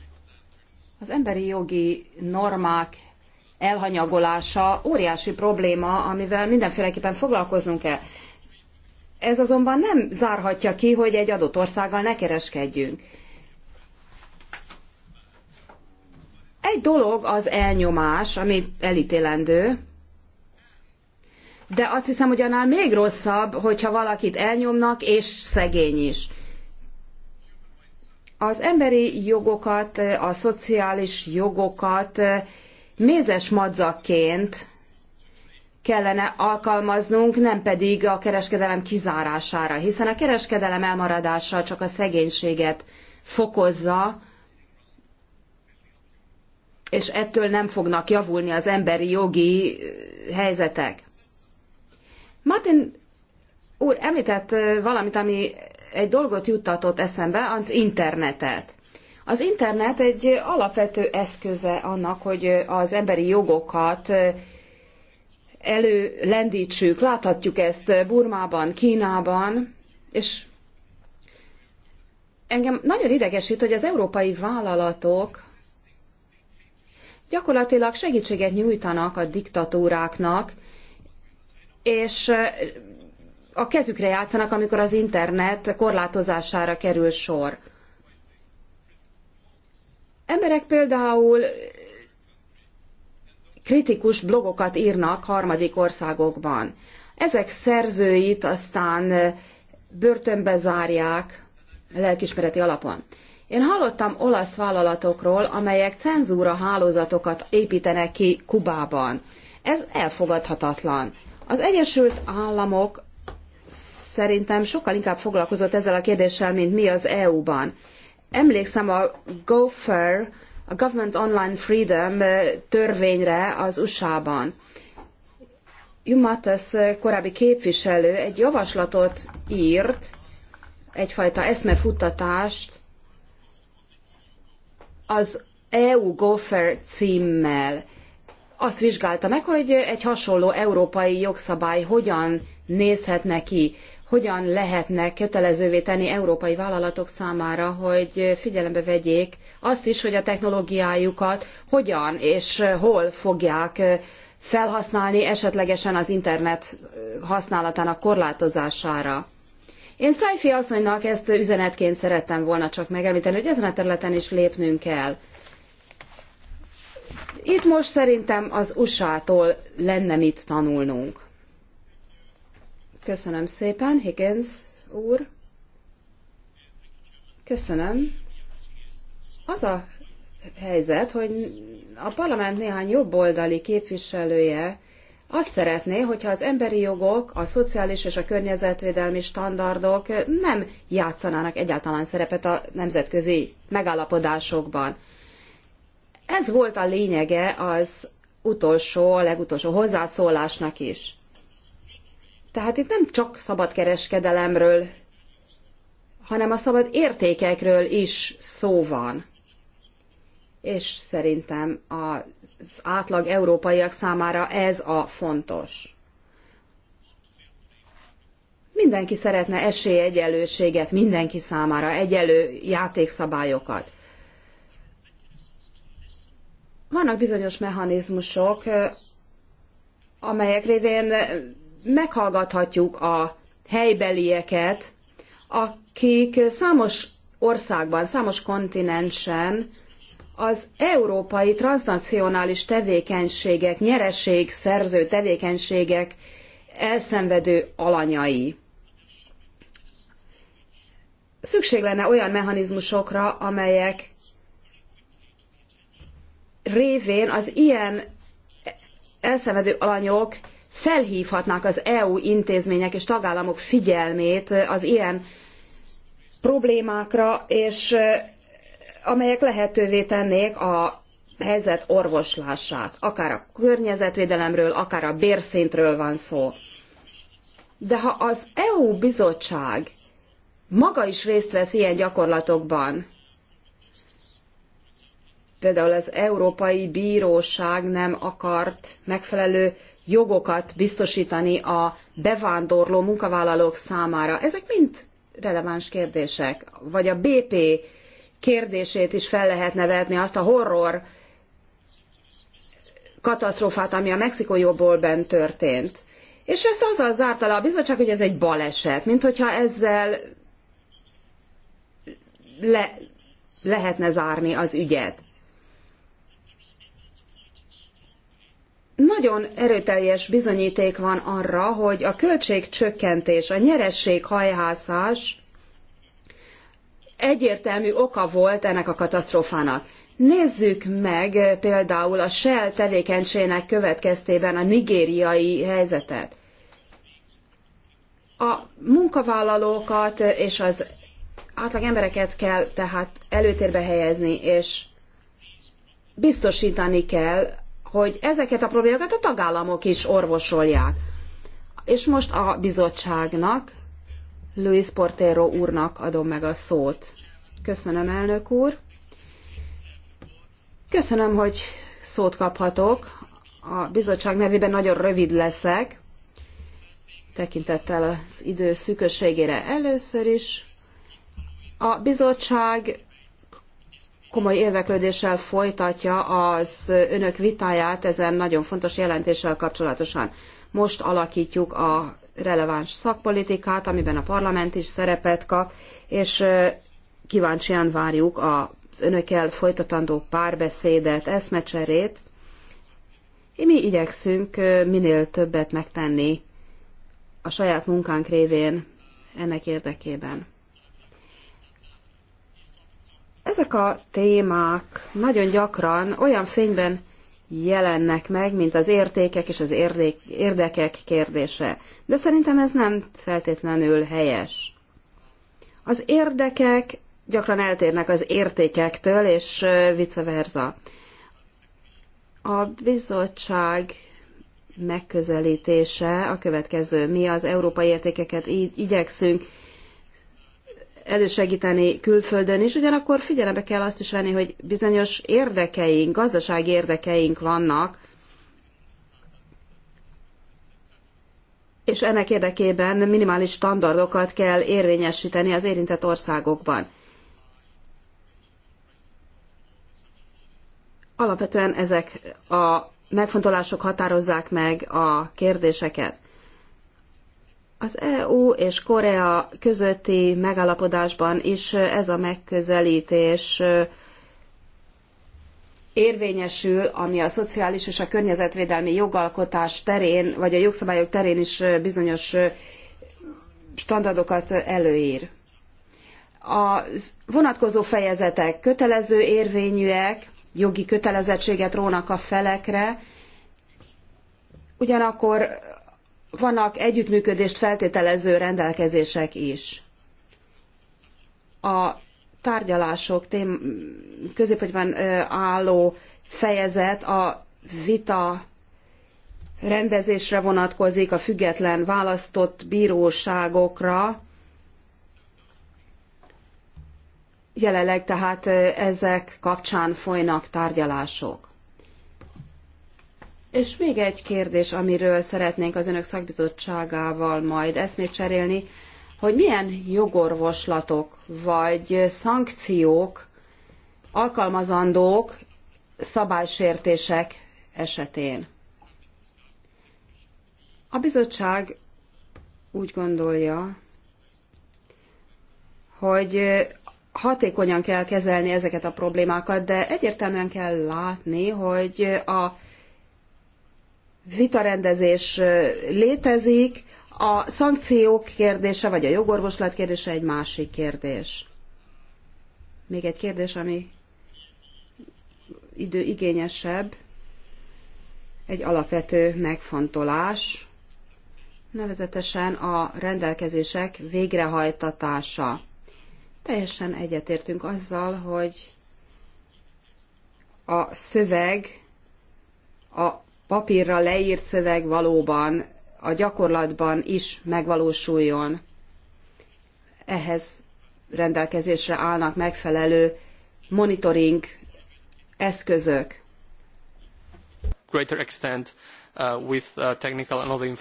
az emberi jogi normák elhanyagolása óriási probléma, amivel mindenféleképpen foglalkoznunk kell. Ez azonban nem zárhatja ki, hogy egy adott országgal ne kereskedjünk. Egy dolog az elnyomás, ami elítélendő, de azt hiszem, hogy annál még rosszabb, hogyha valakit elnyomnak, és szegény is. Az emberi jogokat, a szociális jogokat mézes madzakként kellene alkalmaznunk, nem pedig a kereskedelem kizárására, hiszen a kereskedelem elmaradása csak a szegénységet fokozza, és ettől nem fognak javulni az emberi jogi helyzetek. Martin úr említett valamit, ami egy dolgot juttatott eszembe, az internetet. Az internet egy alapvető eszköze annak, hogy az emberi jogokat előlendítsük. Láthatjuk ezt Burmában, Kínában, és engem nagyon idegesít, hogy az európai vállalatok gyakorlatilag segítséget nyújtanak a diktatúráknak, és a kezükre játszanak, amikor az internet korlátozására kerül sor. Emberek például kritikus blogokat írnak harmadik országokban. Ezek szerzőit aztán börtönbe zárják lelkismereti alapon. Én hallottam olasz vállalatokról, amelyek cenzúra hálózatokat építenek ki Kubában. Ez elfogadhatatlan. Az Egyesült Államok szerintem sokkal inkább foglalkozott ezzel a kérdéssel, mint mi az EU-ban. Emlékszem a Gopher a Government Online Freedom törvényre az USA-ban. Jumatas korábbi képviselő egy javaslatot írt, egyfajta eszmefuttatást az EU Gopher címmel azt vizsgálta meg, hogy egy hasonló európai jogszabály hogyan nézhetne ki, hogyan lehetne kötelezővé tenni európai vállalatok számára, hogy figyelembe vegyék azt is, hogy a technológiájukat hogyan és hol fogják felhasználni esetlegesen az internet használatának korlátozására. Én Szájfi asszonynak ezt üzenetként szerettem volna csak megemlíteni, hogy ezen a területen is lépnünk kell. Itt most szerintem az USA-tól lenne mit tanulnunk. Köszönöm szépen, Higgins úr. Köszönöm. Az a helyzet, hogy a parlament néhány jobboldali képviselője azt szeretné, hogyha az emberi jogok, a szociális és a környezetvédelmi standardok nem játszanának egyáltalán szerepet a nemzetközi megállapodásokban. Ez volt a lényege az utolsó, a legutolsó hozzászólásnak is. Tehát itt nem csak kereskedelemről, hanem a szabad értékekről is szó van. És szerintem az átlag európaiak számára ez a fontos. Mindenki szeretne esélyegyenlőséget, mindenki számára, egyelő játékszabályokat. Vannak bizonyos mechanizmusok, amelyek révén meghallgathatjuk a helybelieket, akik számos országban, számos kontinensen az európai transnacionális tevékenységek, nyereség szerző tevékenységek elszenvedő alanyai. Szükség lenne olyan mechanizmusokra, amelyek révén az ilyen elszenvedő alanyok felhívhatnák az EU intézmények és tagállamok figyelmét az ilyen problémákra, és amelyek lehetővé tennék a helyzet orvoslását. Akár a környezetvédelemről, akár a bérszintről van szó. De ha az EU bizottság maga is részt vesz ilyen gyakorlatokban, például az Európai Bíróság nem akart megfelelő jogokat biztosítani a bevándorló munkavállalók számára. Ezek mind releváns kérdések. Vagy a BP kérdését is fel lehetne vetni, azt a horror katasztrófát, ami a mexikói jobbolben történt. És ezt azzal zárta le a bizottság, hogy ez egy baleset, mint hogyha ezzel le, lehetne zárni az ügyet. nagyon erőteljes bizonyíték van arra, hogy a költségcsökkentés, a nyeresség hajhászás egyértelmű oka volt ennek a katasztrófának. Nézzük meg például a Shell tevékenységének következtében a nigériai helyzetet. A munkavállalókat és az átlag embereket kell tehát előtérbe helyezni, és biztosítani kell hogy ezeket a problémákat a tagállamok is orvosolják. És most a bizottságnak, Luis Portero úrnak adom meg a szót. Köszönöm, elnök úr. Köszönöm, hogy szót kaphatok. A bizottság nevében nagyon rövid leszek, tekintettel az idő szűkösségére először is. A bizottság komoly érdeklődéssel folytatja az önök vitáját ezen nagyon fontos jelentéssel kapcsolatosan. Most alakítjuk a releváns szakpolitikát, amiben a parlament is szerepet kap, és kíváncsian várjuk az önökkel folytatandó párbeszédet, eszmecserét. Mi igyekszünk minél többet megtenni a saját munkánk révén ennek érdekében. Ezek a témák nagyon gyakran olyan fényben jelennek meg, mint az értékek és az érdekek kérdése. De szerintem ez nem feltétlenül helyes. Az érdekek gyakran eltérnek az értékektől, és vice versa. A bizottság megközelítése a következő. Mi az európai értékeket így igyekszünk elősegíteni külföldön is, ugyanakkor figyelembe kell azt is venni, hogy bizonyos érdekeink, gazdasági érdekeink vannak, és ennek érdekében minimális standardokat kell érvényesíteni az érintett országokban. Alapvetően ezek a megfontolások határozzák meg a kérdéseket. Az EU és Korea közötti megállapodásban is ez a megközelítés érvényesül, ami a szociális és a környezetvédelmi jogalkotás terén, vagy a jogszabályok terén is bizonyos standardokat előír. A vonatkozó fejezetek kötelező érvényűek, jogi kötelezettséget rónak a felekre, ugyanakkor vannak együttműködést feltételező rendelkezések is. A tárgyalások tém- középpontban álló fejezet a vita rendezésre vonatkozik, a független választott bíróságokra. Jelenleg tehát ezek kapcsán folynak tárgyalások. És még egy kérdés, amiről szeretnénk az önök szakbizottságával majd eszmét cserélni, hogy milyen jogorvoslatok vagy szankciók alkalmazandók szabálysértések esetén. A bizottság úgy gondolja, hogy hatékonyan kell kezelni ezeket a problémákat, de egyértelműen kell látni, hogy a vitarendezés létezik, a szankciók kérdése, vagy a jogorvoslat kérdése egy másik kérdés. Még egy kérdés, ami időigényesebb, egy alapvető megfontolás, nevezetesen a rendelkezések végrehajtatása. Teljesen egyetértünk azzal, hogy a szöveg a papírra leírt szöveg valóban a gyakorlatban is megvalósuljon. Ehhez rendelkezésre állnak megfelelő monitoring eszközök. Greater extent uh, with uh, technical and other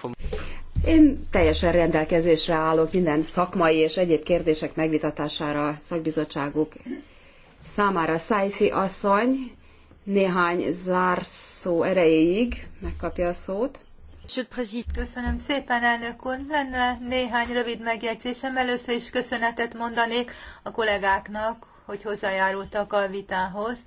Én teljesen rendelkezésre állok minden szakmai és egyéb kérdések megvitatására a szakbizottságuk számára. Szájfi asszony néhány zárszó erejéig megkapja a szót. Köszönöm szépen, elnök úr. Lenne néhány rövid megjegyzésem. Először is köszönetet mondanék a kollégáknak, hogy hozzájárultak a vitához.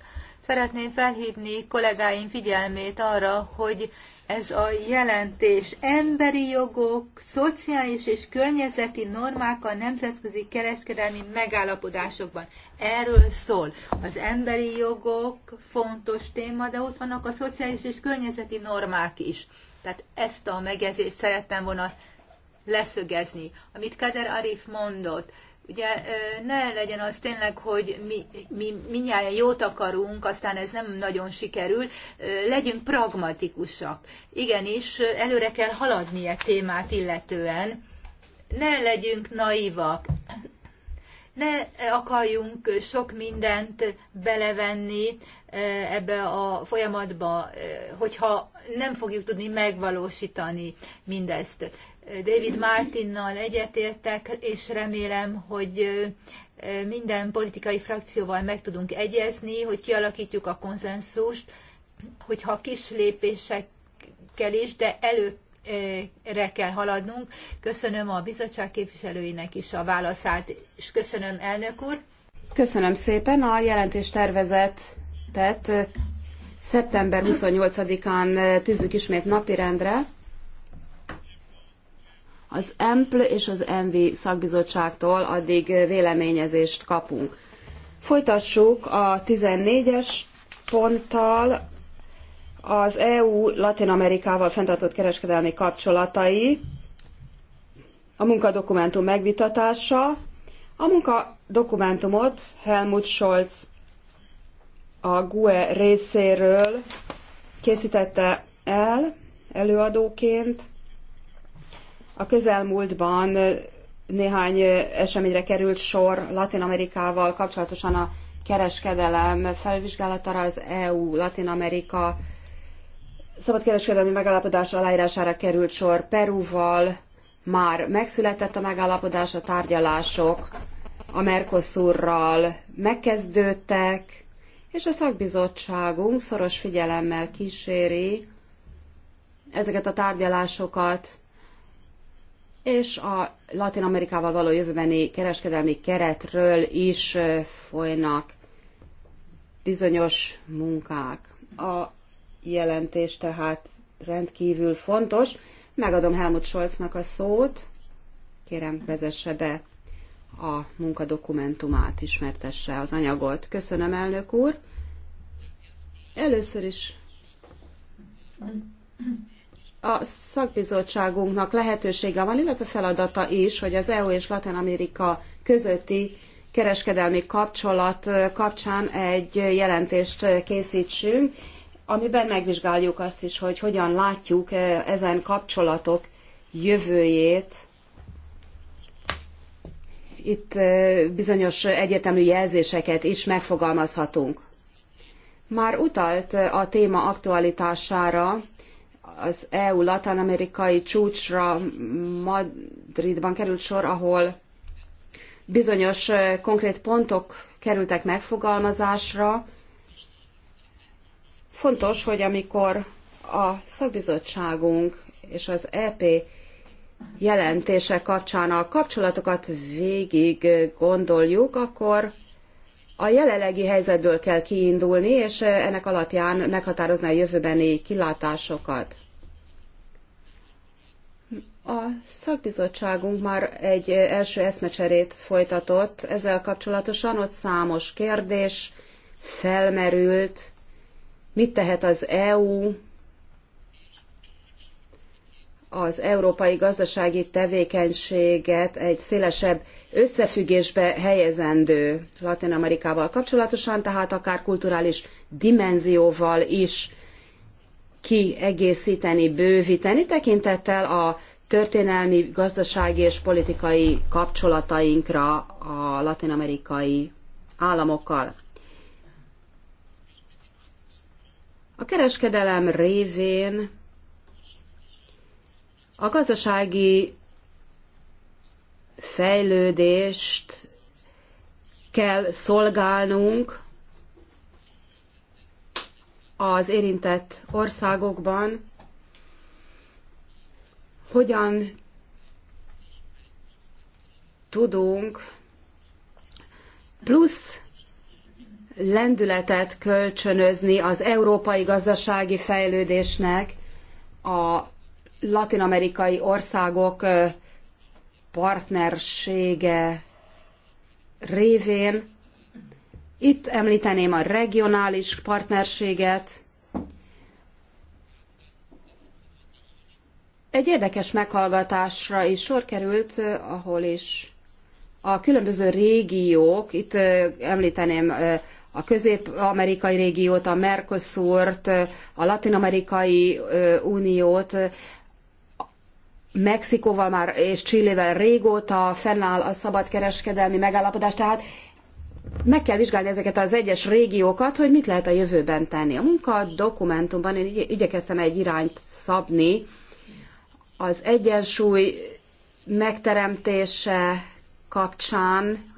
Szeretném felhívni kollégáim figyelmét arra, hogy ez a jelentés. Emberi jogok, szociális és környezeti normák a nemzetközi kereskedelmi megállapodásokban. Erről szól. Az emberi jogok fontos téma, de ott vannak a szociális és környezeti normák is. Tehát ezt a megjegyzést szerettem volna leszögezni, amit Kader Arif mondott ugye ne legyen az tényleg, hogy mi, mi minnyáján jót akarunk, aztán ez nem nagyon sikerül, legyünk pragmatikusak. Igenis, előre kell haladni a e témát illetően, ne legyünk naivak, ne akarjunk sok mindent belevenni ebbe a folyamatba, hogyha nem fogjuk tudni megvalósítani mindezt David Martinnal egyetértek, és remélem, hogy minden politikai frakcióval meg tudunk egyezni, hogy kialakítjuk a konszenzust, hogyha kis lépésekkel is, de előre kell haladnunk. Köszönöm a bizottság képviselőinek is a válaszát, és köszönöm elnök úr. Köszönöm szépen a jelentés tervezetet. Szeptember 28-án tűzzük ismét napirendre. Az EMPL és az ENVI szakbizottságtól addig véleményezést kapunk. Folytassuk a 14-es ponttal az EU Latin Amerikával fenntartott kereskedelmi kapcsolatai, a munkadokumentum megvitatása. A munkadokumentumot Helmut Scholz a GUE részéről készítette el előadóként. A közelmúltban néhány eseményre került sor Latin Amerikával kapcsolatosan a kereskedelem felvizsgálatára az EU Latin Amerika szabadkereskedelmi megállapodás aláírására került sor Peruval, már megszületett a megállapodás, a tárgyalások a Mercosurral megkezdődtek, és a szakbizottságunk szoros figyelemmel kíséri ezeket a tárgyalásokat, és a Latin Amerikával való jövőbeni kereskedelmi keretről is folynak bizonyos munkák. A jelentés tehát rendkívül fontos. Megadom Helmut Scholznak a szót. Kérem, vezesse be a munkadokumentumát, ismertesse az anyagot. Köszönöm, elnök úr. Először is a szakbizottságunknak lehetősége van, illetve feladata is, hogy az EU és Latin Amerika közötti kereskedelmi kapcsolat kapcsán egy jelentést készítsünk, amiben megvizsgáljuk azt is, hogy hogyan látjuk ezen kapcsolatok jövőjét. Itt bizonyos egyetemű jelzéseket is megfogalmazhatunk. Már utalt a téma aktualitására, az EU-latin-amerikai csúcsra Madridban került sor, ahol bizonyos konkrét pontok kerültek megfogalmazásra. Fontos, hogy amikor a szakbizottságunk és az EP jelentése kapcsán a kapcsolatokat végig gondoljuk, akkor a jelenlegi helyzetből kell kiindulni, és ennek alapján meghatározni a jövőbeni kilátásokat. A szakbizottságunk már egy első eszmecserét folytatott ezzel kapcsolatosan, ott számos kérdés felmerült, mit tehet az EU, az európai gazdasági tevékenységet egy szélesebb összefüggésbe helyezendő Latin Amerikával kapcsolatosan, tehát akár kulturális dimenzióval is kiegészíteni, bővíteni, tekintettel a történelmi, gazdasági és politikai kapcsolatainkra a latin-amerikai államokkal. A kereskedelem révén a gazdasági fejlődést kell szolgálnunk az érintett országokban, hogyan tudunk plusz lendületet kölcsönözni az európai gazdasági fejlődésnek a latinamerikai országok partnersége révén. Itt említeném a regionális partnerséget, Egy érdekes meghallgatásra is sor került, eh, ahol is a különböző régiók, itt eh, említeném eh, a közép-amerikai régiót, a Mercosur-t, a latin-amerikai uniót, Mexikóval már és Csillével régóta fennáll a szabadkereskedelmi megállapodás, tehát meg kell vizsgálni ezeket az egyes régiókat, hogy mit lehet a jövőben tenni. A munka dokumentumban én igyekeztem egy irányt szabni, az egyensúly megteremtése kapcsán,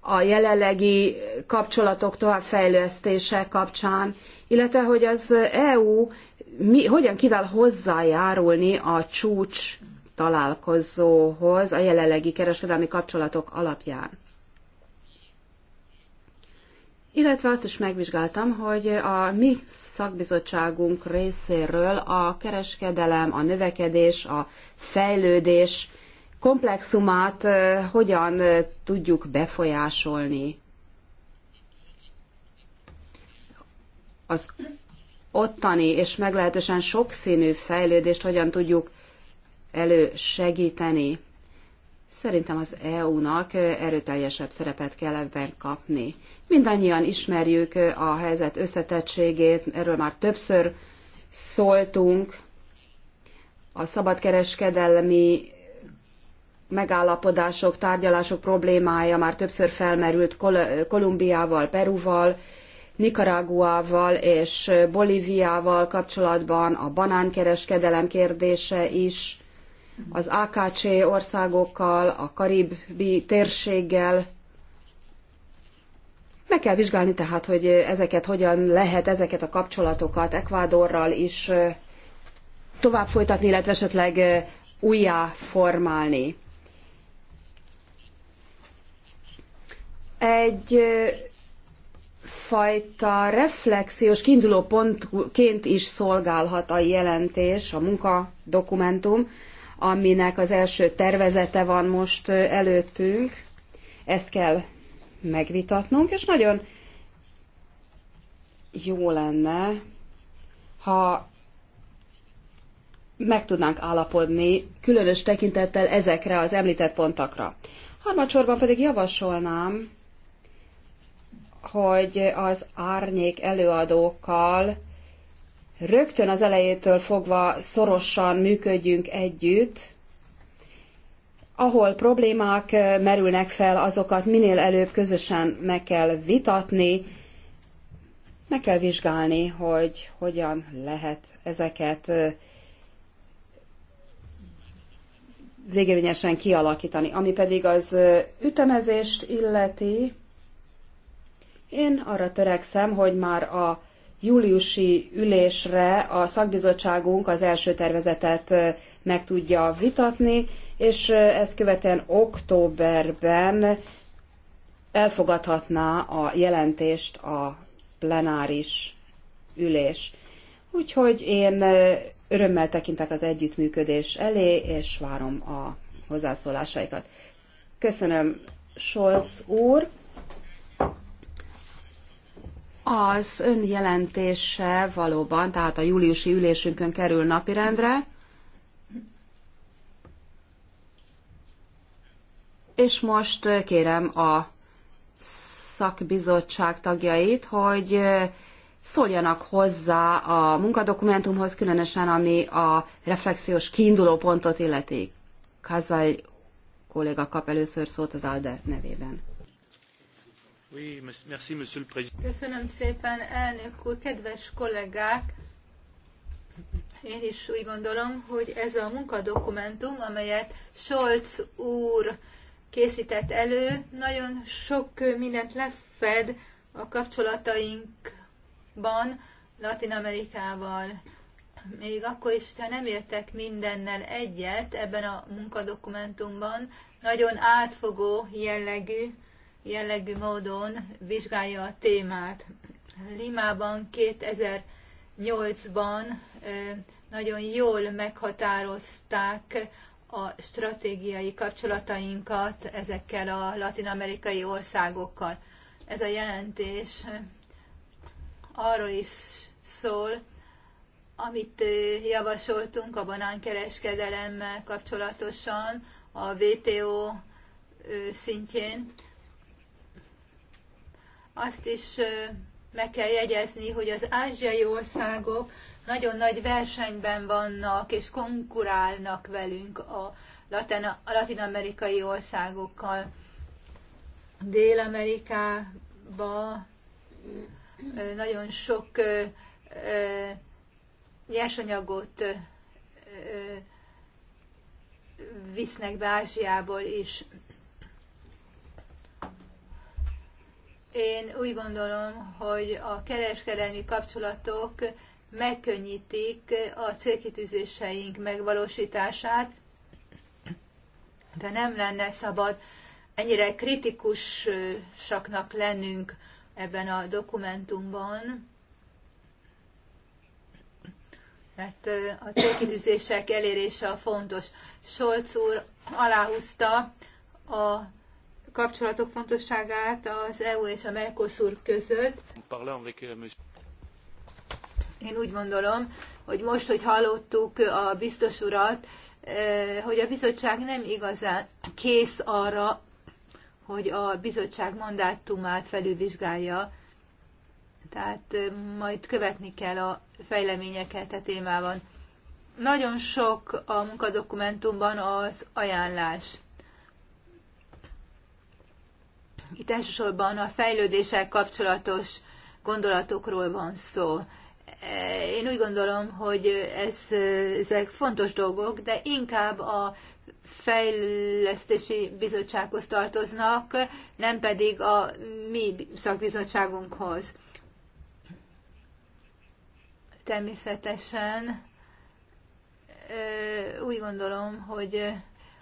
a jelenlegi kapcsolatok továbbfejlesztése kapcsán, illetve hogy az EU mi, hogyan kíván hozzájárulni a csúcs találkozóhoz a jelenlegi kereskedelmi kapcsolatok alapján illetve azt is megvizsgáltam, hogy a mi szakbizottságunk részéről a kereskedelem, a növekedés, a fejlődés komplexumát hogyan tudjuk befolyásolni. Az ottani és meglehetősen sokszínű fejlődést hogyan tudjuk elősegíteni. Szerintem az EU-nak erőteljesebb szerepet kell ebben kapni. Mindannyian ismerjük a helyzet összetettségét, erről már többször szóltunk. A szabadkereskedelmi megállapodások, tárgyalások problémája már többször felmerült Kol- Kolumbiával, Peruval, Nicaraguával és Bolíviával kapcsolatban, a banánkereskedelem kérdése is, az AKC országokkal, a Karibi térséggel meg kell vizsgálni tehát, hogy ezeket hogyan lehet, ezeket a kapcsolatokat Ekvádorral is tovább folytatni, illetve esetleg újjá formálni. Egy fajta reflexiós kiinduló pontként is szolgálhat a jelentés, a munkadokumentum, aminek az első tervezete van most előttünk. Ezt kell megvitatnunk, és nagyon jó lenne, ha meg tudnánk állapodni, különös tekintettel ezekre az említett pontokra. Harmadsorban pedig javasolnám, hogy az árnyék előadókkal rögtön az elejétől fogva szorosan működjünk együtt, ahol problémák merülnek fel, azokat minél előbb közösen meg kell vitatni, meg kell vizsgálni, hogy hogyan lehet ezeket végérvényesen kialakítani. Ami pedig az ütemezést illeti, én arra törekszem, hogy már a júliusi ülésre a szakbizottságunk az első tervezetet meg tudja vitatni, és ezt követően októberben elfogadhatná a jelentést a plenáris ülés. Úgyhogy én örömmel tekintek az együttműködés elé, és várom a hozzászólásaikat. Köszönöm, Solc úr! Az ön jelentése valóban, tehát a júliusi ülésünkön kerül napirendre. És most kérem a szakbizottság tagjait, hogy szóljanak hozzá a munkadokumentumhoz, különösen ami a reflexiós kiinduló pontot illeti. Kazaj kolléga kap először szót az ALDE nevében. Köszönöm szépen, elnök úr, kedves kollégák! Én is úgy gondolom, hogy ez a munkadokumentum, amelyet Scholz úr készített elő, nagyon sok mindent lefed a kapcsolatainkban Latin Amerikával. Még akkor is, ha nem értek mindennel egyet ebben a munkadokumentumban, nagyon átfogó jellegű, jellegű módon vizsgálja a témát. Limában 2008-ban nagyon jól meghatározták a stratégiai kapcsolatainkat ezekkel a latin-amerikai országokkal. Ez a jelentés arról is szól, amit javasoltunk a banánkereskedelemmel kapcsolatosan a WTO szintjén. Azt is meg kell jegyezni, hogy az ázsiai országok nagyon nagy versenyben vannak és konkurálnak velünk a latin-amerikai országokkal. dél amerikában nagyon sok nyersanyagot visznek be Ázsiából is. Én úgy gondolom, hogy a kereskedelmi kapcsolatok megkönnyítik a célkitűzéseink megvalósítását, de nem lenne szabad ennyire kritikusaknak lennünk ebben a dokumentumban, mert a célkitűzések elérése a fontos. Solc úr aláhúzta a kapcsolatok fontosságát az EU és a Mercosur között. Én úgy gondolom, hogy most, hogy hallottuk a biztos urat, eh, hogy a bizottság nem igazán kész arra, hogy a bizottság mandátumát felülvizsgálja, tehát eh, majd követni kell a fejleményeket a e témában. Nagyon sok a munkadokumentumban az ajánlás. Itt elsősorban a fejlődéssel kapcsolatos gondolatokról van szó. Én úgy gondolom, hogy ez, ezek fontos dolgok, de inkább a fejlesztési bizottsághoz tartoznak, nem pedig a mi szakbizottságunkhoz. Természetesen úgy gondolom, hogy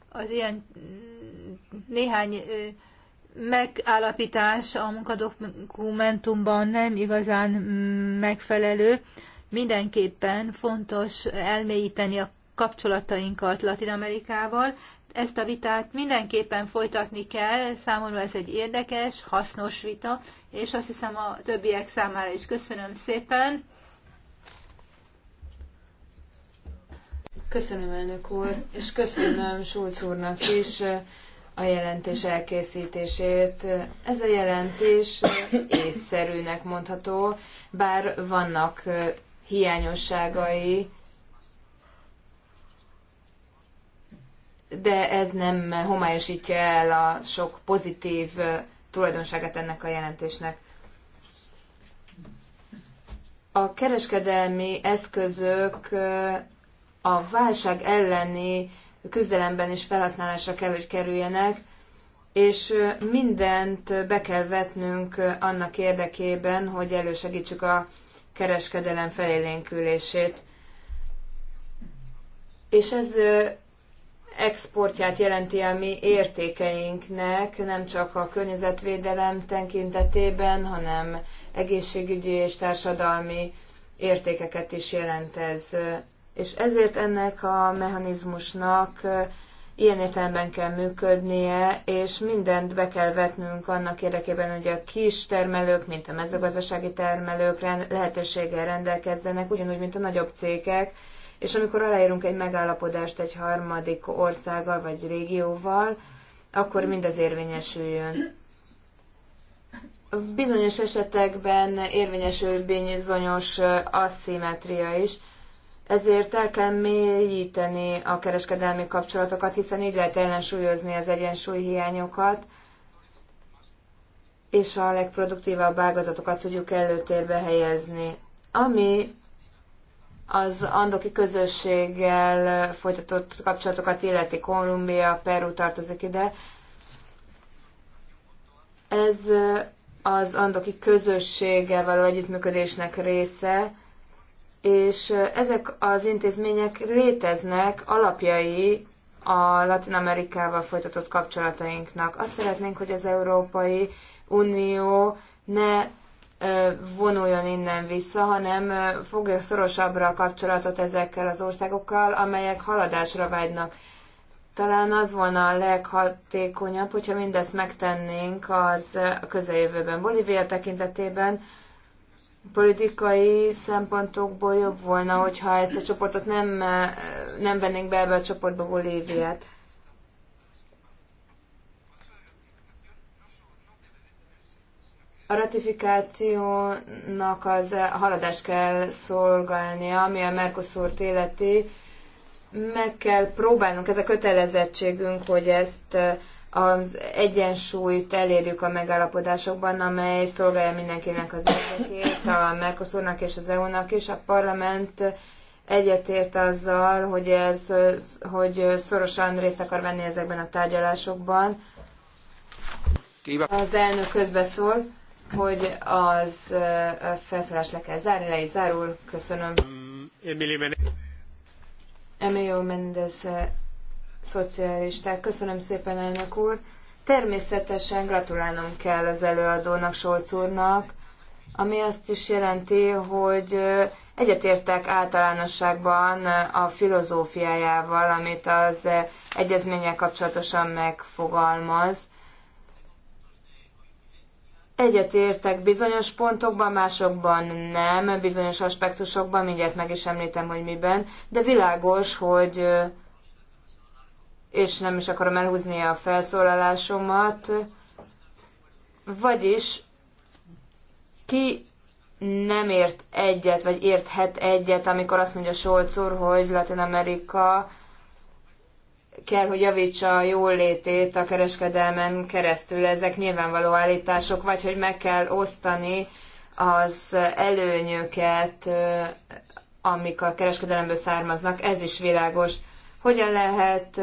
az ilyen néhány megállapítás a munkadokumentumban nem igazán megfelelő. Mindenképpen fontos elmélyíteni a kapcsolatainkat Latin Amerikával. Ezt a vitát mindenképpen folytatni kell, számomra ez egy érdekes, hasznos vita, és azt hiszem a többiek számára is köszönöm szépen. Köszönöm, elnök úr, és köszönöm Sulc úrnak is a jelentés elkészítését. Ez a jelentés észszerűnek mondható, bár vannak hiányosságai, de ez nem homályosítja el a sok pozitív tulajdonságát ennek a jelentésnek. A kereskedelmi eszközök a válság elleni küzdelemben is felhasználásra kell, hogy kerüljenek, és mindent be kell vetnünk annak érdekében, hogy elősegítsük a kereskedelem felélénkülését. És ez exportját jelenti a mi értékeinknek, nem csak a környezetvédelem tekintetében, hanem egészségügyi és társadalmi értékeket is jelent ez. És ezért ennek a mechanizmusnak ilyen értelemben kell működnie, és mindent be kell vetnünk annak érdekében, hogy a kis termelők, mint a mezőgazdasági termelők lehetőséggel rendelkezzenek, ugyanúgy, mint a nagyobb cégek, és amikor aláírunk egy megállapodást egy harmadik országgal vagy régióval, akkor mindez érvényesüljön. Bizonyos esetekben érvényesül bizonyos asszimetria is, ezért el kell mélyíteni a kereskedelmi kapcsolatokat, hiszen így lehet ellensúlyozni az egyensúly hiányokat, és a legproduktívabb ágazatokat tudjuk előtérbe helyezni. Ami az andoki közösséggel folytatott kapcsolatokat illeti Kolumbia, Peru tartozik ide. Ez az andoki közösséggel való együttműködésnek része, és ezek az intézmények léteznek alapjai a Latin Amerikával folytatott kapcsolatainknak. Azt szeretnénk, hogy az Európai Unió ne vonuljon innen vissza, hanem fogja szorosabbra a kapcsolatot ezekkel az országokkal, amelyek haladásra vágynak. Talán az volna a leghatékonyabb, hogyha mindezt megtennénk az a közeljövőben Bolívia tekintetében, politikai szempontokból jobb volna, hogyha ezt a csoportot nem, eh, nem vennénk be ebbe a csoportba Bolíviát. A ratifikációnak az a eh, haladást kell szolgálnia, ami a mercosur életi. Meg kell próbálnunk, ez a kötelezettségünk, hogy ezt eh, az egyensúlyt elérjük a megállapodásokban, amely szolgálja mindenkinek az érdekét, a Mercosurnak és az EU-nak is. A parlament egyetért azzal, hogy, ez, hogy szorosan részt akar venni ezekben a tárgyalásokban. Az elnök közbeszól, hogy az felszólás le kell zárni, le is zárul. Köszönöm. Emilio Mendez szocialisták. Köszönöm szépen, elnök úr. Természetesen gratulálnom kell az előadónak, Solc úrnak, ami azt is jelenti, hogy egyetértek általánosságban a filozófiájával, amit az egyezménnyel kapcsolatosan megfogalmaz. Egyetértek bizonyos pontokban, másokban nem, bizonyos aspektusokban, mindjárt meg is említem, hogy miben, de világos, hogy és nem is akarom elhúzni a felszólalásomat. Vagyis ki nem ért egyet, vagy érthet egyet, amikor azt mondja Solcor, hogy Latin Amerika kell, hogy javítsa a jólétét a kereskedelmen keresztül. Ezek nyilvánvaló állítások, vagy hogy meg kell osztani az előnyöket, amik a kereskedelemből származnak, ez is világos. Hogyan lehet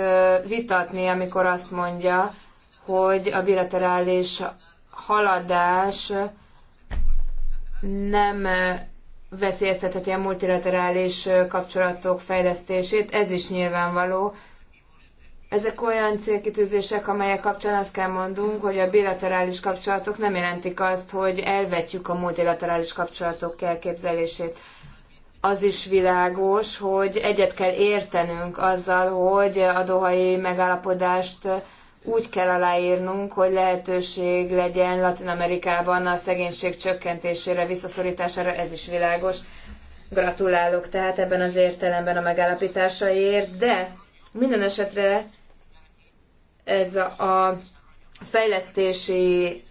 vitatni, amikor azt mondja, hogy a bilaterális haladás nem veszélyeztetheti a multilaterális kapcsolatok fejlesztését, ez is nyilvánvaló. Ezek olyan célkitűzések, amelyek kapcsán azt kell mondunk, hogy a bilaterális kapcsolatok nem jelentik azt, hogy elvetjük a multilaterális kapcsolatok elképzelését az is világos, hogy egyet kell értenünk azzal, hogy a dohai megállapodást úgy kell aláírnunk, hogy lehetőség legyen Latin Amerikában a szegénység csökkentésére, visszaszorítására, ez is világos. Gratulálok tehát ebben az értelemben a megállapításaért, de minden esetre ez a, a fejlesztési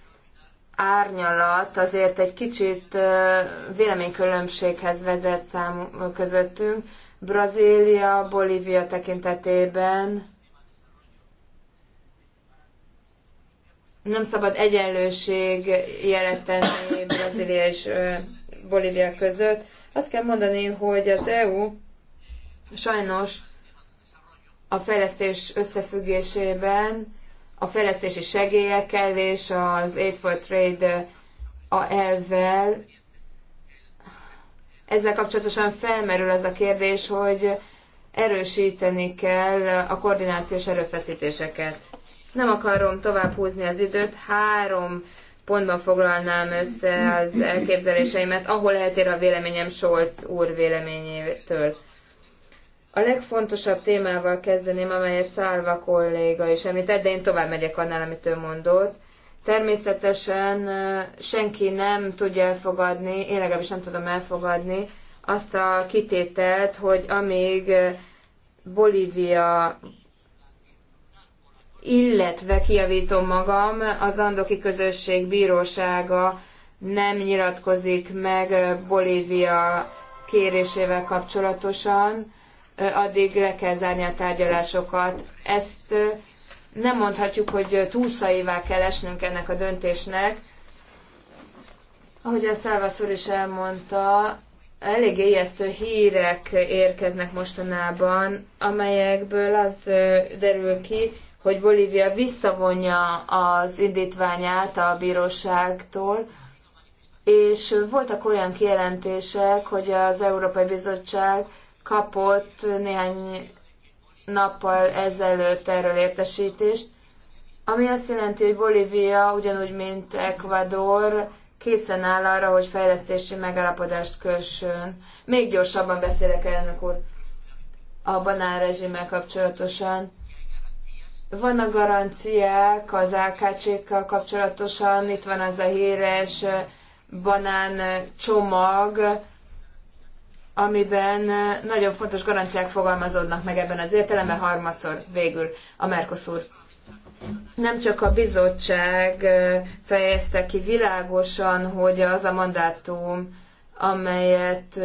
árnyalat azért egy kicsit véleménykülönbséghez vezet szám közöttünk. Brazília, Bolívia tekintetében nem szabad egyenlőség jelet tenni Brazília és Bolívia között. Azt kell mondani, hogy az EU sajnos a fejlesztés összefüggésében a fejlesztési segélyekkel és az Aid for Trade a elvvel. Ezzel kapcsolatosan felmerül ez a kérdés, hogy erősíteni kell a koordinációs erőfeszítéseket. Nem akarom tovább húzni az időt, három pontban foglalnám össze az elképzeléseimet, ahol eltér a véleményem Scholz úr véleményétől. A legfontosabb témával kezdeném, amelyet Szálva kolléga is említett, de én tovább megyek annál, amit ő mondott. Természetesen senki nem tudja elfogadni, én legalábbis nem tudom elfogadni azt a kitételt, hogy amíg Bolívia illetve kiavítom magam, az andoki közösség bírósága nem nyilatkozik meg Bolívia kérésével kapcsolatosan, addig le kell zárni a tárgyalásokat. Ezt nem mondhatjuk, hogy túlszaivá kell esnünk ennek a döntésnek. Ahogy a Szálvászor is elmondta, elég éjesztő hírek érkeznek mostanában, amelyekből az derül ki, hogy Bolívia visszavonja az indítványát a bíróságtól, és voltak olyan kijelentések, hogy az Európai Bizottság kapott néhány nappal ezelőtt erről értesítést, ami azt jelenti, hogy Bolívia ugyanúgy, mint Ecuador készen áll arra, hogy fejlesztési megállapodást kössön. Még gyorsabban beszélek, elnök úr, a banánrezsimmel kapcsolatosan. Vannak garanciák az AKC-kkal kapcsolatosan, itt van az a híres banán csomag, amiben nagyon fontos garanciák fogalmazódnak meg ebben az értelemben harmadszor végül a Mercosur. Nem csak a bizottság fejezte ki világosan, hogy az a mandátum, amelyet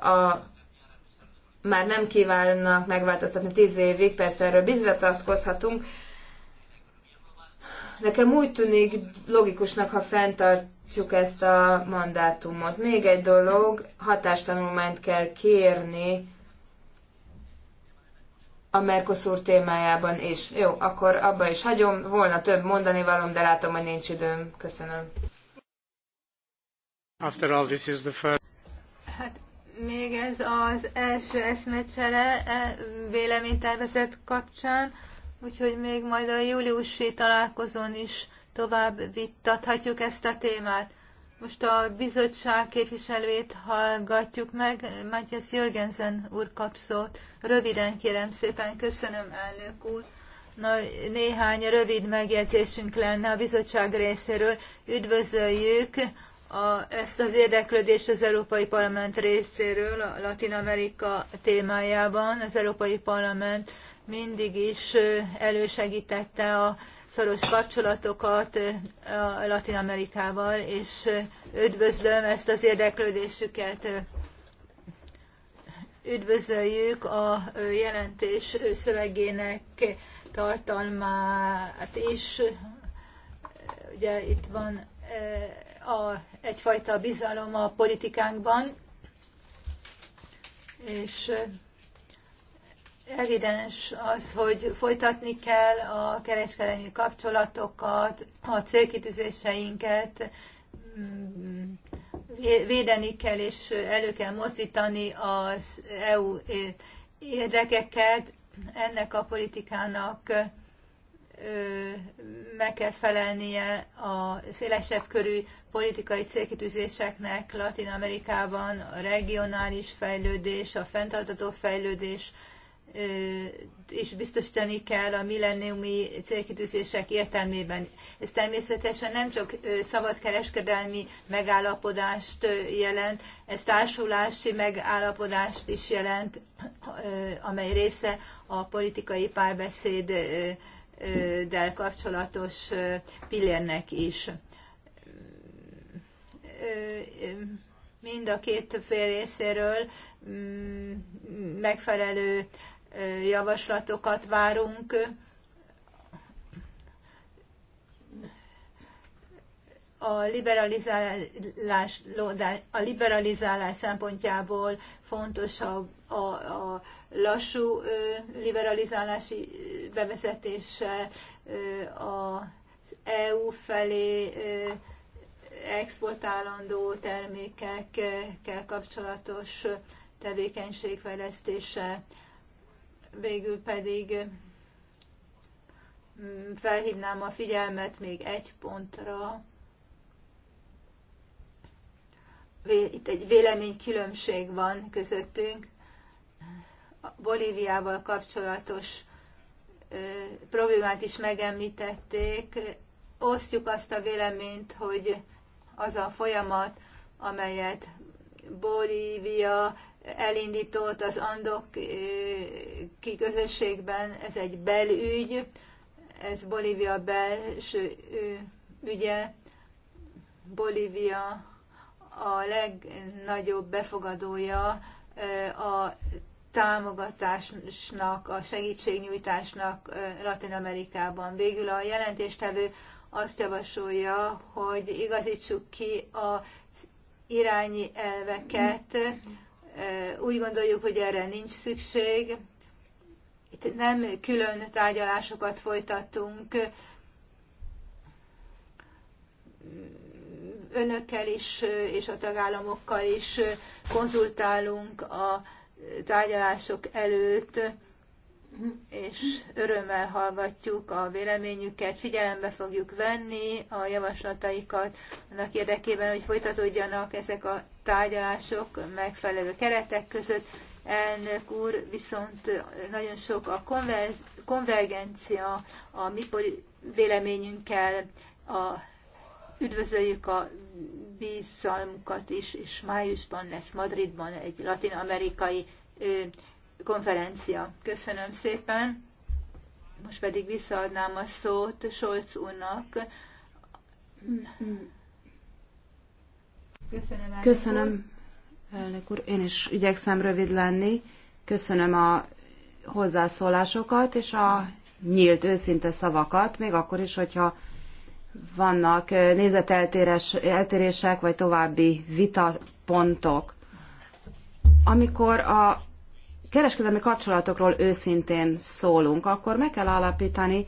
a már nem kívánnak megváltoztatni tíz évig, persze erről bizatatkozhatunk. Nekem úgy tűnik logikusnak, ha fenntart Tartjuk ezt a mandátumot. Még egy dolog, hatástanulmányt kell kérni a Mercosur témájában is. Jó, akkor abba is hagyom. Volna több mondani valom, de látom, hogy nincs időm. Köszönöm. After all, this is the first... Hát még ez az első eszmecsere e, véleménytervezet kapcsán, úgyhogy még majd a júliusi találkozón is tovább vittathatjuk ezt a témát. Most a bizottság képviselőjét hallgatjuk meg, Matthias Jörgensen úr kap szót. Röviden kérem szépen, köszönöm elnök úr. Na, néhány rövid megjegyzésünk lenne a bizottság részéről. Üdvözöljük a, ezt az érdeklődést az Európai Parlament részéről a Latin Amerika témájában. Az Európai Parlament mindig is elősegítette a szoros kapcsolatokat a Latin Amerikával, és üdvözlöm ezt az érdeklődésüket. Üdvözöljük a jelentés szövegének tartalmát is. Ugye itt van a, egyfajta bizalom a politikánkban, és evidens az, hogy folytatni kell a kereskedelmi kapcsolatokat, a célkitűzéseinket, mm, védeni kell és elő kell mozdítani az EU érdekeket, ennek a politikának meg kell felelnie a szélesebb körű politikai célkitűzéseknek Latin Amerikában, a regionális fejlődés, a fenntartató fejlődés, is biztosítani kell a millenniumi célkitűzések értelmében. Ez természetesen nem csak szabadkereskedelmi megállapodást jelent, ez társulási megállapodást is jelent, amely része a politikai párbeszéddel kapcsolatos pillérnek is. Mind a két fél részéről mm, megfelelő javaslatokat várunk. a liberalizálás, a liberalizálás szempontjából fontos a, a, a lassú liberalizálási bevezetése, az EU felé exportálandó termékekkel kapcsolatos tevékenységfejlesztése, végül pedig mm, felhívnám a figyelmet még egy pontra. Itt egy véleménykülönbség van közöttünk. A Bolíviával kapcsolatos problémát is megemlítették. Osztjuk azt a véleményt, hogy az a folyamat, amelyet Bolívia elindított az Andok kiközösségben, ez egy belügy, ez Bolívia belső ügye. Bolívia a legnagyobb befogadója a támogatásnak, a segítségnyújtásnak Latin Amerikában. Végül a jelentéstevő azt javasolja, hogy igazítsuk ki az irányi elveket, úgy gondoljuk, hogy erre nincs szükség. Itt nem külön tárgyalásokat folytattunk. Önökkel is és a tagállamokkal is konzultálunk a tárgyalások előtt és örömmel hallgatjuk a véleményüket, figyelembe fogjuk venni a javaslataikat, annak érdekében, hogy folytatódjanak ezek a tárgyalások megfelelő keretek között. Elnök úr, viszont nagyon sok a konvergencia a mi véleményünkkel, a, üdvözöljük a bízalmukat is, és májusban lesz Madridban egy latin-amerikai konferencia. Köszönöm szépen. Most pedig visszaadnám a szót Solc úrnak. Köszönöm, elnök, Köszönöm, elnök úr. Én is igyekszem rövid lenni. Köszönöm a hozzászólásokat és a nyílt, őszinte szavakat, még akkor is, hogyha vannak nézeteltérések vagy további vitapontok. Amikor a kereskedelmi kapcsolatokról őszintén szólunk, akkor meg kell állapítani,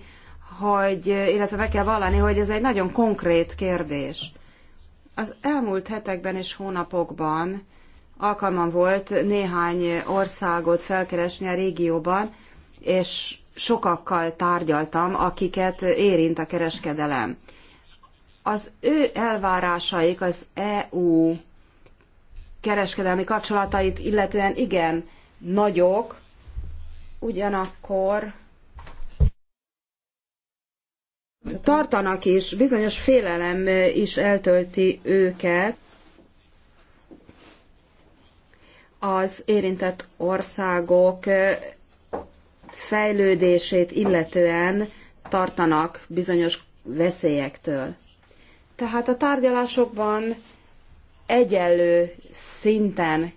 hogy, illetve meg kell vallani, hogy ez egy nagyon konkrét kérdés. Az elmúlt hetekben és hónapokban alkalmam volt néhány országot felkeresni a régióban, és sokakkal tárgyaltam, akiket érint a kereskedelem. Az ő elvárásaik az EU kereskedelmi kapcsolatait illetően igen nagyok, ugyanakkor tartanak is, bizonyos félelem is eltölti őket. Az érintett országok fejlődését illetően tartanak bizonyos veszélyektől. Tehát a tárgyalásokban egyenlő szinten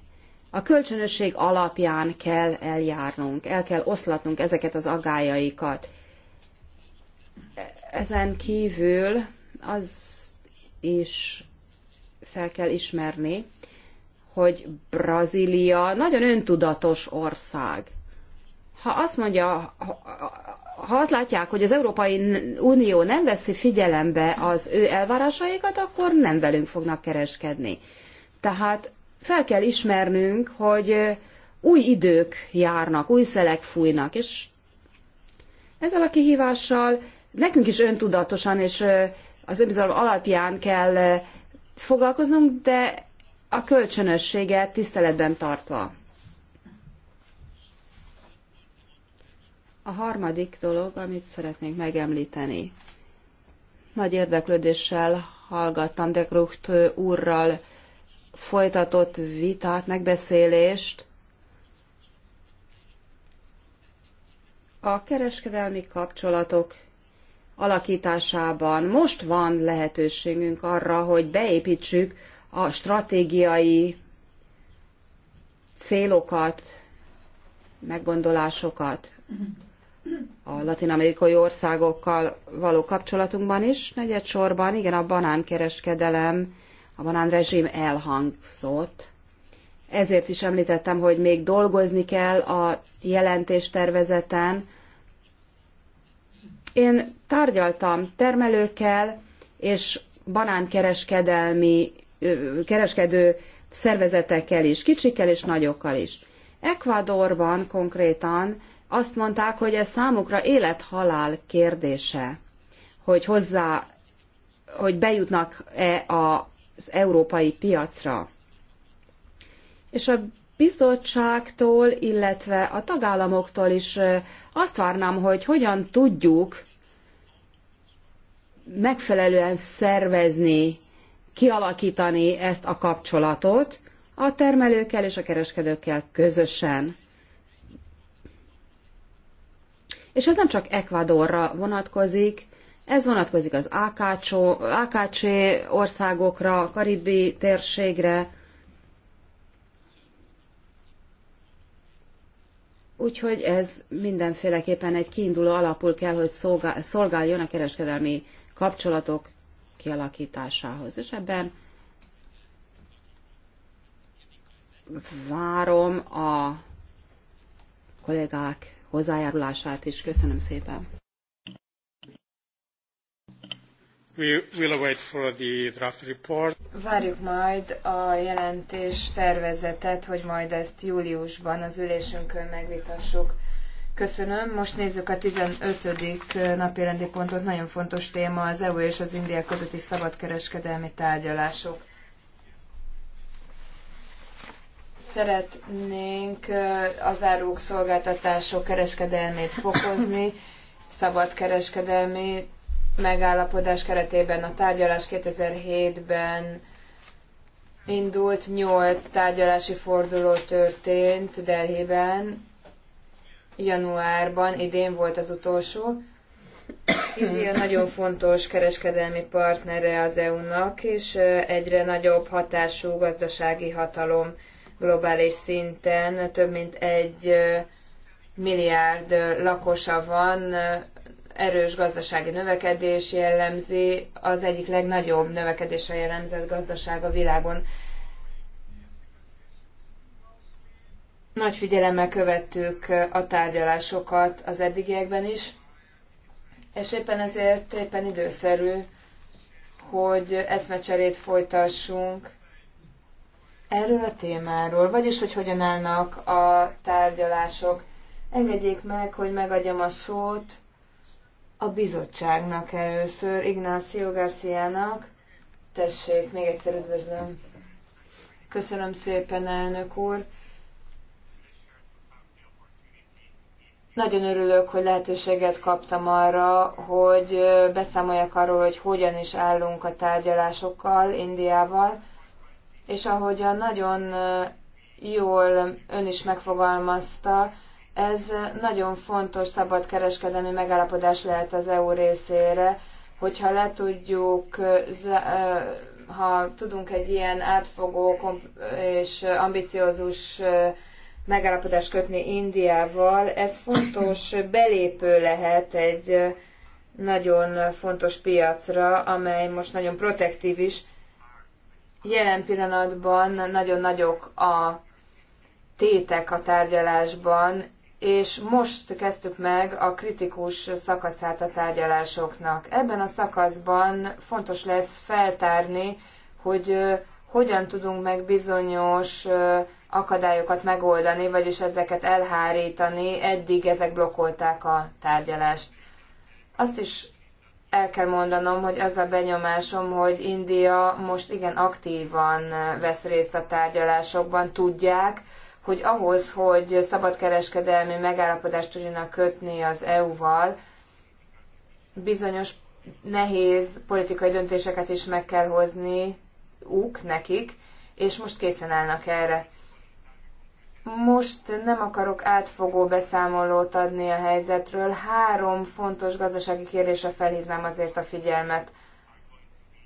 a kölcsönösség alapján kell eljárnunk, el kell oszlatnunk ezeket az agályaikat. Ezen kívül az is fel kell ismerni, hogy Brazília nagyon öntudatos ország. Ha azt mondja, ha azt látják, hogy az Európai Unió nem veszi figyelembe az ő elvárásaikat, akkor nem velünk fognak kereskedni. Tehát fel kell ismernünk, hogy új idők járnak, új szelek fújnak, és ezzel a kihívással nekünk is öntudatosan és az önbizalom alapján kell foglalkoznunk, de a kölcsönösséget tiszteletben tartva. A harmadik dolog, amit szeretnék megemlíteni. Nagy érdeklődéssel hallgattam de Krucht úrral folytatott vitát, megbeszélést a kereskedelmi kapcsolatok alakításában most van lehetőségünk arra, hogy beépítsük a stratégiai célokat, meggondolásokat a latin-amerikai országokkal való kapcsolatunkban is. Negyed sorban, igen, a banánkereskedelem a banánrezsim elhangzott. Ezért is említettem, hogy még dolgozni kell a jelentéstervezeten. Én tárgyaltam termelőkkel és banánkereskedelmi kereskedő szervezetekkel is, kicsikkel és nagyokkal is. Ekvadorban konkrétan azt mondták, hogy ez számukra élet-halál kérdése, hogy hozzá, hogy bejutnak-e a az európai piacra. És a bizottságtól, illetve a tagállamoktól is azt várnám, hogy hogyan tudjuk megfelelően szervezni, kialakítani ezt a kapcsolatot a termelőkkel és a kereskedőkkel közösen. És ez nem csak Ekvadorra vonatkozik, ez vonatkozik az AKC országokra, karibi térségre. Úgyhogy ez mindenféleképpen egy kiinduló alapul kell, hogy szolgáljon a kereskedelmi kapcsolatok kialakításához. És ebben várom a kollégák hozzájárulását is. Köszönöm szépen! We will for the draft report. Várjuk majd a jelentés tervezetet, hogy majd ezt júliusban az ülésünkön megvitassuk. Köszönöm. Most nézzük a 15. napirendi pontot. Nagyon fontos téma az EU és az India közötti szabadkereskedelmi tárgyalások. Szeretnénk az áruk szolgáltatások kereskedelmét fokozni, szabadkereskedelmét megállapodás keretében a tárgyalás 2007-ben indult, nyolc tárgyalási forduló történt Delhiben, januárban, idén volt az utolsó. India nagyon fontos kereskedelmi partnere az EU-nak, és egyre nagyobb hatású gazdasági hatalom globális szinten. Több mint egy milliárd lakosa van, erős gazdasági növekedés jellemzi, az egyik legnagyobb növekedésre jellemzett gazdaság a világon. Nagy figyelemmel követtük a tárgyalásokat az eddigiekben is, és éppen ezért éppen időszerű, hogy eszmecserét folytassunk erről a témáról, vagyis hogy hogyan állnak a tárgyalások. Engedjék meg, hogy megadjam a szót a bizottságnak először, Ignacio Garciának. Tessék, még egyszer üdvözlöm. Köszönöm szépen, elnök úr. Nagyon örülök, hogy lehetőséget kaptam arra, hogy beszámoljak arról, hogy hogyan is állunk a tárgyalásokkal Indiával, és ahogy a nagyon jól ön is megfogalmazta, ez nagyon fontos szabadkereskedelmi megállapodás lehet az EU részére, hogyha le tudjuk, ha tudunk egy ilyen átfogó és ambiciózus megállapodást kötni Indiával, ez fontos belépő lehet egy nagyon fontos piacra, amely most nagyon protektív is. Jelen pillanatban nagyon nagyok a tétek a tárgyalásban, és most kezdtük meg a kritikus szakaszát a tárgyalásoknak. Ebben a szakaszban fontos lesz feltárni, hogy hogyan tudunk meg bizonyos akadályokat megoldani, vagyis ezeket elhárítani, eddig ezek blokkolták a tárgyalást. Azt is el kell mondanom, hogy az a benyomásom, hogy India most igen aktívan vesz részt a tárgyalásokban, tudják, hogy ahhoz, hogy szabadkereskedelmi megállapodást tudjanak kötni az EU-val, bizonyos nehéz politikai döntéseket is meg kell hozni úk nekik, és most készen állnak erre. Most nem akarok átfogó beszámolót adni a helyzetről, három fontos gazdasági kérdésre felhívnám azért a figyelmet.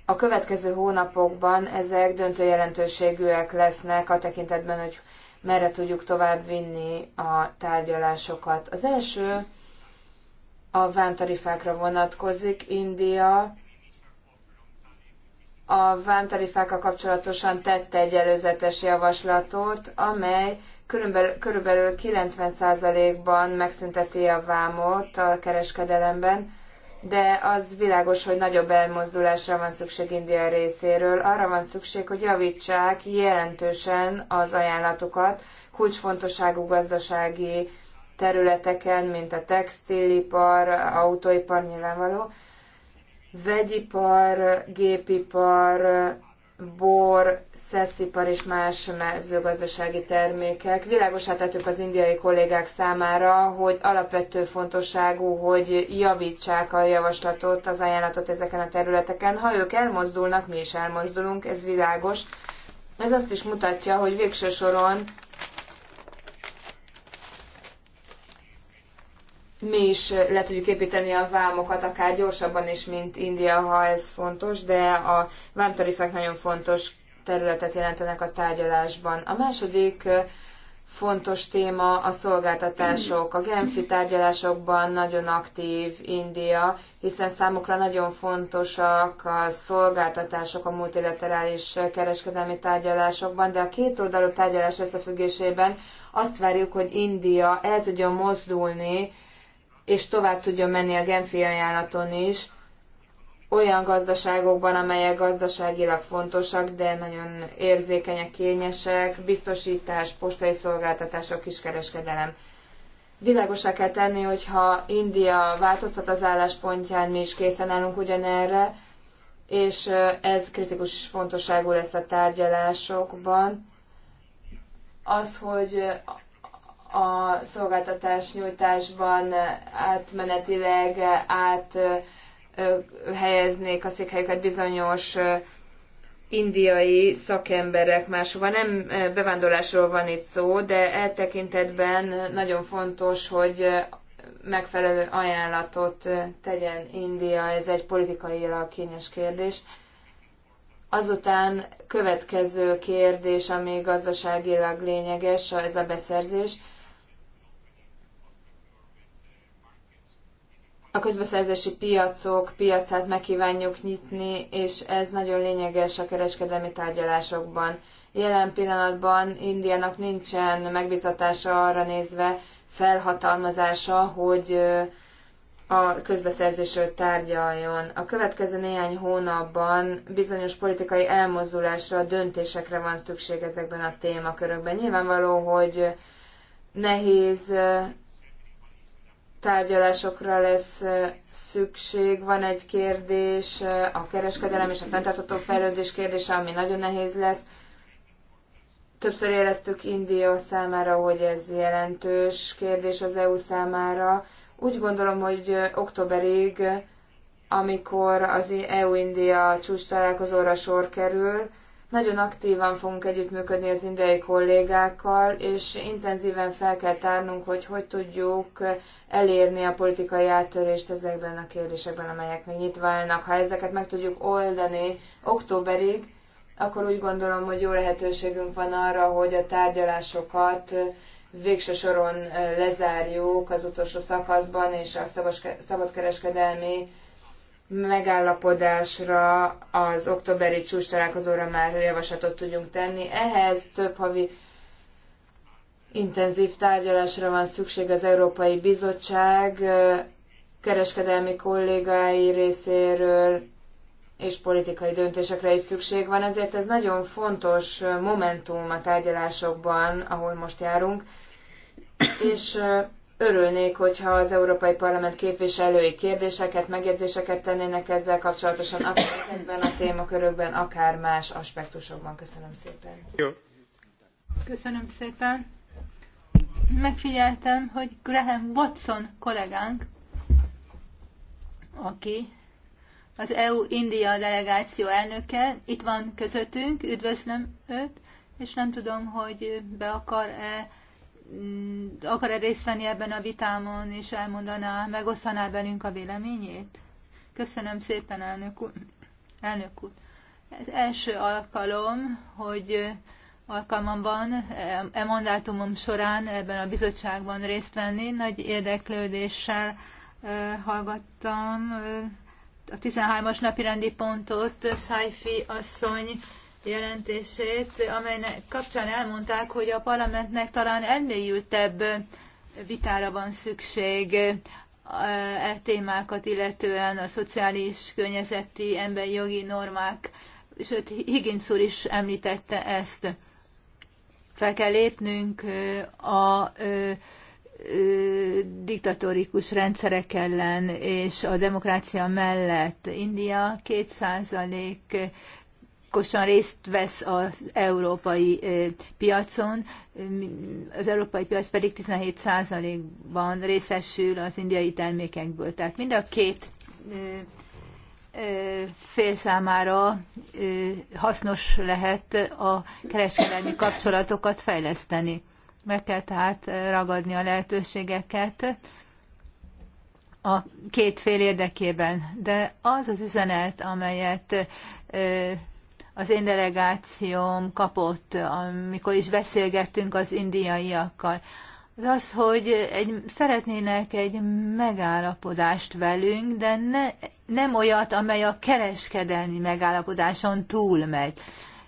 A következő hónapokban ezek döntő jelentőségűek lesznek a tekintetben, hogy merre tudjuk tovább vinni a tárgyalásokat. Az első a vámtarifákra vonatkozik. India a vámtarifákkal kapcsolatosan tette egy előzetes javaslatot, amely körülbelül, körülbelül 90%-ban megszünteti a vámot a kereskedelemben, de az világos, hogy nagyobb elmozdulásra van szükség India részéről. Arra van szükség, hogy javítsák jelentősen az ajánlatokat kulcsfontosságú gazdasági területeken, mint a textilipar, autóipar nyilvánvaló, vegyipar, gépipar, bor, szeszipar és más mezőgazdasági termékek. Világosá tettük az indiai kollégák számára, hogy alapvető fontosságú, hogy javítsák a javaslatot, az ajánlatot ezeken a területeken. Ha ők elmozdulnak, mi is elmozdulunk, ez világos. Ez azt is mutatja, hogy végső soron mi is eh, le tudjuk építeni a vámokat, akár gyorsabban is, mint India, ha ez fontos, de a vámtarifák nagyon fontos területet jelentenek a tárgyalásban. A második eh, fontos téma a szolgáltatások. A Genfi tárgyalásokban nagyon aktív India, hiszen számukra nagyon fontosak a szolgáltatások a multilaterális kereskedelmi tárgyalásokban, de a két oldalú tárgyalás összefüggésében azt várjuk, hogy India el tudjon mozdulni és tovább tudjon menni a Genfi ajánlaton is, olyan gazdaságokban, amelyek gazdaságilag fontosak, de nagyon érzékenyek, kényesek, biztosítás, postai szolgáltatások, kiskereskedelem. Világosá kell tenni, hogyha India változtat az álláspontján, mi is készen állunk ugyanerre, és ez kritikus fontosságú lesz a tárgyalásokban. Az, hogy a szolgáltatás nyújtásban átmenetileg át helyeznék a székhelyüket bizonyos indiai szakemberek máshova. Nem bevándorlásról van itt szó, de eltekintetben nagyon fontos, hogy megfelelő ajánlatot tegyen India, ez egy politikailag kényes kérdés. Azután következő kérdés, ami gazdaságilag lényeges, ez a beszerzés. a közbeszerzési piacok piacát megkívánjuk nyitni, és ez nagyon lényeges a kereskedelmi tárgyalásokban. Jelen pillanatban Indiának nincsen megbizatása arra nézve, felhatalmazása, hogy a közbeszerzésről tárgyaljon. A következő néhány hónapban bizonyos politikai elmozdulásra, döntésekre van szükség ezekben a témakörökben. Nyilvánvaló, hogy nehéz tárgyalásokra lesz szükség. Van egy kérdés, a kereskedelem és a fenntartható fejlődés kérdése, ami nagyon nehéz lesz. Többször éreztük India számára, hogy ez jelentős kérdés az EU számára. Úgy gondolom, hogy októberig, amikor az EU-India csúcs találkozóra sor kerül, nagyon aktívan fogunk együttműködni az indiai kollégákkal, és intenzíven fel kell tárnunk, hogy hogy tudjuk elérni a politikai áttörést ezekben a kérdésekben, amelyek még nyitva állnak. Ha ezeket meg tudjuk oldani októberig, akkor úgy gondolom, hogy jó lehetőségünk van arra, hogy a tárgyalásokat végső soron lezárjuk az utolsó szakaszban, és a szabadkereskedelmi megállapodásra, az októberi csúcs találkozóra már javaslatot tudjunk tenni. Ehhez több havi intenzív tárgyalásra van szükség az Európai Bizottság kereskedelmi kollégái részéről, és politikai döntésekre is szükség van, ezért ez nagyon fontos momentum a tárgyalásokban, ahol most járunk, és Örülnék, hogyha az Európai Parlament képviselői kérdéseket, megjegyzéseket tennének ezzel kapcsolatosan, akár ezekben a témakörökben, akár más aspektusokban. Köszönöm szépen. Jó. Köszönöm szépen. Megfigyeltem, hogy Graham Watson kollégánk, aki az EU-India delegáció elnöke, itt van közöttünk, üdvözlöm őt, és nem tudom, hogy be akar-e Mm, akar-e részt venni ebben a vitámon, és elmondaná, megosztaná velünk a véleményét? Köszönöm szépen, elnök úr. Elnök úr. Ez első alkalom, hogy alkalmam van e mandátumom során ebben a bizottságban részt venni. Nagy érdeklődéssel e, hallgattam e, a 13-as napi rendi pontot Szájfi asszony jelentését, amelynek kapcsán elmondták, hogy a parlamentnek talán elmélyültebb vitára van szükség eh, e témákat illetően a szociális, környezeti, emberi jogi normák, sőt Higgins úr is említette ezt. Fel kell lépnünk eh, a eh, diktatórikus rendszerek ellen és a demokrácia mellett. India 200 szándékosan részt vesz az európai piacon, az európai piac pedig 17%-ban részesül az indiai termékekből. Tehát mind a két fél számára hasznos lehet a kereskedelmi kapcsolatokat fejleszteni. Meg kell tehát ragadni a lehetőségeket a két fél érdekében. De az az üzenet, amelyet az én delegációm kapott, amikor is beszélgettünk az indiaiakkal, az az, hogy egy, szeretnének egy megállapodást velünk, de ne, nem olyat, amely a kereskedelmi megállapodáson túlmegy.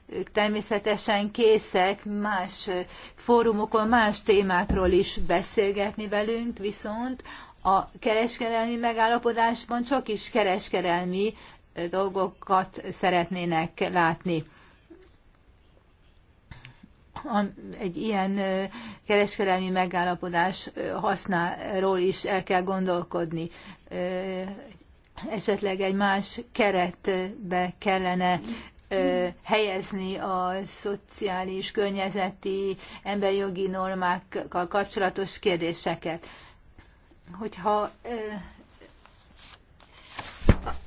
Ők természetesen készek más fórumokon, más témákról is beszélgetni velünk, viszont a kereskedelmi megállapodásban csak is kereskedelmi dolgokat szeretnének látni. Egy ilyen kereskedelmi megállapodás hasznáról is el kell gondolkodni. Esetleg egy más keretbe kellene helyezni a szociális, környezeti, emberi jogi normákkal kapcsolatos kérdéseket. Hogyha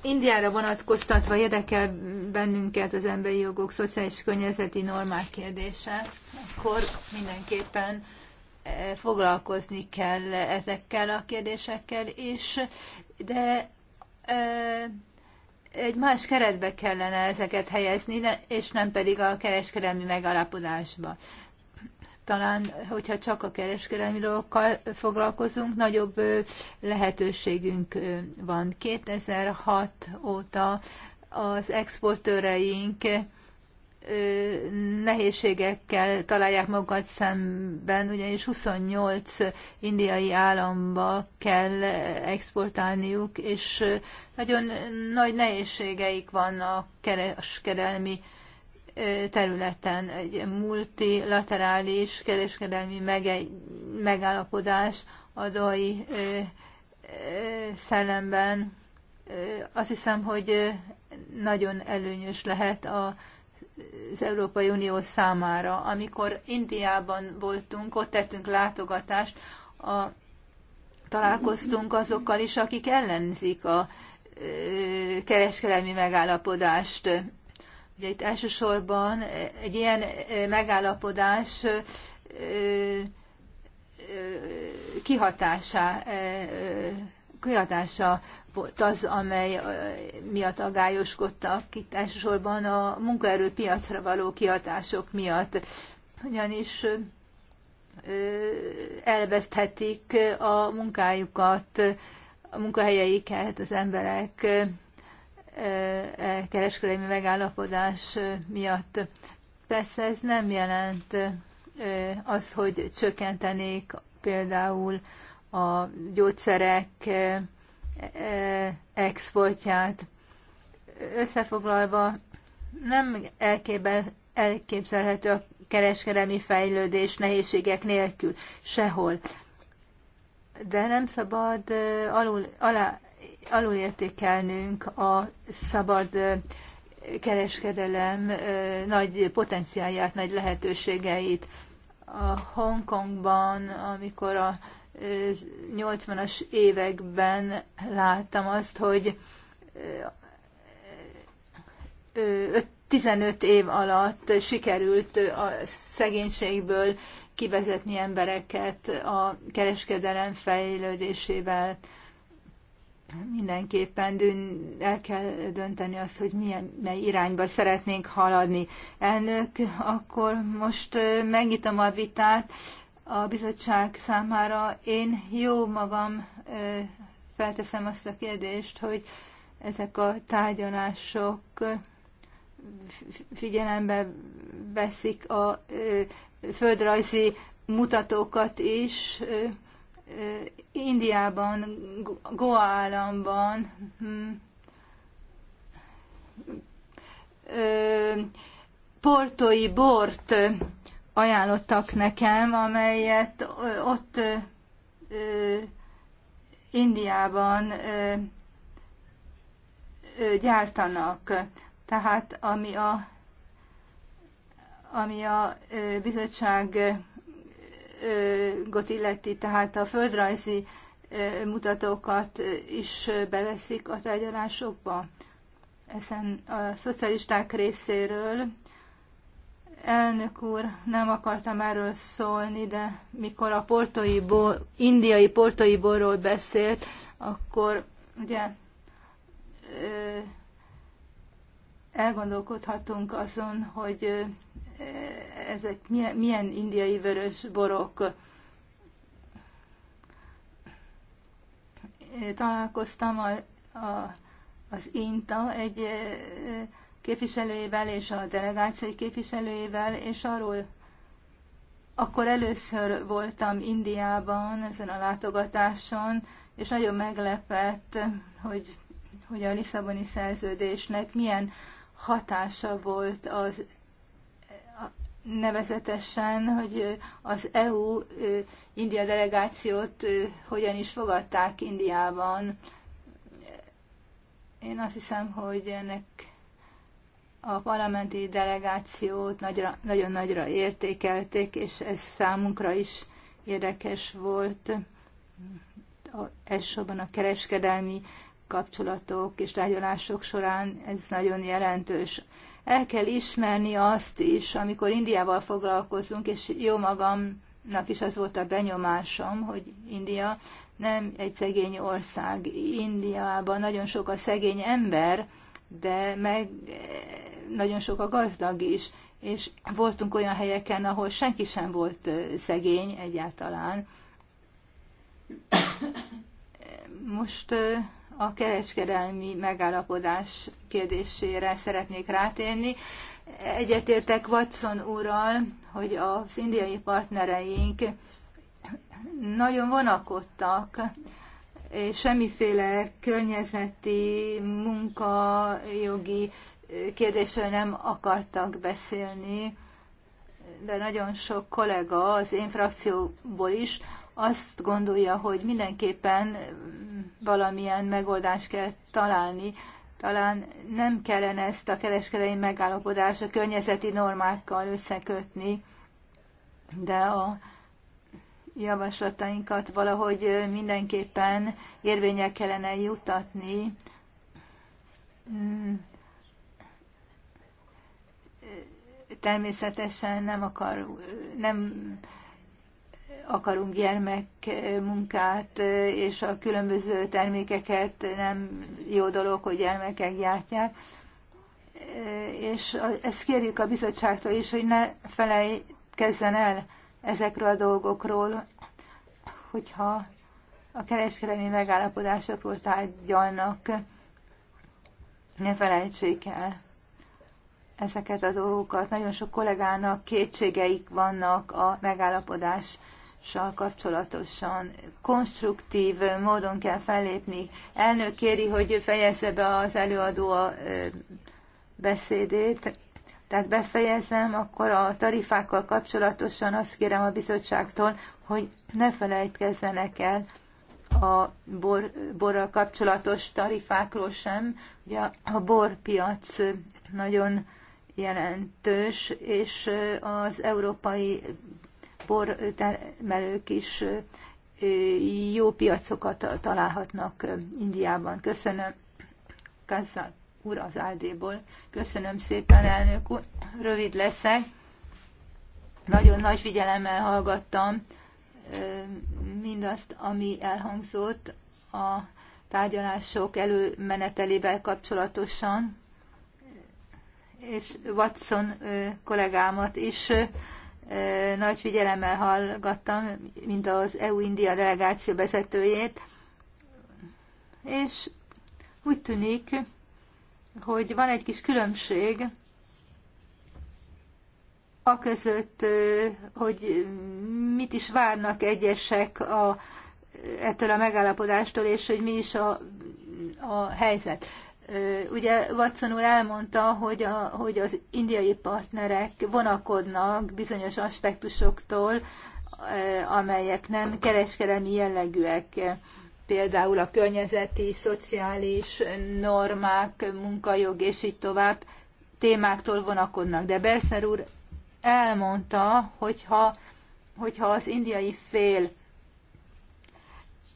Indiára vonatkoztatva érdekel bennünket az emberi jogok, szociális környezeti normák kérdése, akkor mindenképpen eh, foglalkozni kell ezekkel a kérdésekkel is, de eh, egy más keretbe kellene ezeket helyezni, és nem pedig a kereskedelmi megalapodásba talán, hogyha csak a kereskedelmi dolgokkal foglalkozunk, nagyobb lehetőségünk van. 2006 óta az exportőreink nehézségekkel találják magukat szemben, ugyanis 28 indiai államba kell exportálniuk, és nagyon nagy nehézségeik vannak kereskedelmi területen. Egy multilaterális kereskedelmi mege- megállapodás a dai szellemben azt hiszem, hogy nagyon előnyös lehet a az Európai Unió számára. Amikor Indiában voltunk, ott tettünk látogatást, a, találkoztunk azokkal is, akik ellenzik a ö, kereskedelmi megállapodást. Ugye itt elsősorban egy ilyen megállapodás kihatása, kihatása volt az, amely miatt agályoskodtak, itt elsősorban a munkaerőpiacra való kihatások miatt, ugyanis elveszthetik a munkájukat, a munkahelyeiket az emberek, E, kereskedelmi megállapodás miatt. Persze ez nem jelent e, az, hogy csökkentenék például a gyógyszerek e, exportját. Összefoglalva nem elképzelhető a kereskedelmi fejlődés nehézségek nélkül sehol. De nem szabad alul, alá, alulértékelnünk a szabad kereskedelem nagy potenciáját, nagy lehetőségeit. A Hongkongban, amikor a 80-as években láttam azt, hogy 15 év alatt sikerült a szegénységből kivezetni embereket a kereskedelem fejlődésével mindenképpen el kell dönteni azt, hogy milyen, mely irányba szeretnénk haladni. Elnök, akkor most megnyitom a vitát a bizottság számára. Én jó magam felteszem azt a kérdést, hogy ezek a tárgyalások figyelembe veszik a földrajzi mutatókat is, Indiában, Goa államban hm, portói bort ajánlottak nekem, amelyet ott Indiában gyártanak. Tehát ami a, ami a bizottság illeti, tehát a földrajzi mutatókat is beveszik a tárgyalásokba. Ezen a szocialisták részéről elnök úr, nem akartam erről szólni, de mikor a portói bor, indiai portói borról beszélt, akkor ugye elgondolkodhatunk azon, hogy ezek milyen, milyen indiai vörös borok. Találkoztam a, a, az INTA egy képviselőjével és a delegációi képviselőjével, és arról akkor először voltam Indiában ezen a látogatáson, és nagyon meglepett, hogy, hogy a Lisszaboni szerződésnek milyen hatása volt az nevezetesen, hogy az EU India delegációt hogyan is fogadták Indiában. Én azt hiszem, hogy ennek a parlamenti delegációt nagyra, nagyon nagyra értékelték, és ez számunkra is érdekes volt. A, elsősorban a kereskedelmi kapcsolatok és tárgyalások során ez nagyon jelentős el kell ismerni azt is, amikor Indiával foglalkozunk, és jó magamnak is az volt a benyomásom, hogy India nem egy szegény ország. Indiában nagyon sok a szegény ember, de meg nagyon sok a gazdag is, és voltunk olyan helyeken, ahol senki sem volt szegény egyáltalán. Most a kereskedelmi megállapodás kérdésére szeretnék rátérni. Egyetértek Watson úrral, hogy az indiai partnereink nagyon vonakodtak, és semmiféle környezeti, munkajogi kérdésről nem akartak beszélni, de nagyon sok kollega az én frakcióból is azt gondolja, hogy mindenképpen valamilyen megoldást kell találni. Talán nem kellene ezt a kereskedelmi megállapodást a környezeti normákkal összekötni, de a javaslatainkat valahogy mindenképpen érvényel kellene jutatni. Hmm. Természetesen nem akar, nem akarunk munkát, és a különböző termékeket nem jó dolog, hogy gyermekek gyártják. És ezt kérjük a bizottságtól is, hogy ne felejtkezzen el ezekről a dolgokról, hogyha a kereskedelmi megállapodásokról tárgyalnak, ne felejtsék el ezeket a dolgokat. Nagyon sok kollégának kétségeik vannak a megállapodás sal kapcsolatosan konstruktív módon kell fellépni. Elnök kéri, hogy fejezze be az előadó a beszédét. Tehát befejezem, akkor a tarifákkal kapcsolatosan azt kérem a bizottságtól, hogy ne felejtkezzenek el a bor, borral kapcsolatos tarifákról sem. Ugye a borpiac nagyon jelentős, és az európai bortermelők is jó piacokat találhatnak Indiában. Köszönöm. Kasszal úr az áldéból. Köszönöm szépen, elnök úr. Rövid leszek. Nagyon nagy figyelemmel hallgattam mindazt, ami elhangzott a tárgyalások előmenetelével kapcsolatosan, és Watson kollégámat is nagy figyelemmel hallgattam, mint az EU-India delegáció vezetőjét, és úgy tűnik, hogy van egy kis különbség a között, hogy mit is várnak egyesek a, ettől a megállapodástól, és hogy mi is a, a helyzet. Ugye Watson úr elmondta, hogy, a, hogy az indiai partnerek vonakodnak bizonyos aspektusoktól, amelyek nem kereskedelmi jellegűek, például a környezeti, szociális normák, munkajog és így tovább témáktól vonakodnak. De Berszer úr elmondta, hogyha, hogyha az indiai fél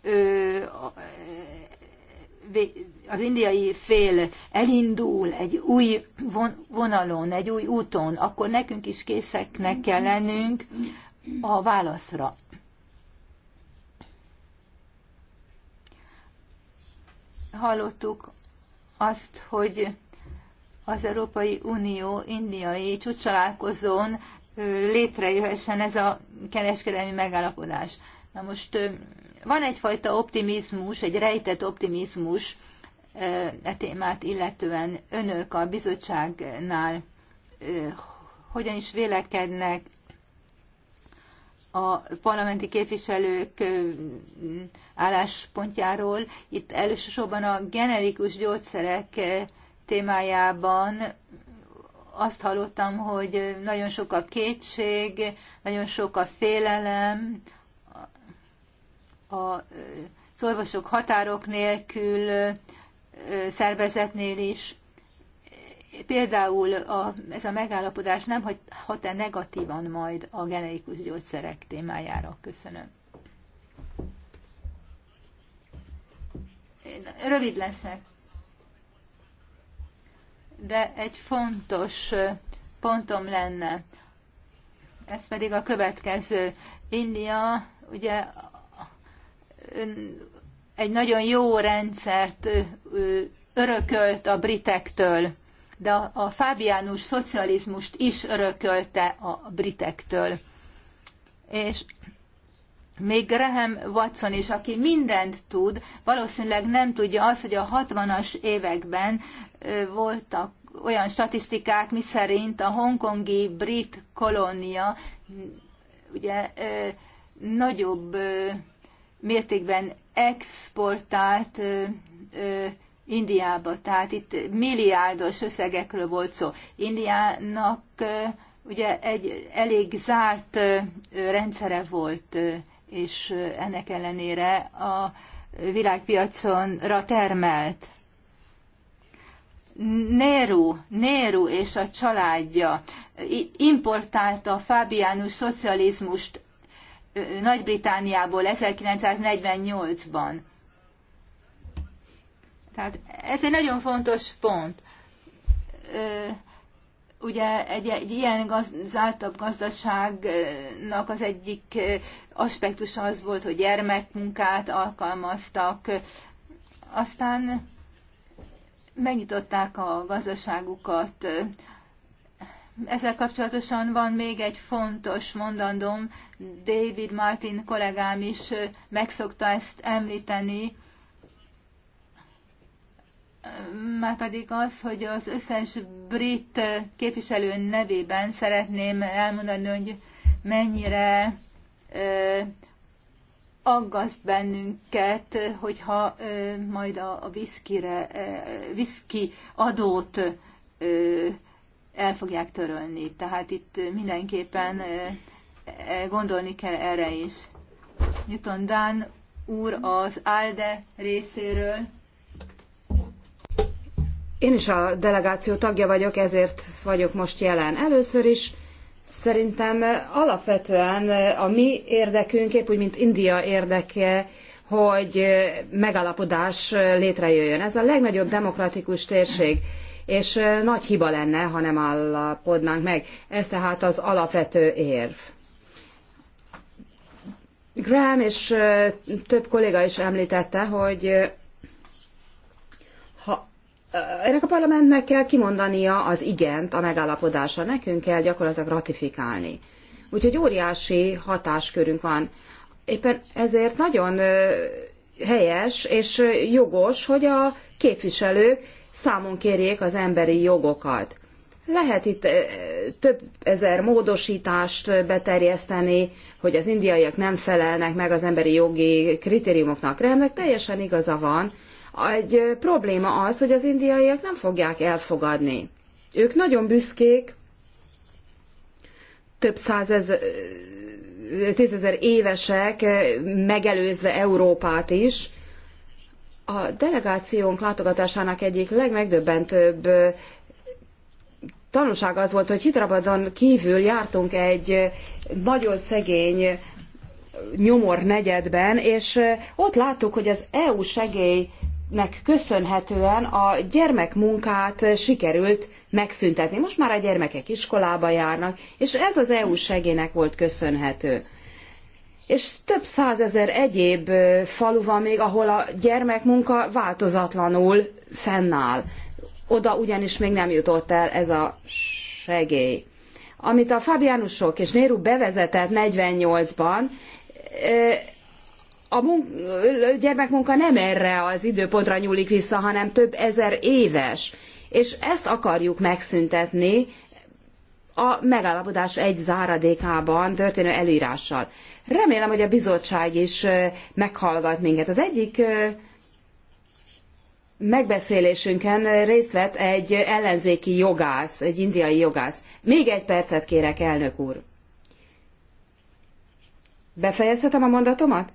ö, ö, az indiai fél elindul egy új vonalon, egy új úton, akkor nekünk is készeknek kell lennünk a válaszra. Hallottuk azt, hogy az Európai Unió indiai csúcsalálkozón létrejöhessen ez a kereskedelmi megállapodás. Na most van egyfajta optimizmus, egy rejtett optimizmus, e témát illetően önök a bizottságnál hogyan is vélekednek a parlamenti képviselők álláspontjáról. Itt elsősorban a generikus gyógyszerek témájában azt hallottam, hogy nagyon sok a kétség, nagyon sok a félelem, a, az orvosok határok nélkül szervezetnél is. Például a, ez a megállapodás nem hogy hat-e negatívan majd a generikus gyógyszerek témájára. Köszönöm. Én rövid leszek. De egy fontos pontom lenne. Ez pedig a következő. India ugye egy nagyon jó rendszert örökölt a britektől, de a fábiánus szocializmust is örökölte a britektől. És még Graham Watson is, aki mindent tud, valószínűleg nem tudja azt, hogy a 60-as években voltak olyan statisztikák, miszerint a hongkongi brit kolónia ugye nagyobb mértékben exportált Indiába, tehát itt milliárdos összegekről volt szó. Indiának ugye egy elég zárt rendszere volt, és ennek ellenére a világpiaconra termelt. Nehru, Nehru és a családja importálta a fábiánus szocializmust nagy-Britániából 1948-ban. Tehát ez egy nagyon fontos pont. Ugye egy, egy ilyen gaz, zártabb gazdaságnak az egyik aspektusa az volt, hogy gyermekmunkát alkalmaztak, aztán megnyitották a gazdaságukat ezzel kapcsolatosan van még egy fontos mondandóm, David Martin kollégám is megszokta ezt említeni, pedig az, hogy az összes brit képviselő nevében szeretném elmondani, hogy mennyire ö, aggaszt bennünket, hogyha ö, majd a, a viszkire, ö, viszki adót ö, el fogják törölni. Tehát itt mindenképpen gondolni kell erre is. Newton Dan úr az ALDE részéről. Én is a delegáció tagja vagyok, ezért vagyok most jelen. Először is szerintem alapvetően a mi érdekünk, épp úgy, mint India érdeke, hogy megalapodás létrejöjjön. Ez a legnagyobb demokratikus térség és nagy hiba lenne, ha nem állapodnánk meg. Ez tehát az alapvető érv. Graham és több kolléga is említette, hogy ha ennek a parlamentnek kell kimondania az igent a megállapodásra, nekünk kell gyakorlatilag ratifikálni. Úgyhogy óriási hatáskörünk van. Éppen ezért nagyon helyes és jogos, hogy a képviselők számon kérjék az emberi jogokat. Lehet itt eh, több ezer módosítást beterjeszteni, hogy az indiaiak nem felelnek meg az emberi jogi kritériumoknak. Remnek teljesen igaza van. Egy eh, probléma az, hogy az indiaiak nem fogják elfogadni. Ők nagyon büszkék, több százezer, eh, tízezer évesek, megelőzve Európát is, a delegációnk látogatásának egyik legmegdöbbentőbb tanulság az volt, hogy Hidrabadon kívül jártunk egy nagyon szegény nyomor negyedben, és ott láttuk, hogy az EU segélynek köszönhetően a gyermekmunkát sikerült megszüntetni. Most már a gyermekek iskolába járnak, és ez az EU segélynek volt köszönhető és több százezer egyéb falu van még, ahol a gyermekmunka változatlanul fennáll. Oda ugyanis még nem jutott el ez a segély. Amit a Fabiánusok és Néru bevezetett 48-ban, a gyermekmunka nem erre az időpontra nyúlik vissza, hanem több ezer éves. És ezt akarjuk megszüntetni, a megállapodás egy záradékában történő előírással. Remélem, hogy a bizottság is meghallgat minket. Az egyik megbeszélésünken részt vett egy ellenzéki jogász, egy indiai jogász. Még egy percet kérek, elnök úr. Befejezhetem a mondatomat?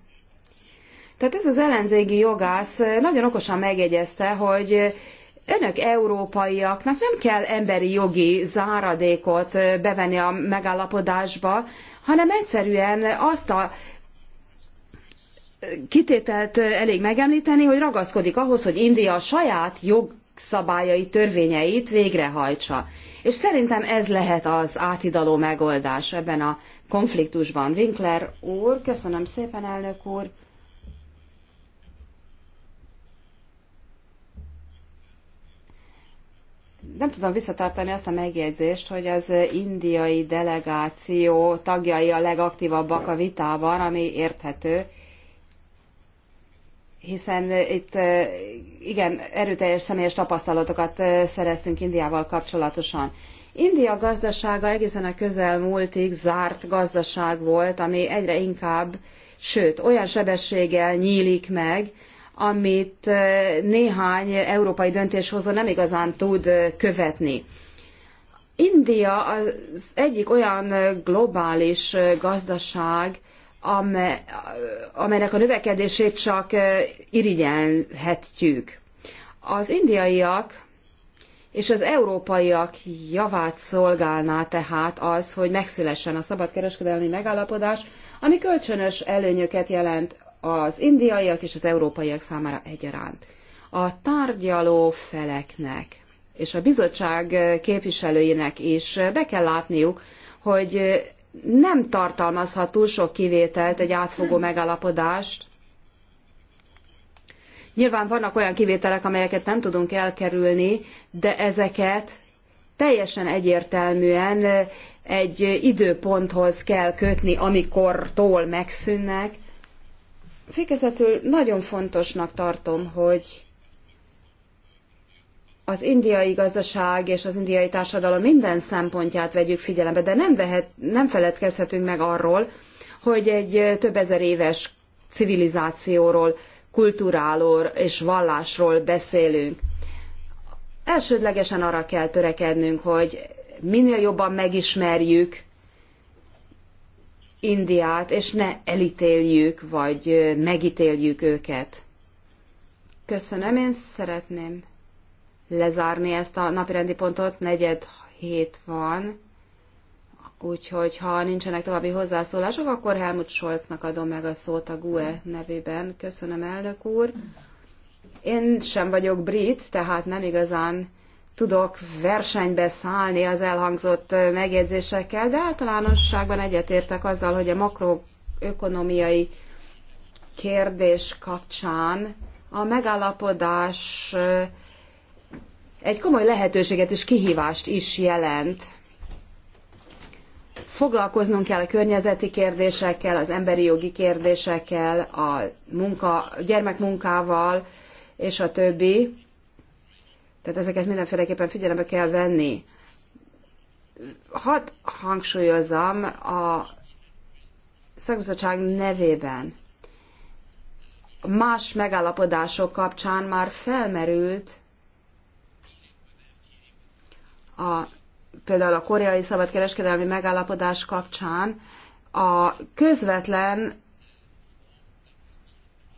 Tehát ez az ellenzéki jogász nagyon okosan megjegyezte, hogy önök európaiaknak nem kell emberi jogi záradékot bevenni a megállapodásba, hanem egyszerűen azt a kitételt elég megemlíteni, hogy ragaszkodik ahhoz, hogy India a saját jogszabályai, törvényeit végrehajtsa. És szerintem ez lehet az átidaló megoldás ebben a konfliktusban. Winkler úr, köszönöm szépen, elnök úr. nem tudom visszatartani azt a megjegyzést, hogy az indiai delegáció tagjai a legaktívabbak a vitában, ami érthető, hiszen itt eh, igen, erőteljes személyes tapasztalatokat eh, szereztünk Indiával kapcsolatosan. India gazdasága egészen a közelmúltig zárt gazdaság volt, ami egyre inkább, sőt, olyan sebességgel nyílik meg, amit néhány európai döntéshozó nem igazán tud követni. India az egyik olyan globális gazdaság, amelynek a növekedését csak irigyelhetjük. Az indiaiak és az európaiak javát szolgálná tehát az, hogy megszülessen a szabadkereskedelmi megállapodás, ami kölcsönös előnyöket jelent az indiaiak és az európaiak számára egyaránt. A tárgyaló feleknek és a bizottság képviselőinek is be kell látniuk, hogy nem tartalmazhat túl sok kivételt egy átfogó megállapodást. Nyilván vannak olyan kivételek, amelyeket nem tudunk elkerülni, de ezeket teljesen egyértelműen egy időponthoz kell kötni, amikortól megszűnnek, Végezetül nagyon fontosnak tartom, hogy az indiai gazdaság és az indiai társadalom minden szempontját vegyük figyelembe, de nem, vehet, nem feledkezhetünk meg arról, hogy egy több ezer éves civilizációról, kultúráról és vallásról beszélünk. Elsődlegesen arra kell törekednünk, hogy minél jobban megismerjük Indiát, és ne elítéljük, vagy megítéljük őket. Köszönöm, én szeretném lezárni ezt a napirendi pontot, negyed hét van, úgyhogy ha nincsenek további hozzászólások, akkor Helmut Scholznak adom meg a szót a GUE nevében. Köszönöm, elnök úr. Én sem vagyok brit, tehát nem igazán tudok versenybe szállni az elhangzott megjegyzésekkel, de általánosságban egyetértek azzal, hogy a makroökonomiai kérdés kapcsán a megállapodás egy komoly lehetőséget és kihívást is jelent. Foglalkoznunk kell a környezeti kérdésekkel, az emberi jogi kérdésekkel, a munka, gyermekmunkával és a többi. Tehát ezeket mindenféleképpen figyelembe kell venni. Hadd hangsúlyozzam a szakbizottság nevében. Más megállapodások kapcsán már felmerült a, például a koreai szabadkereskedelmi megállapodás kapcsán a közvetlen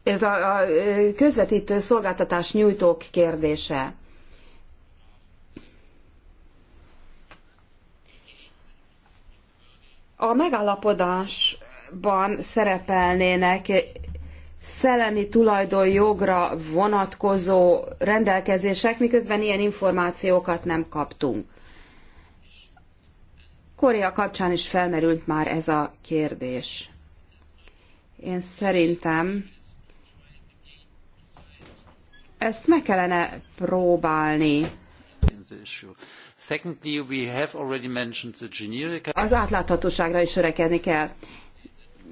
ez a közvetítő szolgáltatás nyújtók kérdése. a megállapodásban szerepelnének szellemi tulajdonjogra vonatkozó rendelkezések, miközben ilyen információkat nem kaptunk. Korea kapcsán is felmerült már ez a kérdés. Én szerintem ezt meg kellene próbálni. Secondly, we have already mentioned the generic... Az átláthatóságra is törekedni kell.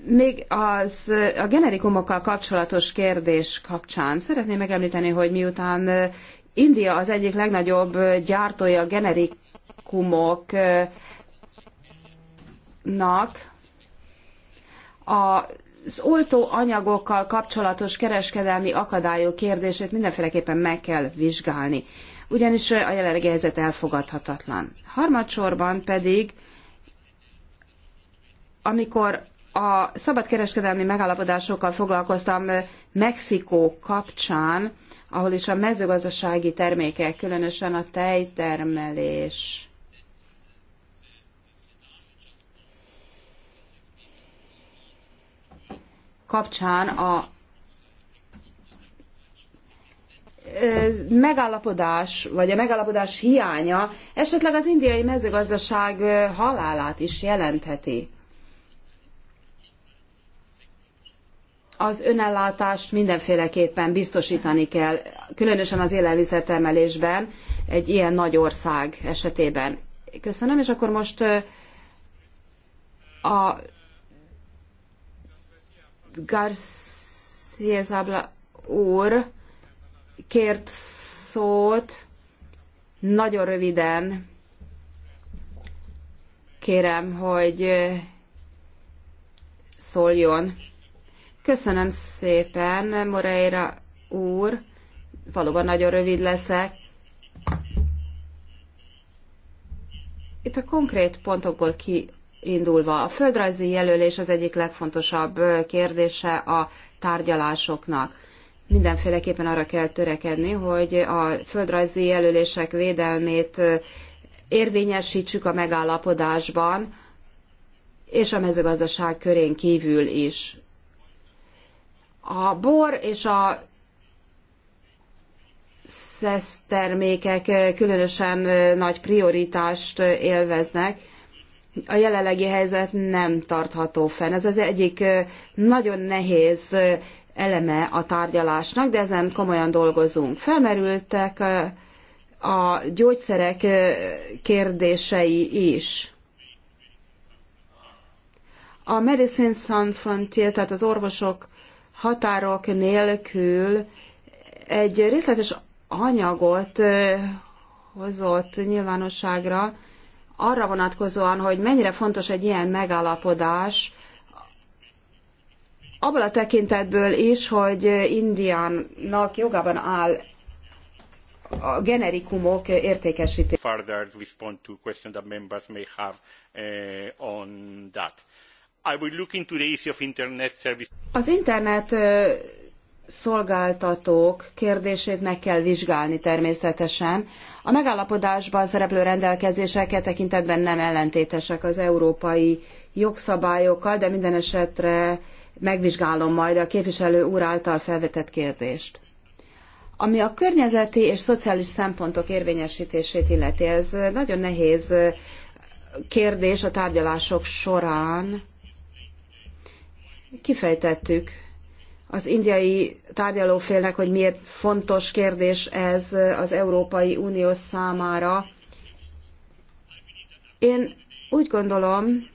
Még az, a generikumokkal kapcsolatos kérdés kapcsán szeretném megemlíteni, hogy miután India az egyik legnagyobb gyártója generikumoknak, az oltó anyagokkal kapcsolatos kereskedelmi akadályok kérdését mindenféleképpen meg kell vizsgálni ugyanis a jelenlegi helyzet elfogadhatatlan. Harmadsorban pedig, amikor a szabadkereskedelmi megállapodásokkal foglalkoztam Mexikó kapcsán, ahol is a mezőgazdasági termékek, különösen a tejtermelés, kapcsán a megállapodás, vagy a megállapodás hiánya esetleg az indiai mezőgazdaság halálát is jelentheti. Az önellátást mindenféleképpen biztosítani kell, különösen az élelmiszertermelésben, egy ilyen nagy ország esetében. Köszönöm, és akkor most a García Zabla úr kért szót. Nagyon röviden kérem, hogy szóljon. Köszönöm szépen, Moreira úr. Valóban nagyon rövid leszek. Itt a konkrét pontokból kiindulva, a földrajzi jelölés az egyik legfontosabb kérdése a tárgyalásoknak mindenféleképpen arra kell törekedni, hogy a földrajzi jelölések védelmét érvényesítsük a megállapodásban, és a mezőgazdaság körén kívül is. A bor és a termékek különösen nagy prioritást élveznek. A jelenlegi helyzet nem tartható fenn. Ez az egyik nagyon nehéz eleme a tárgyalásnak, de ezen komolyan dolgozunk. Felmerültek a gyógyszerek kérdései is. A Medicine Sun Frontier, tehát az orvosok határok nélkül egy részletes anyagot hozott nyilvánosságra arra vonatkozóan, hogy mennyire fontos egy ilyen megállapodás abból a tekintetből is, hogy Indiának jogában áll a generikumok értékesítése. Further respond to question that members may have uh, on that. I will look into the issue of internet service. Az internet eh, szolgáltatók kérdését meg kell vizsgálni természetesen. A megállapodásban szereplő rendelkezések tekintetben nem ellentétesek az európai jogszabályokkal, de minden esetre megvizsgálom majd a képviselő úr által felvetett kérdést. Ami a környezeti és szociális szempontok érvényesítését illeti, ez nagyon nehéz kérdés a tárgyalások során. Kifejtettük az indiai tárgyalófélnek, hogy miért fontos kérdés ez az Európai Unió számára. Én úgy gondolom,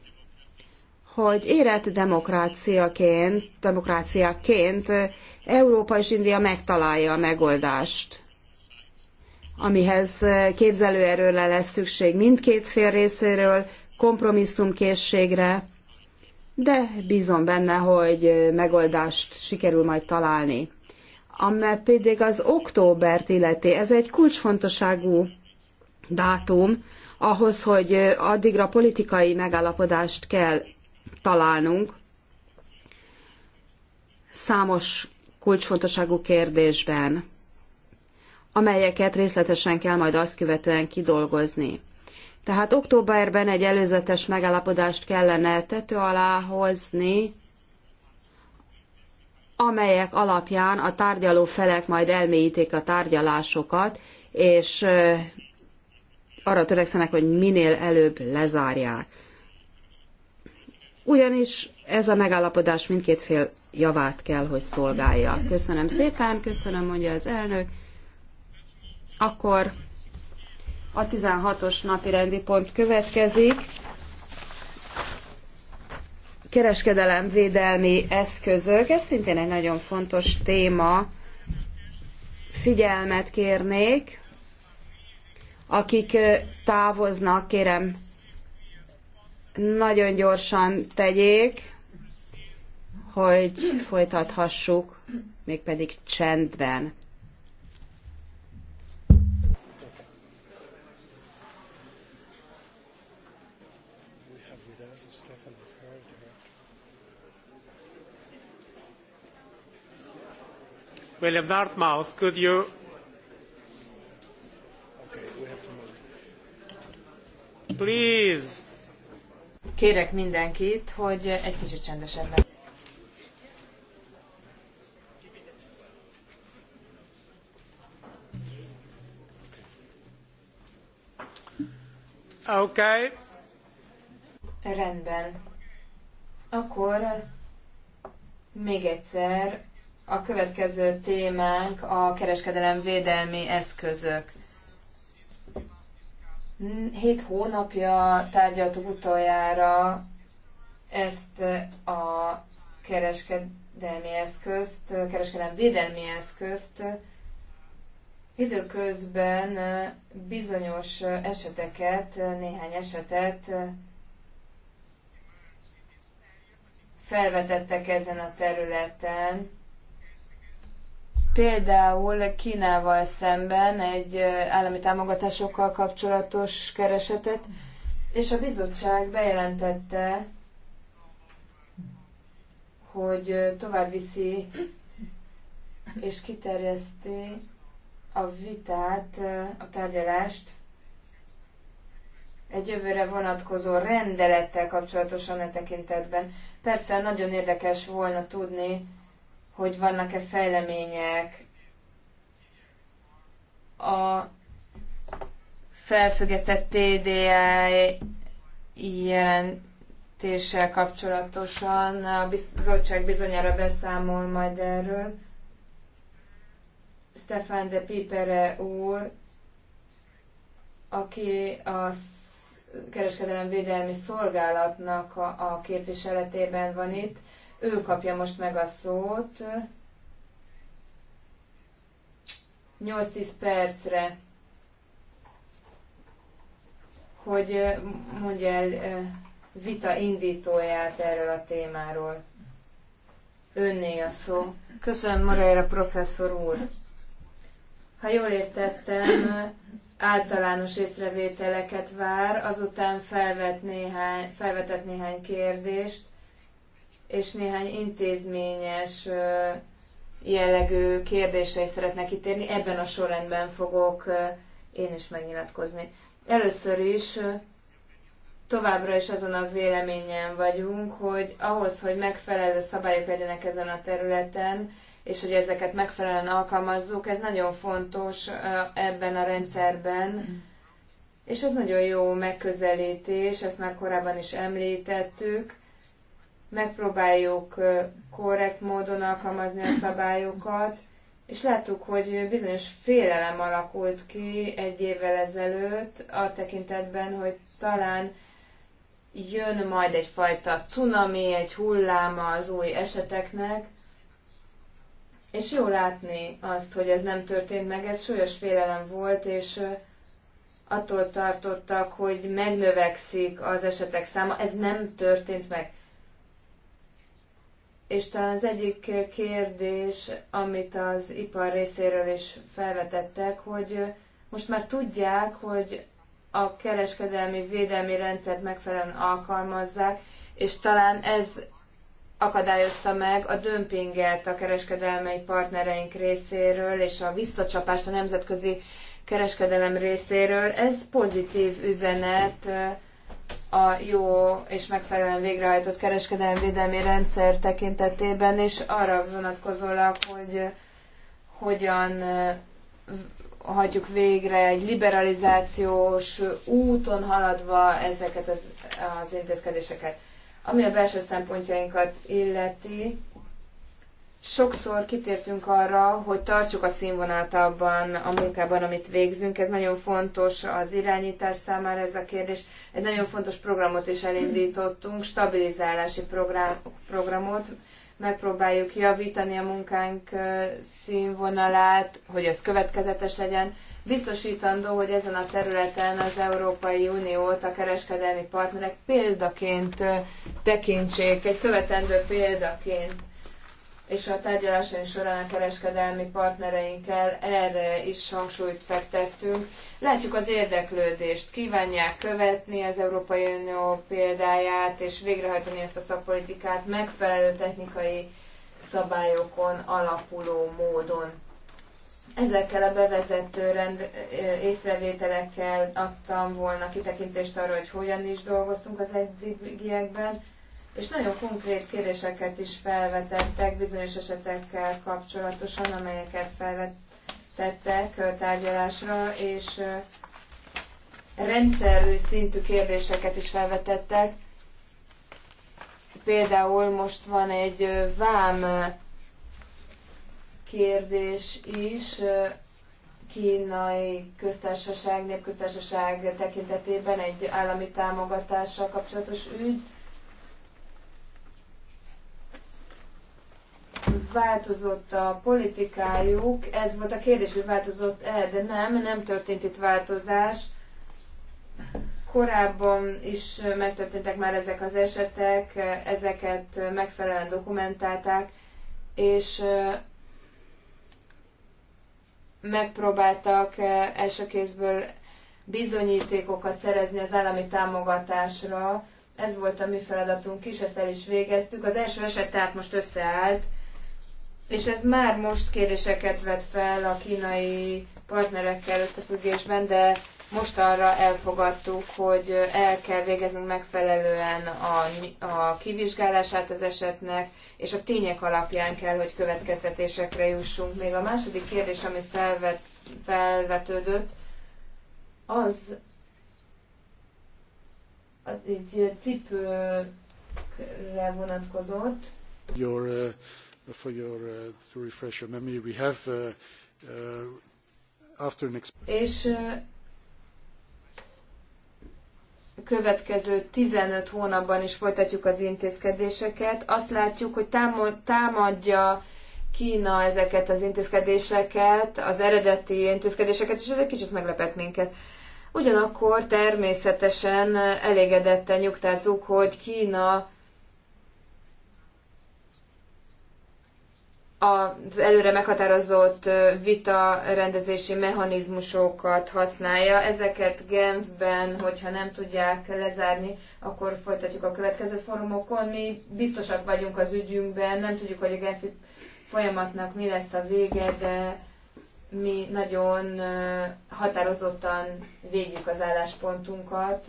hogy érett demokráciaként, demokráciaként Európa és India megtalálja a megoldást, amihez képzelőerőre lesz szükség mindkét fél részéről, kompromisszumkészségre, de bízom benne, hogy megoldást sikerül majd találni. Amely pedig az októbert illeti, ez egy kulcsfontosságú dátum, ahhoz, hogy addigra politikai megállapodást kell találnunk számos kulcsfontosságú kérdésben, amelyeket részletesen kell majd azt követően kidolgozni. Tehát októberben egy előzetes megállapodást kellene tető alá hozni, amelyek alapján a tárgyaló felek majd elmélyítik a tárgyalásokat, és arra törekszenek, hogy minél előbb lezárják ugyanis ez a megállapodás mindkét fél javát kell, hogy szolgálja. Köszönöm szépen, köszönöm, mondja az elnök. Akkor a 16-os napi rendi pont következik. Kereskedelem védelmi eszközök, ez szintén egy nagyon fontos téma. Figyelmet kérnék, akik távoznak, kérem nagyon gyorsan tegyék, hogy folytathassuk, mégpedig csendben. William Dartmouth, could you please Kérek mindenkit, hogy egy kicsit csendesebben. Okay. Rendben. Akkor még egyszer a következő témánk a kereskedelem védelmi eszközök. Hét hónapja tárgyaltuk utoljára ezt a kereskedelmi eszközt, kereskedelmi védelmi eszközt. Időközben bizonyos eseteket, néhány esetet felvetettek ezen a területen, például Kínával szemben egy állami támogatásokkal kapcsolatos keresetet, és a bizottság bejelentette, hogy tovább viszi és kiterjeszti a vitát, a tárgyalást egy jövőre vonatkozó rendelettel kapcsolatosan e tekintetben. Persze nagyon érdekes volna tudni, hogy vannak-e fejlemények a felfüggesztett TDI jelentéssel kapcsolatosan. A bizottság bizonyára beszámol majd erről. Stefan de Pipere úr, aki a kereskedelem védelmi szolgálatnak a, a képviseletében van itt, ő kapja most meg a szót. 8-10 percre, hogy mondja el vita indítóját erről a témáról. Önné a szó. Köszönöm, Moreira professzor úr. Ha jól értettem, általános észrevételeket vár, azután felvet néhány, felvetett néhány kérdést, és néhány intézményes jellegű kérdésre is szeretnék kitérni. Ebben a sorrendben fogok én is megnyilatkozni. Először is továbbra is azon a véleményen vagyunk, hogy ahhoz, hogy megfelelő szabályok legyenek ezen a területen, és hogy ezeket megfelelően alkalmazzuk, ez nagyon fontos ebben a rendszerben, és ez nagyon jó megközelítés, ezt már korábban is említettük, megpróbáljuk korrekt módon alkalmazni a szabályokat, és láttuk, hogy bizonyos félelem alakult ki egy évvel ezelőtt a tekintetben, hogy talán jön majd egyfajta cunami, egy hulláma az új eseteknek, és jó látni azt, hogy ez nem történt meg, ez súlyos félelem volt, és attól tartottak, hogy megnövekszik az esetek száma, ez nem történt meg és talán az egyik kérdés, amit az ipar részéről is felvetettek, hogy most már tudják, hogy a kereskedelmi védelmi rendszert megfelelően alkalmazzák, és talán ez akadályozta meg a dömpinget a kereskedelmi partnereink részéről, és a visszacsapást a nemzetközi kereskedelem részéről. Ez pozitív üzenet a jó és megfelelően végrehajtott kereskedelemvédelmi rendszer tekintetében, és arra vonatkozólag, hogy eh, hogyan eh, hagyjuk végre egy liberalizációs úton haladva ezeket az, az intézkedéseket. Ami a belső szempontjainkat illeti, sokszor kitértünk arra, hogy tartsuk a színvonalt abban a munkában, amit végzünk. Ez nagyon fontos az irányítás számára ez a kérdés. Egy nagyon fontos programot is elindítottunk, stabilizálási program, programot. Megpróbáljuk javítani a munkánk színvonalát, hogy ez következetes legyen. Biztosítandó, hogy ezen a területen az Európai Uniót a kereskedelmi partnerek példaként tekintsék, egy követendő példaként és a tárgyalásaink során a kereskedelmi partnereinkkel erre is hangsúlyt fektettünk. Látjuk az érdeklődést, kívánják követni az Európai Unió példáját, és végrehajtani ezt a szakpolitikát megfelelő technikai szabályokon alapuló módon. Ezekkel a bevezető rend, észrevételekkel adtam volna kitekintést arra, hogy hogyan is dolgoztunk az eddigiekben és nagyon konkrét kérdéseket is felvetettek bizonyos esetekkel kapcsolatosan, amelyeket felvetettek tárgyalásra, és rendszerű szintű kérdéseket is felvetettek. Például most van egy vám kérdés is, kínai köztársaság, népköztársaság tekintetében egy állami támogatással kapcsolatos ügy, változott a politikájuk, ez volt a kérdés, hogy változott-e, de nem, nem történt itt változás. Korábban is megtörténtek már ezek az esetek, ezeket megfelelően dokumentálták, és megpróbáltak első kézből bizonyítékokat szerezni az állami támogatásra. Ez volt a mi feladatunk is, ezt el is végeztük. Az első eset tehát most összeállt, és ez már most kérdéseket vet fel a kínai partnerekkel összefüggésben, de most arra elfogadtuk, hogy el kell végeznünk megfelelően a, a kivizsgálását az esetnek, és a tények alapján kell, hogy következtetésekre jussunk. Még a második kérdés, ami felvet, felvetődött, az egy cipőre vonatkozott. Your, uh for your, uh, to refresh your memory, we have uh, uh, after an És uh, következő 15 hónapban is folytatjuk az intézkedéseket. Azt látjuk, hogy támadja Kína ezeket az intézkedéseket, az eredeti intézkedéseket, és ez egy kicsit meglepett minket. Ugyanakkor természetesen elégedetten nyugtázzuk, hogy Kína az előre meghatározott vita rendezési mechanizmusokat használja. Ezeket Genfben, hogyha nem tudják lezárni, akkor folytatjuk a következő fórumokon. Mi biztosak vagyunk az ügyünkben, nem tudjuk, hogy a Genfi folyamatnak mi lesz a vége, de mi nagyon határozottan védjük az álláspontunkat.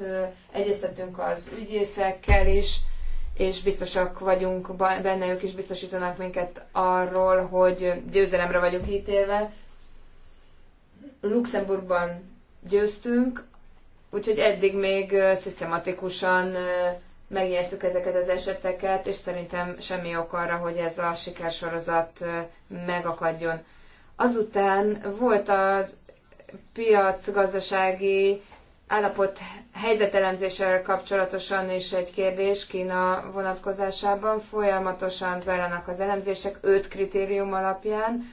Egyeztetünk az ügyészekkel is, és biztosak vagyunk benne, ők is biztosítanak minket arról, hogy győzelemre vagyunk ítélve. Luxemburgban győztünk, úgyhogy eddig még szisztematikusan megnyertük ezeket az eseteket, és szerintem semmi ok arra, hogy ez a sikersorozat megakadjon. Azután volt a piacgazdasági állapot helyzetelemzéssel kapcsolatosan is egy kérdés Kína vonatkozásában. Folyamatosan zajlanak az elemzések öt kritérium alapján.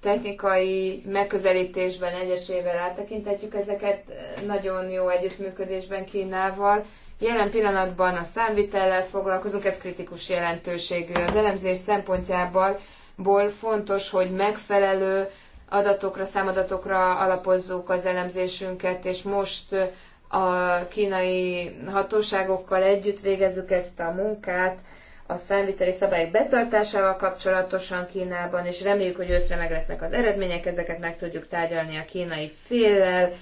Technikai megközelítésben egyesével áttekintetjük ezeket, nagyon jó együttműködésben Kínával. Jelen pillanatban a számvitellel foglalkozunk, ez kritikus jelentőségű. Az elemzés szempontjából ból fontos, hogy megfelelő adatokra, számadatokra alapozzuk az elemzésünket, és most a kínai hatóságokkal együtt végezzük ezt a munkát a számviteli szabályok betartásával kapcsolatosan Kínában, és reméljük, hogy őszre meg lesznek az eredmények, ezeket meg tudjuk tárgyalni a kínai féllel,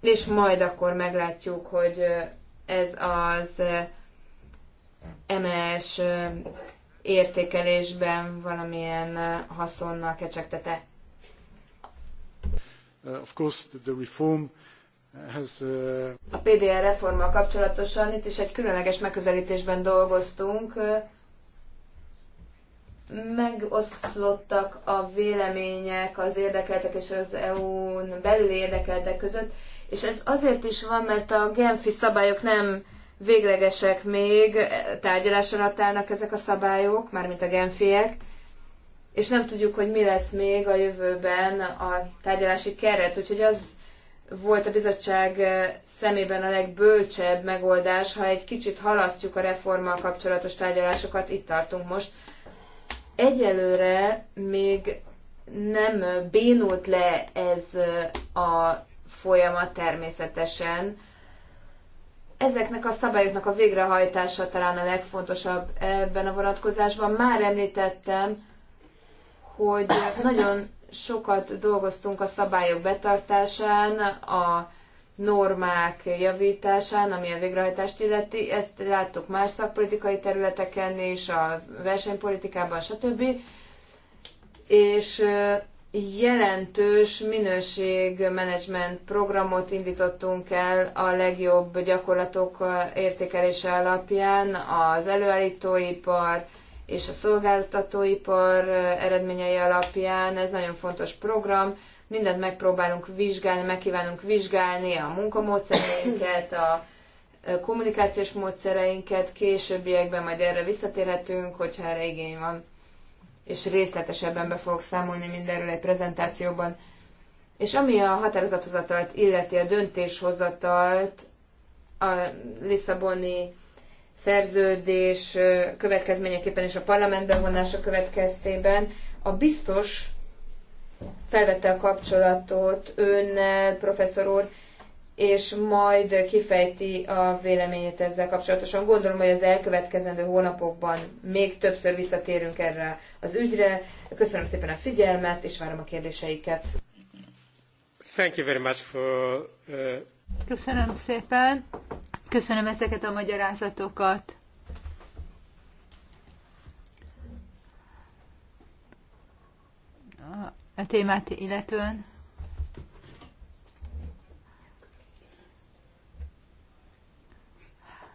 és majd akkor meglátjuk, hogy ez az MS értékelésben valamilyen haszonnal kecsegtete. Uh, of course, the reform uh, has, uh, A PDR reformmal kapcsolatosan itt is egy különleges megközelítésben dolgoztunk. Megoszlottak a vélemények az érdekeltek és az EU-n belüli érdekeltek között, és ez azért is van, mert a Genfi szabályok nem véglegesek még, tárgyalásra állnak ezek a szabályok, mármint a Genfiek, és nem tudjuk, hogy mi lesz még a jövőben a tárgyalási keret, úgyhogy az volt a bizottság eh, szemében a legbölcsebb megoldás, ha egy kicsit halasztjuk a reformmal kapcsolatos tárgyalásokat, itt tartunk most. Egyelőre még nem bénult le ez eh, a folyamat természetesen. Ezeknek a szabályoknak a végrehajtása talán a legfontosabb ebben a vonatkozásban. Már említettem, hogy nagyon sokat dolgoztunk a szabályok betartásán, a normák javításán, ami a végrehajtást illeti. Ezt láttuk más szakpolitikai területeken és a versenypolitikában, stb. És jelentős minőségmenedzsment programot indítottunk el a legjobb gyakorlatok értékelése alapján az előállítóipar, és a szolgáltatóipar eh, eredményei alapján. Ez nagyon fontos program. Mindent megpróbálunk vizsgálni, megkívánunk vizsgálni a munkamódszereinket, a eh, kommunikációs módszereinket, későbbiekben majd erre visszatérhetünk, hogyha erre igény van. És részletesebben be fogok számolni mindenről egy prezentációban. És ami a határozathozatalt illeti, a döntéshozatalt, a Lisszaboni szerződés következményeképpen és a parlament bevonása következtében a biztos felvette a kapcsolatot önnel, professzor úr, és majd kifejti a véleményét ezzel kapcsolatosan. Gondolom, hogy az elkövetkezendő hónapokban még többször visszatérünk erre az ügyre. Köszönöm szépen a figyelmet, és várom a kérdéseiket. Thank you very much for, uh... Köszönöm szépen Köszönöm ezeket a magyarázatokat. A témát illetően.